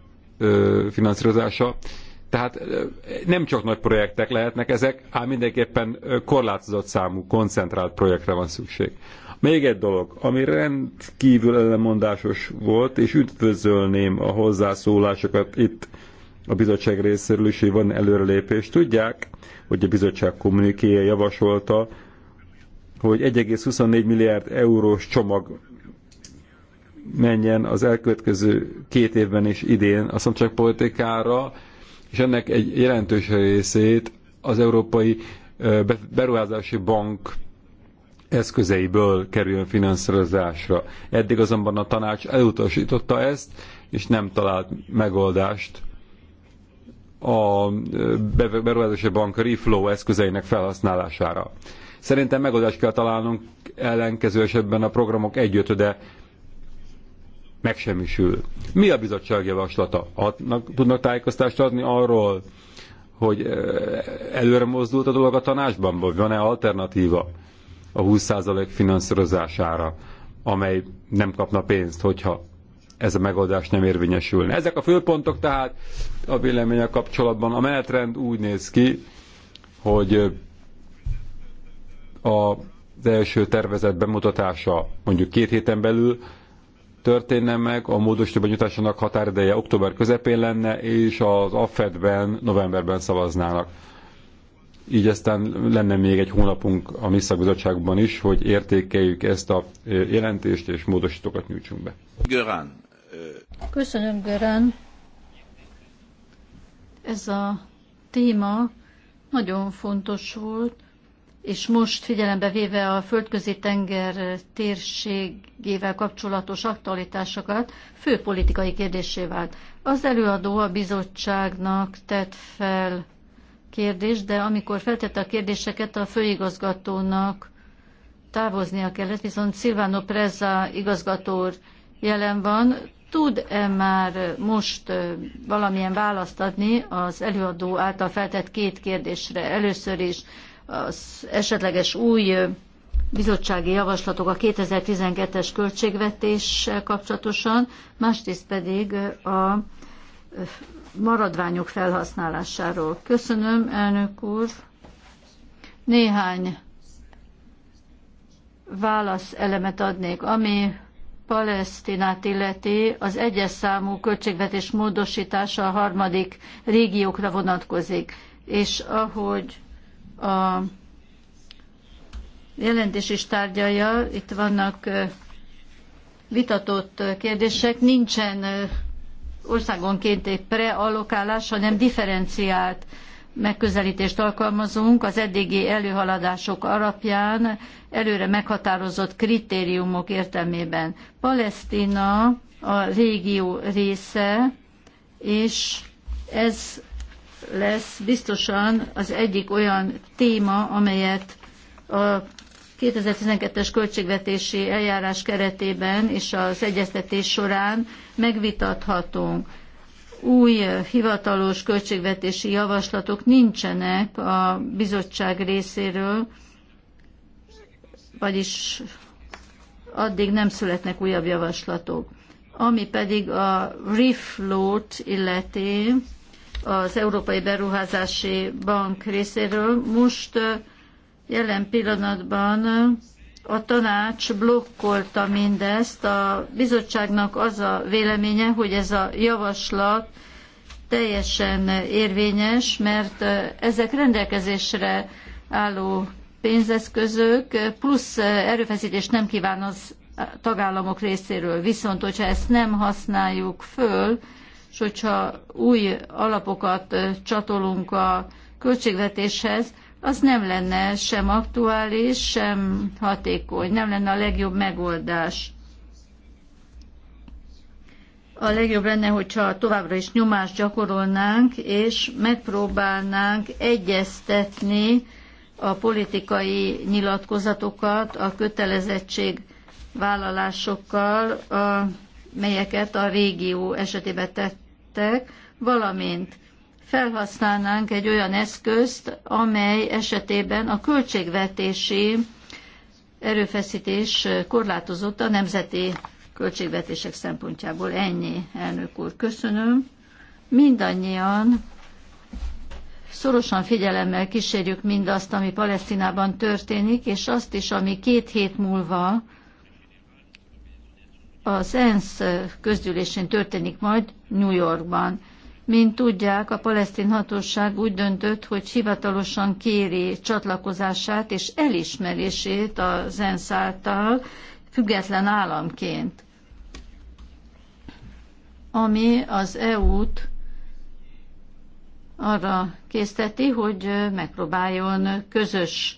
finanszírozása, tehát nem csak nagy projektek lehetnek ezek, ám mindenképpen korlátozott számú, koncentrált projektre van szükség. Még egy dolog, ami rendkívül ellenmondásos volt, és üdvözölném a hozzászólásokat itt a bizottság részéről is, hogy van előrelépés. Tudják, hogy a bizottság kommunikéje javasolta, hogy 1,24 milliárd eurós csomag menjen az elkövetkező két évben és idén a szomszédpolitikára, politikára, és ennek egy jelentős részét az Európai Beruházási Bank eszközeiből kerüljön finanszírozásra. Eddig azonban a tanács elutasította ezt, és nem talált megoldást a beruházási bank reflow eszközeinek felhasználására. Szerintem megoldást kell találnunk ellenkező esetben a programok egyötöde megsemmisül. Mi a bizottság javaslata? Adnak, tudnak tájékoztást adni arról, hogy előre mozdult a dolog a tanácsban, vagy van-e alternatíva a 20% finanszírozására, amely nem kapna pénzt, hogyha ez a megoldás nem érvényesülne. Ezek a főpontok tehát a véleménye kapcsolatban. A menetrend úgy néz ki, hogy a az első tervezet bemutatása mondjuk két héten belül történne meg, a módosító benyújtásának határideje október közepén lenne, és az AFED-ben novemberben szavaznának. Így aztán lenne még egy hónapunk a mi szakbizottságban is, hogy értékeljük ezt a jelentést, és módosítókat nyújtsunk be. Görán. Köszönöm, Görán. Ez a téma nagyon fontos volt, és most figyelembe véve a földközi tenger térségével kapcsolatos aktualitásokat, fő politikai kérdésé vált. Az előadó a bizottságnak tett fel kérdés, de amikor feltette a kérdéseket, a főigazgatónak távoznia kellett, viszont Silvano Preza igazgató jelen van. Tud-e már most valamilyen választ adni az előadó által feltett két kérdésre? Először is az esetleges új bizottsági javaslatok a 2012-es költségvetéssel kapcsolatosan, másrészt pedig a maradványok felhasználásáról. Köszönöm, elnök úr. Néhány válasz elemet adnék, ami Palesztinát illeti, az egyes számú költségvetés módosítása a harmadik régiókra vonatkozik, és ahogy a jelentés is tárgyalja, itt vannak vitatott kérdések, nincsen országonként egy preallokálás, hanem differenciált megközelítést alkalmazunk az eddigi előhaladások alapján, előre meghatározott kritériumok értelmében. Palesztina a régió része, és ez lesz biztosan az egyik olyan téma, amelyet a 2012-es költségvetési eljárás keretében és az egyeztetés során megvitathatunk. Új hivatalos költségvetési javaslatok nincsenek a bizottság részéről, vagyis addig nem születnek újabb javaslatok. Ami pedig a refloat illeti, az Európai Beruházási Bank részéről. Most jelen pillanatban a tanács blokkolta mindezt. A bizottságnak az a véleménye, hogy ez a javaslat teljesen érvényes, mert ezek rendelkezésre álló pénzeszközök plusz erőfeszítést nem kíván az tagállamok részéről. Viszont, hogyha ezt nem használjuk föl, és hogyha új alapokat csatolunk a költségvetéshez, az nem lenne sem aktuális, sem hatékony, nem lenne a legjobb megoldás. A legjobb lenne, hogyha továbbra is nyomást gyakorolnánk, és megpróbálnánk egyeztetni a politikai nyilatkozatokat, a kötelezettség vállalásokkal, a, melyeket a régió esetében tett érintettek, valamint felhasználnánk egy olyan eszközt, amely esetében a költségvetési erőfeszítés korlátozott a nemzeti költségvetések szempontjából. Ennyi, elnök úr. Köszönöm. Mindannyian szorosan figyelemmel kísérjük mindazt, ami Palesztinában történik, és azt is, ami két hét múlva az ENSZ közgyűlésén történik majd New Yorkban. Mint tudják, a palesztin hatóság úgy döntött, hogy hivatalosan kéri csatlakozását és elismerését az ENSZ által független államként, ami az EU-t arra készteti, hogy megpróbáljon közös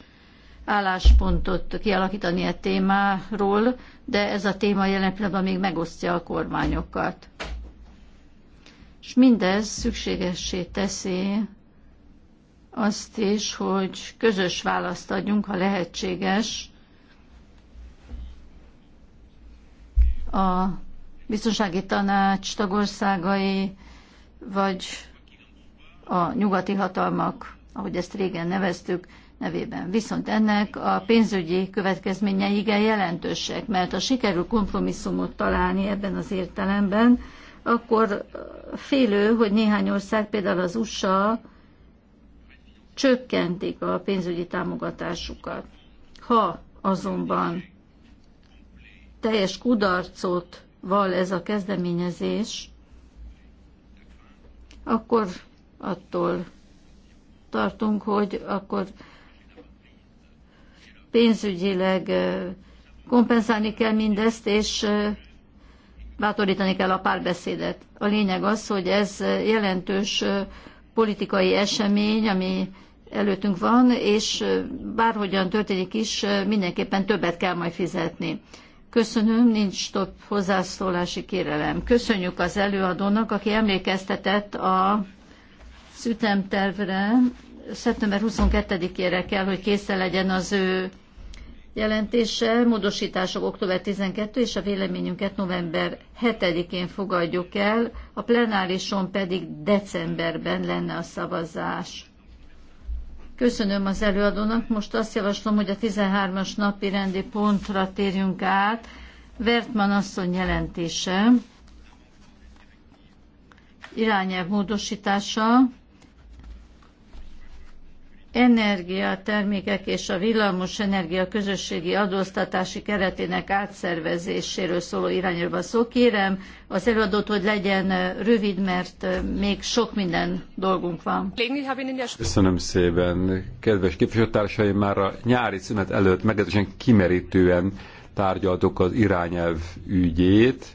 álláspontot kialakítani a e témáról, de ez a téma jelen pillanatban még megosztja a kormányokat. És mindez szükségessé teszi azt is, hogy közös választ adjunk, ha lehetséges, a biztonsági tanács tagországai, vagy a nyugati hatalmak ahogy ezt régen neveztük, nevében. Viszont ennek a pénzügyi következményei igen jelentősek, mert ha sikerül kompromisszumot találni ebben az értelemben, akkor félő, hogy néhány ország, például az USA csökkentik a pénzügyi támogatásukat. Ha azonban teljes kudarcot val ez a kezdeményezés, akkor attól tartunk, hogy akkor pénzügyileg kompenzálni kell mindezt, és bátorítani kell a párbeszédet. A lényeg az, hogy ez jelentős politikai esemény, ami előttünk van, és bárhogyan történik is, mindenképpen többet kell majd fizetni. Köszönöm, nincs több hozzászólási kérelem. Köszönjük az előadónak, aki emlékeztetett a szütemtervre szeptember 22-ére kell, hogy készen legyen az ő jelentése, módosítások október 12 és a véleményünket november 7-én fogadjuk el, a plenárison pedig decemberben lenne a szavazás. Köszönöm az előadónak, most azt javaslom, hogy a 13-as napi rendi pontra térjünk át. Vertman asszony jelentése, irányelv módosítása, energiatermékek és a villamos energia közösségi adóztatási keretének átszervezéséről szóló irányelva szó. Kérem az előadót, hogy legyen rövid, mert még sok minden dolgunk van. Köszönöm szépen. Kedves képviselőtársaim, már a nyári szünet előtt meglehetősen kimerítően tárgyaltuk az irányelv ügyét,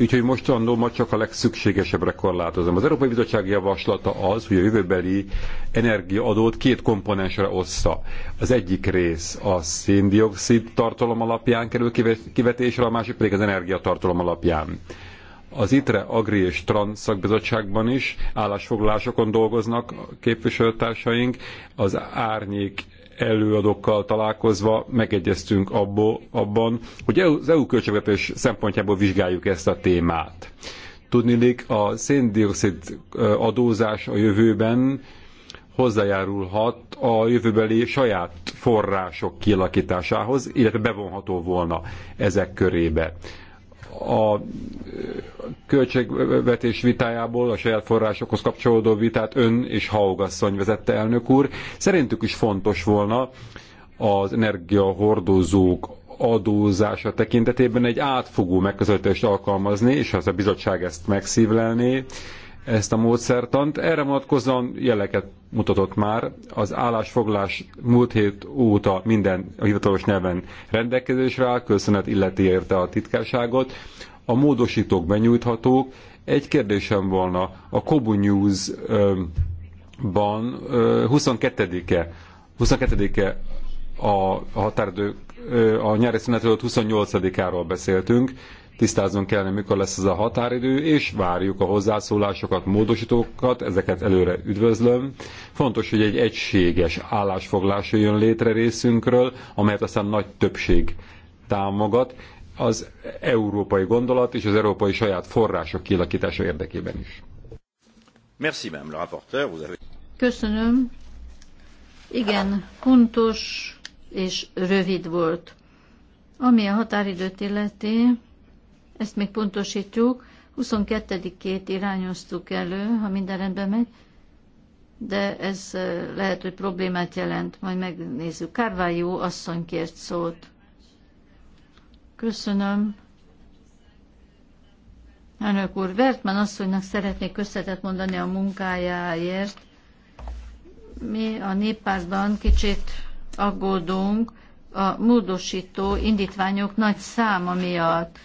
úgyhogy mostandó ma csak a legszükségesebbre korlátozom. Az Európai Bizottság javaslata az, hogy a jövőbeli energiaadót két komponensre ossza. Az egyik rész a széndiokszid tartalom alapján kerül kivetésre, a másik pedig az energiatartalom alapján. Az ITRE, AGRI és TRAN szakbizottságban is állásfoglalásokon dolgoznak képviselőtársaink, az árnyék előadókkal találkozva megegyeztünk abban, hogy az EU költségvetés szempontjából vizsgáljuk ezt a témát. Tudnilik, a széndiokszid adózás a jövőben hozzájárulhat a jövőbeli saját források kialakításához, illetve bevonható volna ezek körébe a költségvetés vitájából, a saját forrásokhoz kapcsolódó vitát ön és Haugasszony vezette elnök úr. Szerintük is fontos volna az energiahordozók adózása tekintetében egy átfogó megközelítést alkalmazni, és ha a bizottság ezt megszívlelné, ezt a módszertant. Erre vonatkozóan jeleket mutatott már az állásfoglás múlt hét óta minden a hivatalos nyelven rendelkezésre áll, köszönet illeti érte a titkárságot. A módosítók benyújthatók. Egy kérdésem volna, a Kobu News-ban 22-e 22-e a határidő, a nyári szünet 28-áról beszéltünk tisztáznunk kellene, mikor lesz ez a határidő, és várjuk a hozzászólásokat, módosítókat, ezeket előre üdvözlöm. Fontos, hogy egy egységes állásfoglás jön létre részünkről, amelyet aztán nagy többség támogat, az európai gondolat és az európai saját források kialakítása érdekében is. Merci, le rapporteur. Vous avez... Köszönöm. Igen, pontos és rövid volt. Ami a határidőt illeti, ezt még pontosítjuk, 22-ét irányoztuk elő, ha minden rendben megy, de ez lehet, hogy problémát jelent, majd megnézzük. Kárvályó asszony kért szót. Köszönöm. Elnök úr, Vertman asszonynak szeretnék köszönetet mondani a munkájáért. Mi a néppártban kicsit aggódunk a módosító indítványok nagy száma miatt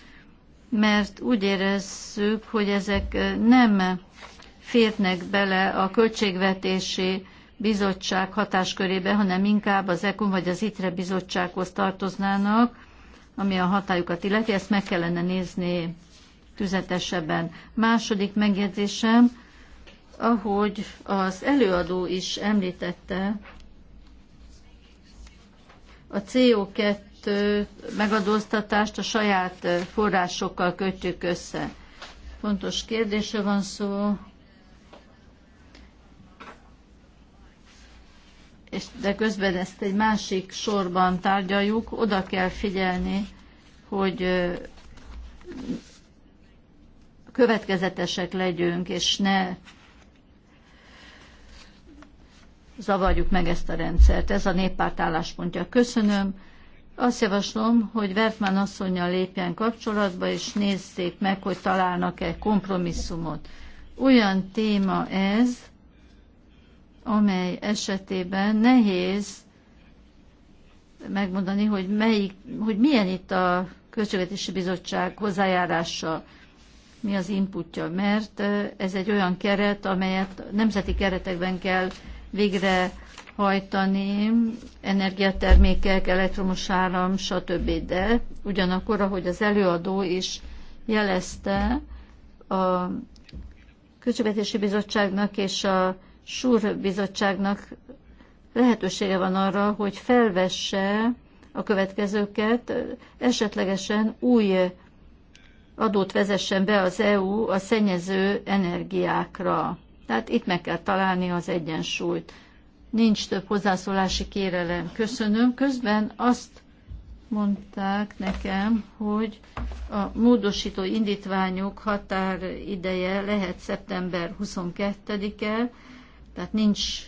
mert úgy érezzük, hogy ezek nem férnek bele a költségvetési bizottság hatáskörébe, hanem inkább az EKON vagy az ITRE bizottsághoz tartoznának, ami a hatályukat illeti, ezt meg kellene nézni tüzetesebben. Második megjegyzésem, ahogy az előadó is említette, a CO2 megadóztatást a saját forrásokkal kötjük össze. Fontos kérdése van szó, és de közben ezt egy másik sorban tárgyaljuk, oda kell figyelni, hogy következetesek legyünk, és ne zavarjuk meg ezt a rendszert. Ez a néppárt álláspontja. Köszönöm. Azt javaslom, hogy Vertman asszonynal lépjen kapcsolatba, és nézzék meg, hogy találnak-e kompromisszumot. Olyan téma ez, amely esetében nehéz megmondani, hogy, melyik, hogy milyen itt a Költségvetési Bizottság hozzájárása, mi az inputja, mert ez egy olyan keret, amelyet nemzeti keretekben kell végre hajtani, energiatermékek, elektromos áram, stb. De ugyanakkor, ahogy az előadó is jelezte, a Költségvetési Bizottságnak és a Súr Bizottságnak lehetősége van arra, hogy felvesse a következőket, esetlegesen új adót vezessen be az EU a szennyező energiákra. Tehát itt meg kell találni az egyensúlyt. Nincs több hozzászólási kérelem. Köszönöm. Közben azt mondták nekem, hogy a módosító indítványok határideje lehet szeptember 22-e, tehát nincs...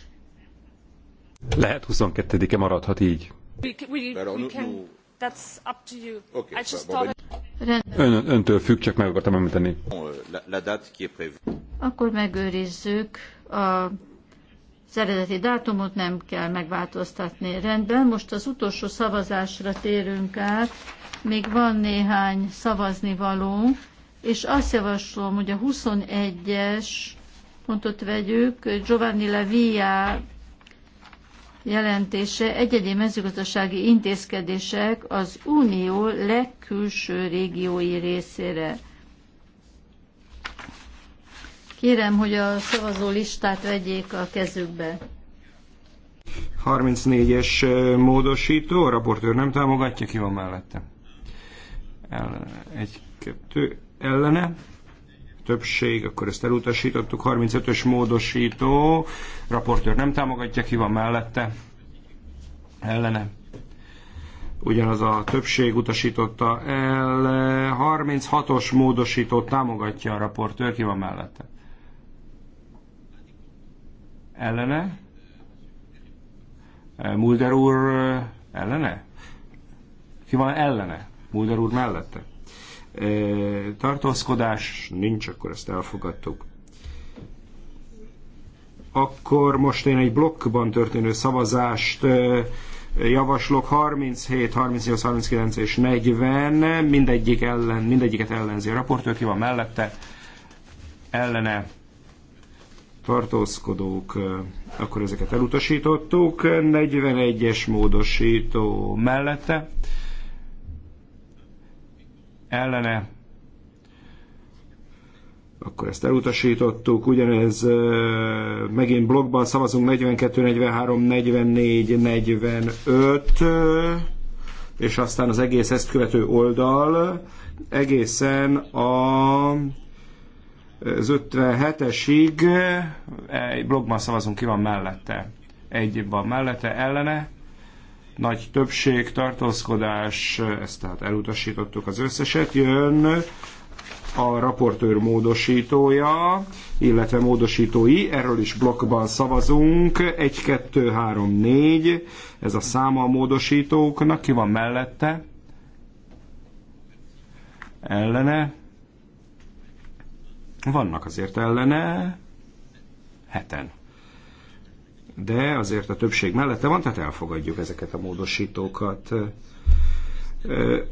Lehet 22-e maradhat így. öntől függ, csak meg akartam említeni. Akkor megőrizzük a az eredeti dátumot nem kell megváltoztatni. Rendben, most az utolsó szavazásra térünk át. Még van néhány szavazni való, és azt javaslom, hogy a 21-es pontot vegyük, Giovanni Lavia jelentése, egyedi mezőgazdasági intézkedések az Unió legkülső régiói részére. Kérem, hogy a szavazó listát vegyék a kezükbe. 34-es módosító, a raportőr nem támogatja, ki van mellette? Egy, kettő, ellene többség, akkor ezt elutasítottuk. 35-ös módosító, raportőr nem támogatja, ki van mellette? Ellene. Ugyanaz a többség utasította el. 36-os módosító támogatja a raportőr, ki van mellette? ellene, Mulder úr ellene? Ki van ellene? Mulder úr mellette? Tartózkodás nincs, akkor ezt elfogadtuk. Akkor most én egy blokkban történő szavazást javaslok 37, 38, 39 és 40, mindegyik ellen, mindegyiket ellenzi a raportőr, ki van mellette, ellene tartózkodók, eh, akkor ezeket elutasítottuk. 41-es módosító mellette, ellene, akkor ezt elutasítottuk, ugyanez eh, megint blogban szavazunk 42, 43, 44, 45, és aztán az egész ezt követő oldal egészen a az 57-esig e, egy blogban szavazunk, ki van mellette. Egy van mellette, ellene. Nagy többség, tartózkodás, ezt tehát elutasítottuk az összeset. Jön a raportőr módosítója, illetve módosítói, erről is blokkban szavazunk, 1, 2, 3, 4, ez a száma a módosítóknak, ki van mellette? Ellene, vannak azért ellene heten. De azért a többség mellette van, tehát elfogadjuk ezeket a módosítókat.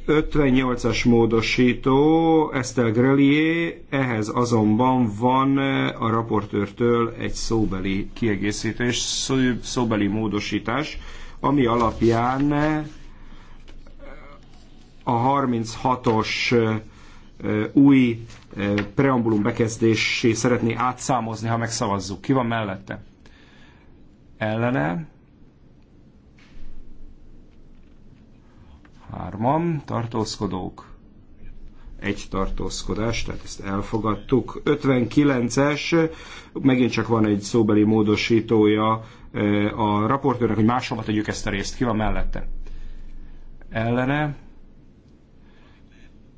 58-as módosító, Estelle Grelier, ehhez azonban van a raportőrtől egy szóbeli kiegészítés, szóbeli módosítás, ami alapján a 36-os új preambulum bekezdésé szeretné átszámozni, ha megszavazzuk. Ki van mellette? Ellene. Hárman. Tartózkodók. Egy tartózkodás, tehát ezt elfogadtuk. 59-es, megint csak van egy szóbeli módosítója a raportőrnek, hogy máshova tegyük ezt a részt. Ki van mellette? Ellene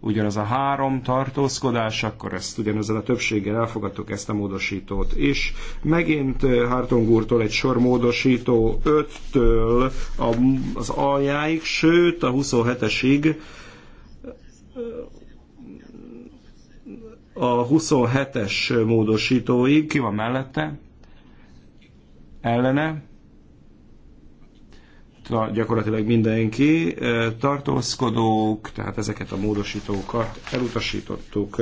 ugyanaz a három tartózkodás, akkor ezt ugyanezzel a többséggel elfogadtuk ezt a módosítót. És megint eh, Hartung úrtól egy sor módosító 5-től az aljáig, sőt a 27-esig eh, a 27-es módosítóig, ki van mellette? Ellene? gyakorlatilag mindenki, tartózkodók, tehát ezeket a módosítókat elutasítottuk.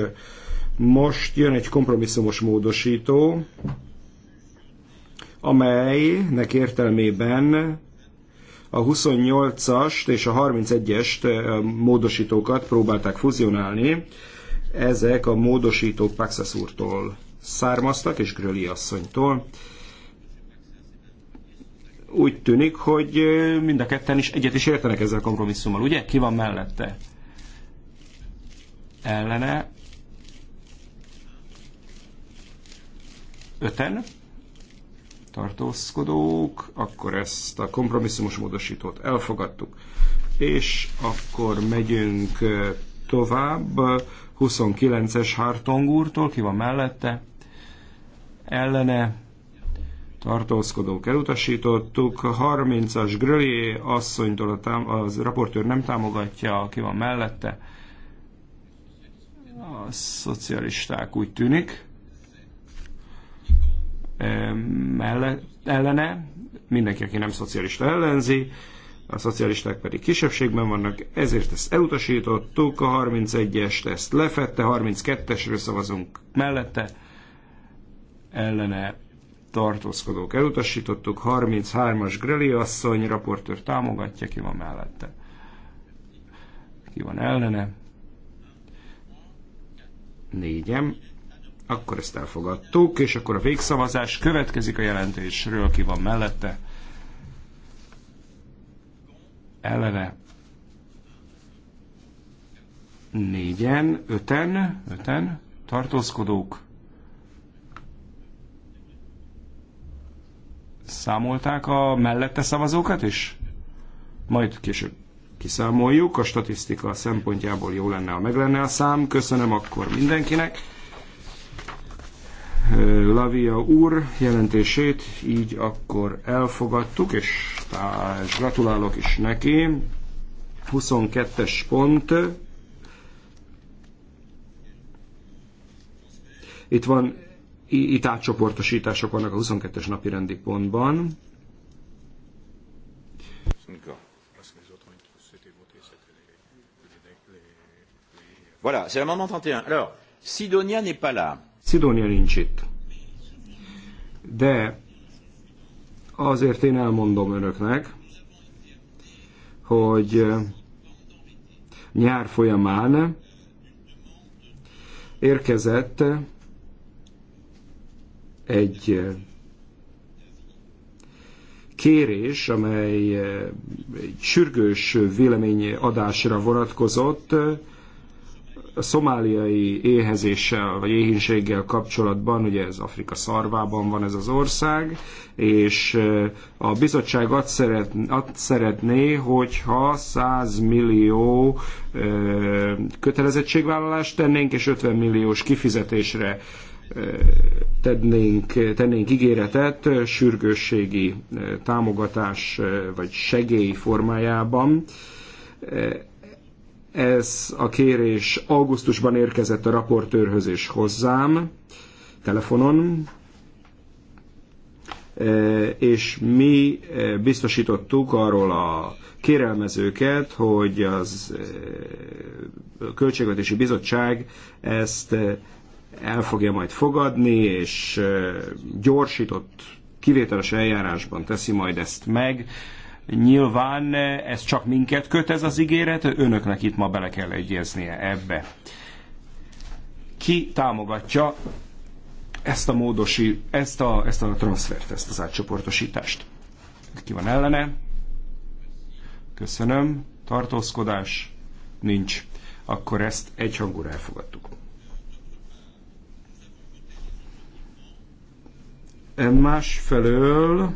Most jön egy kompromisszumos módosító, amelynek értelmében a 28-ast és a 31-est módosítókat próbálták fuzionálni. Ezek a módosítók Paxasúrtól származtak, és Gröli asszonytól úgy tűnik, hogy mind a ketten is egyet is értenek ezzel a kompromisszummal, ugye? Ki van mellette? Ellene. Öten tartózkodók, akkor ezt a kompromisszumos módosítót elfogadtuk. És akkor megyünk tovább. 29-es Hartong úrtól, ki van mellette? Ellene tartózkodók elutasítottuk. 30-as Grölié asszonytól a tám- az raportőr nem támogatja, aki van mellette. A szocialisták úgy tűnik. Melle- ellene, mindenki, aki nem szocialista ellenzi, a szocialisták pedig kisebbségben vannak, ezért ezt elutasítottuk, a 31-est ezt lefette, 32-esről szavazunk mellette, ellene tartózkodók elutasítottuk, 33-as Greli asszony, raportőr támogatja, ki van mellette. Ki van ellene? Négyem. Akkor ezt elfogadtuk, és akkor a végszavazás következik a jelentésről, ki van mellette. Ellene. Négyen, öten, öten tartózkodók Számolták a mellette szavazókat is? Majd később kiszámoljuk. A statisztika szempontjából jó lenne, ha meg lenne a szám. Köszönöm akkor mindenkinek. Lavia úr jelentését így akkor elfogadtuk, és gratulálok is neki. 22-es pont. Itt van itt átcsoportosítások vannak a 22-es napi rendi pontban. Voilà, c'est l'amendement 31. Alors, Sidonia n'est pas là. Sidonia nincs itt. De azért én elmondom önöknek, hogy nyár folyamán érkezett egy kérés, amely egy sürgős véleményadásra vonatkozott, a szomáliai éhezéssel vagy éhínséggel kapcsolatban, ugye ez Afrika szarvában van ez az ország, és a bizottság azt, szeret, azt szeretné, hogyha 100 millió kötelezettségvállalást tennénk, és 50 milliós kifizetésre tennénk, tennénk ígéretet sürgősségi támogatás vagy segély formájában. Ez a kérés augusztusban érkezett a raportőrhöz és hozzám telefonon, és mi biztosítottuk arról a kérelmezőket, hogy az Költségvetési Bizottság ezt el fogja majd fogadni, és gyorsított, kivételes eljárásban teszi majd ezt meg. Nyilván ez csak minket köt ez az ígéret, önöknek itt ma bele kell egyeznie ebbe. Ki támogatja ezt a módosi, ezt a, ezt a transfert, ezt az átcsoportosítást? Ki van ellene? Köszönöm. Tartózkodás? Nincs. Akkor ezt egyhangúra elfogadtuk. Másfelől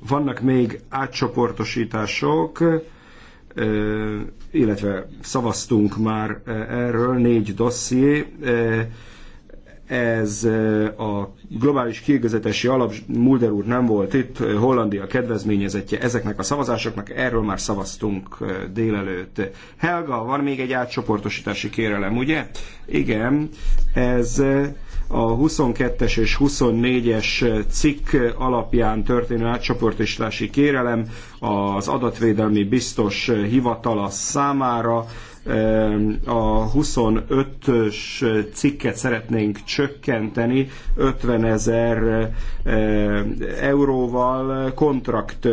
vannak még átcsoportosítások, illetve szavaztunk már erről, négy dosszié, ez a globális kiégezetesi alap, Mulder úr nem volt itt, Hollandia kedvezményezetje ezeknek a szavazásoknak, erről már szavaztunk délelőtt. Helga, van még egy átcsoportosítási kérelem, ugye? Igen, ez a 22-es és 24-es cikk alapján történő átcsoportosítási kérelem az adatvédelmi biztos hivatala számára a 25-ös cikket szeretnénk csökkenteni 50 ezer euróval, kontrakt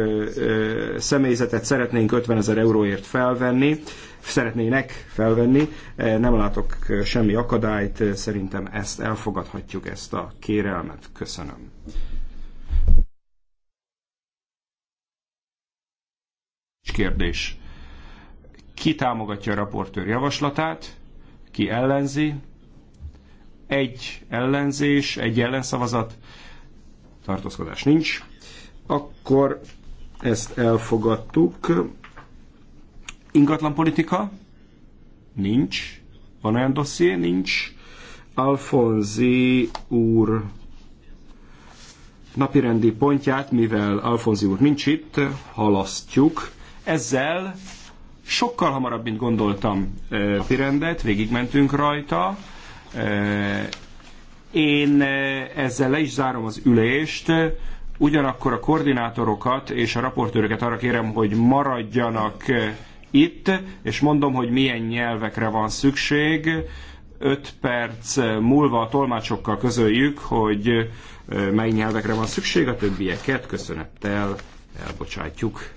személyzetet szeretnénk 50 ezer euróért felvenni, szeretnének felvenni. Nem látok semmi akadályt, szerintem ezt elfogadhatjuk, ezt a kérelmet. Köszönöm. Kérdés. Ki támogatja a raportőr javaslatát, ki ellenzi, egy ellenzés, egy ellenszavazat, tartózkodás nincs, akkor ezt elfogadtuk. Ingatlan politika? Nincs. Van olyan dosszié? Nincs. Alfonzi úr napirendi pontját, mivel Alfonzi úr nincs itt, halasztjuk. Ezzel sokkal hamarabb, mint gondoltam pirendet, végigmentünk rajta. Én ezzel le is zárom az ülést, ugyanakkor a koordinátorokat és a raportőröket arra kérem, hogy maradjanak itt, és mondom, hogy milyen nyelvekre van szükség. 5 perc múlva a tolmácsokkal közöljük, hogy mely nyelvekre van szükség, a többieket köszönettel elbocsátjuk.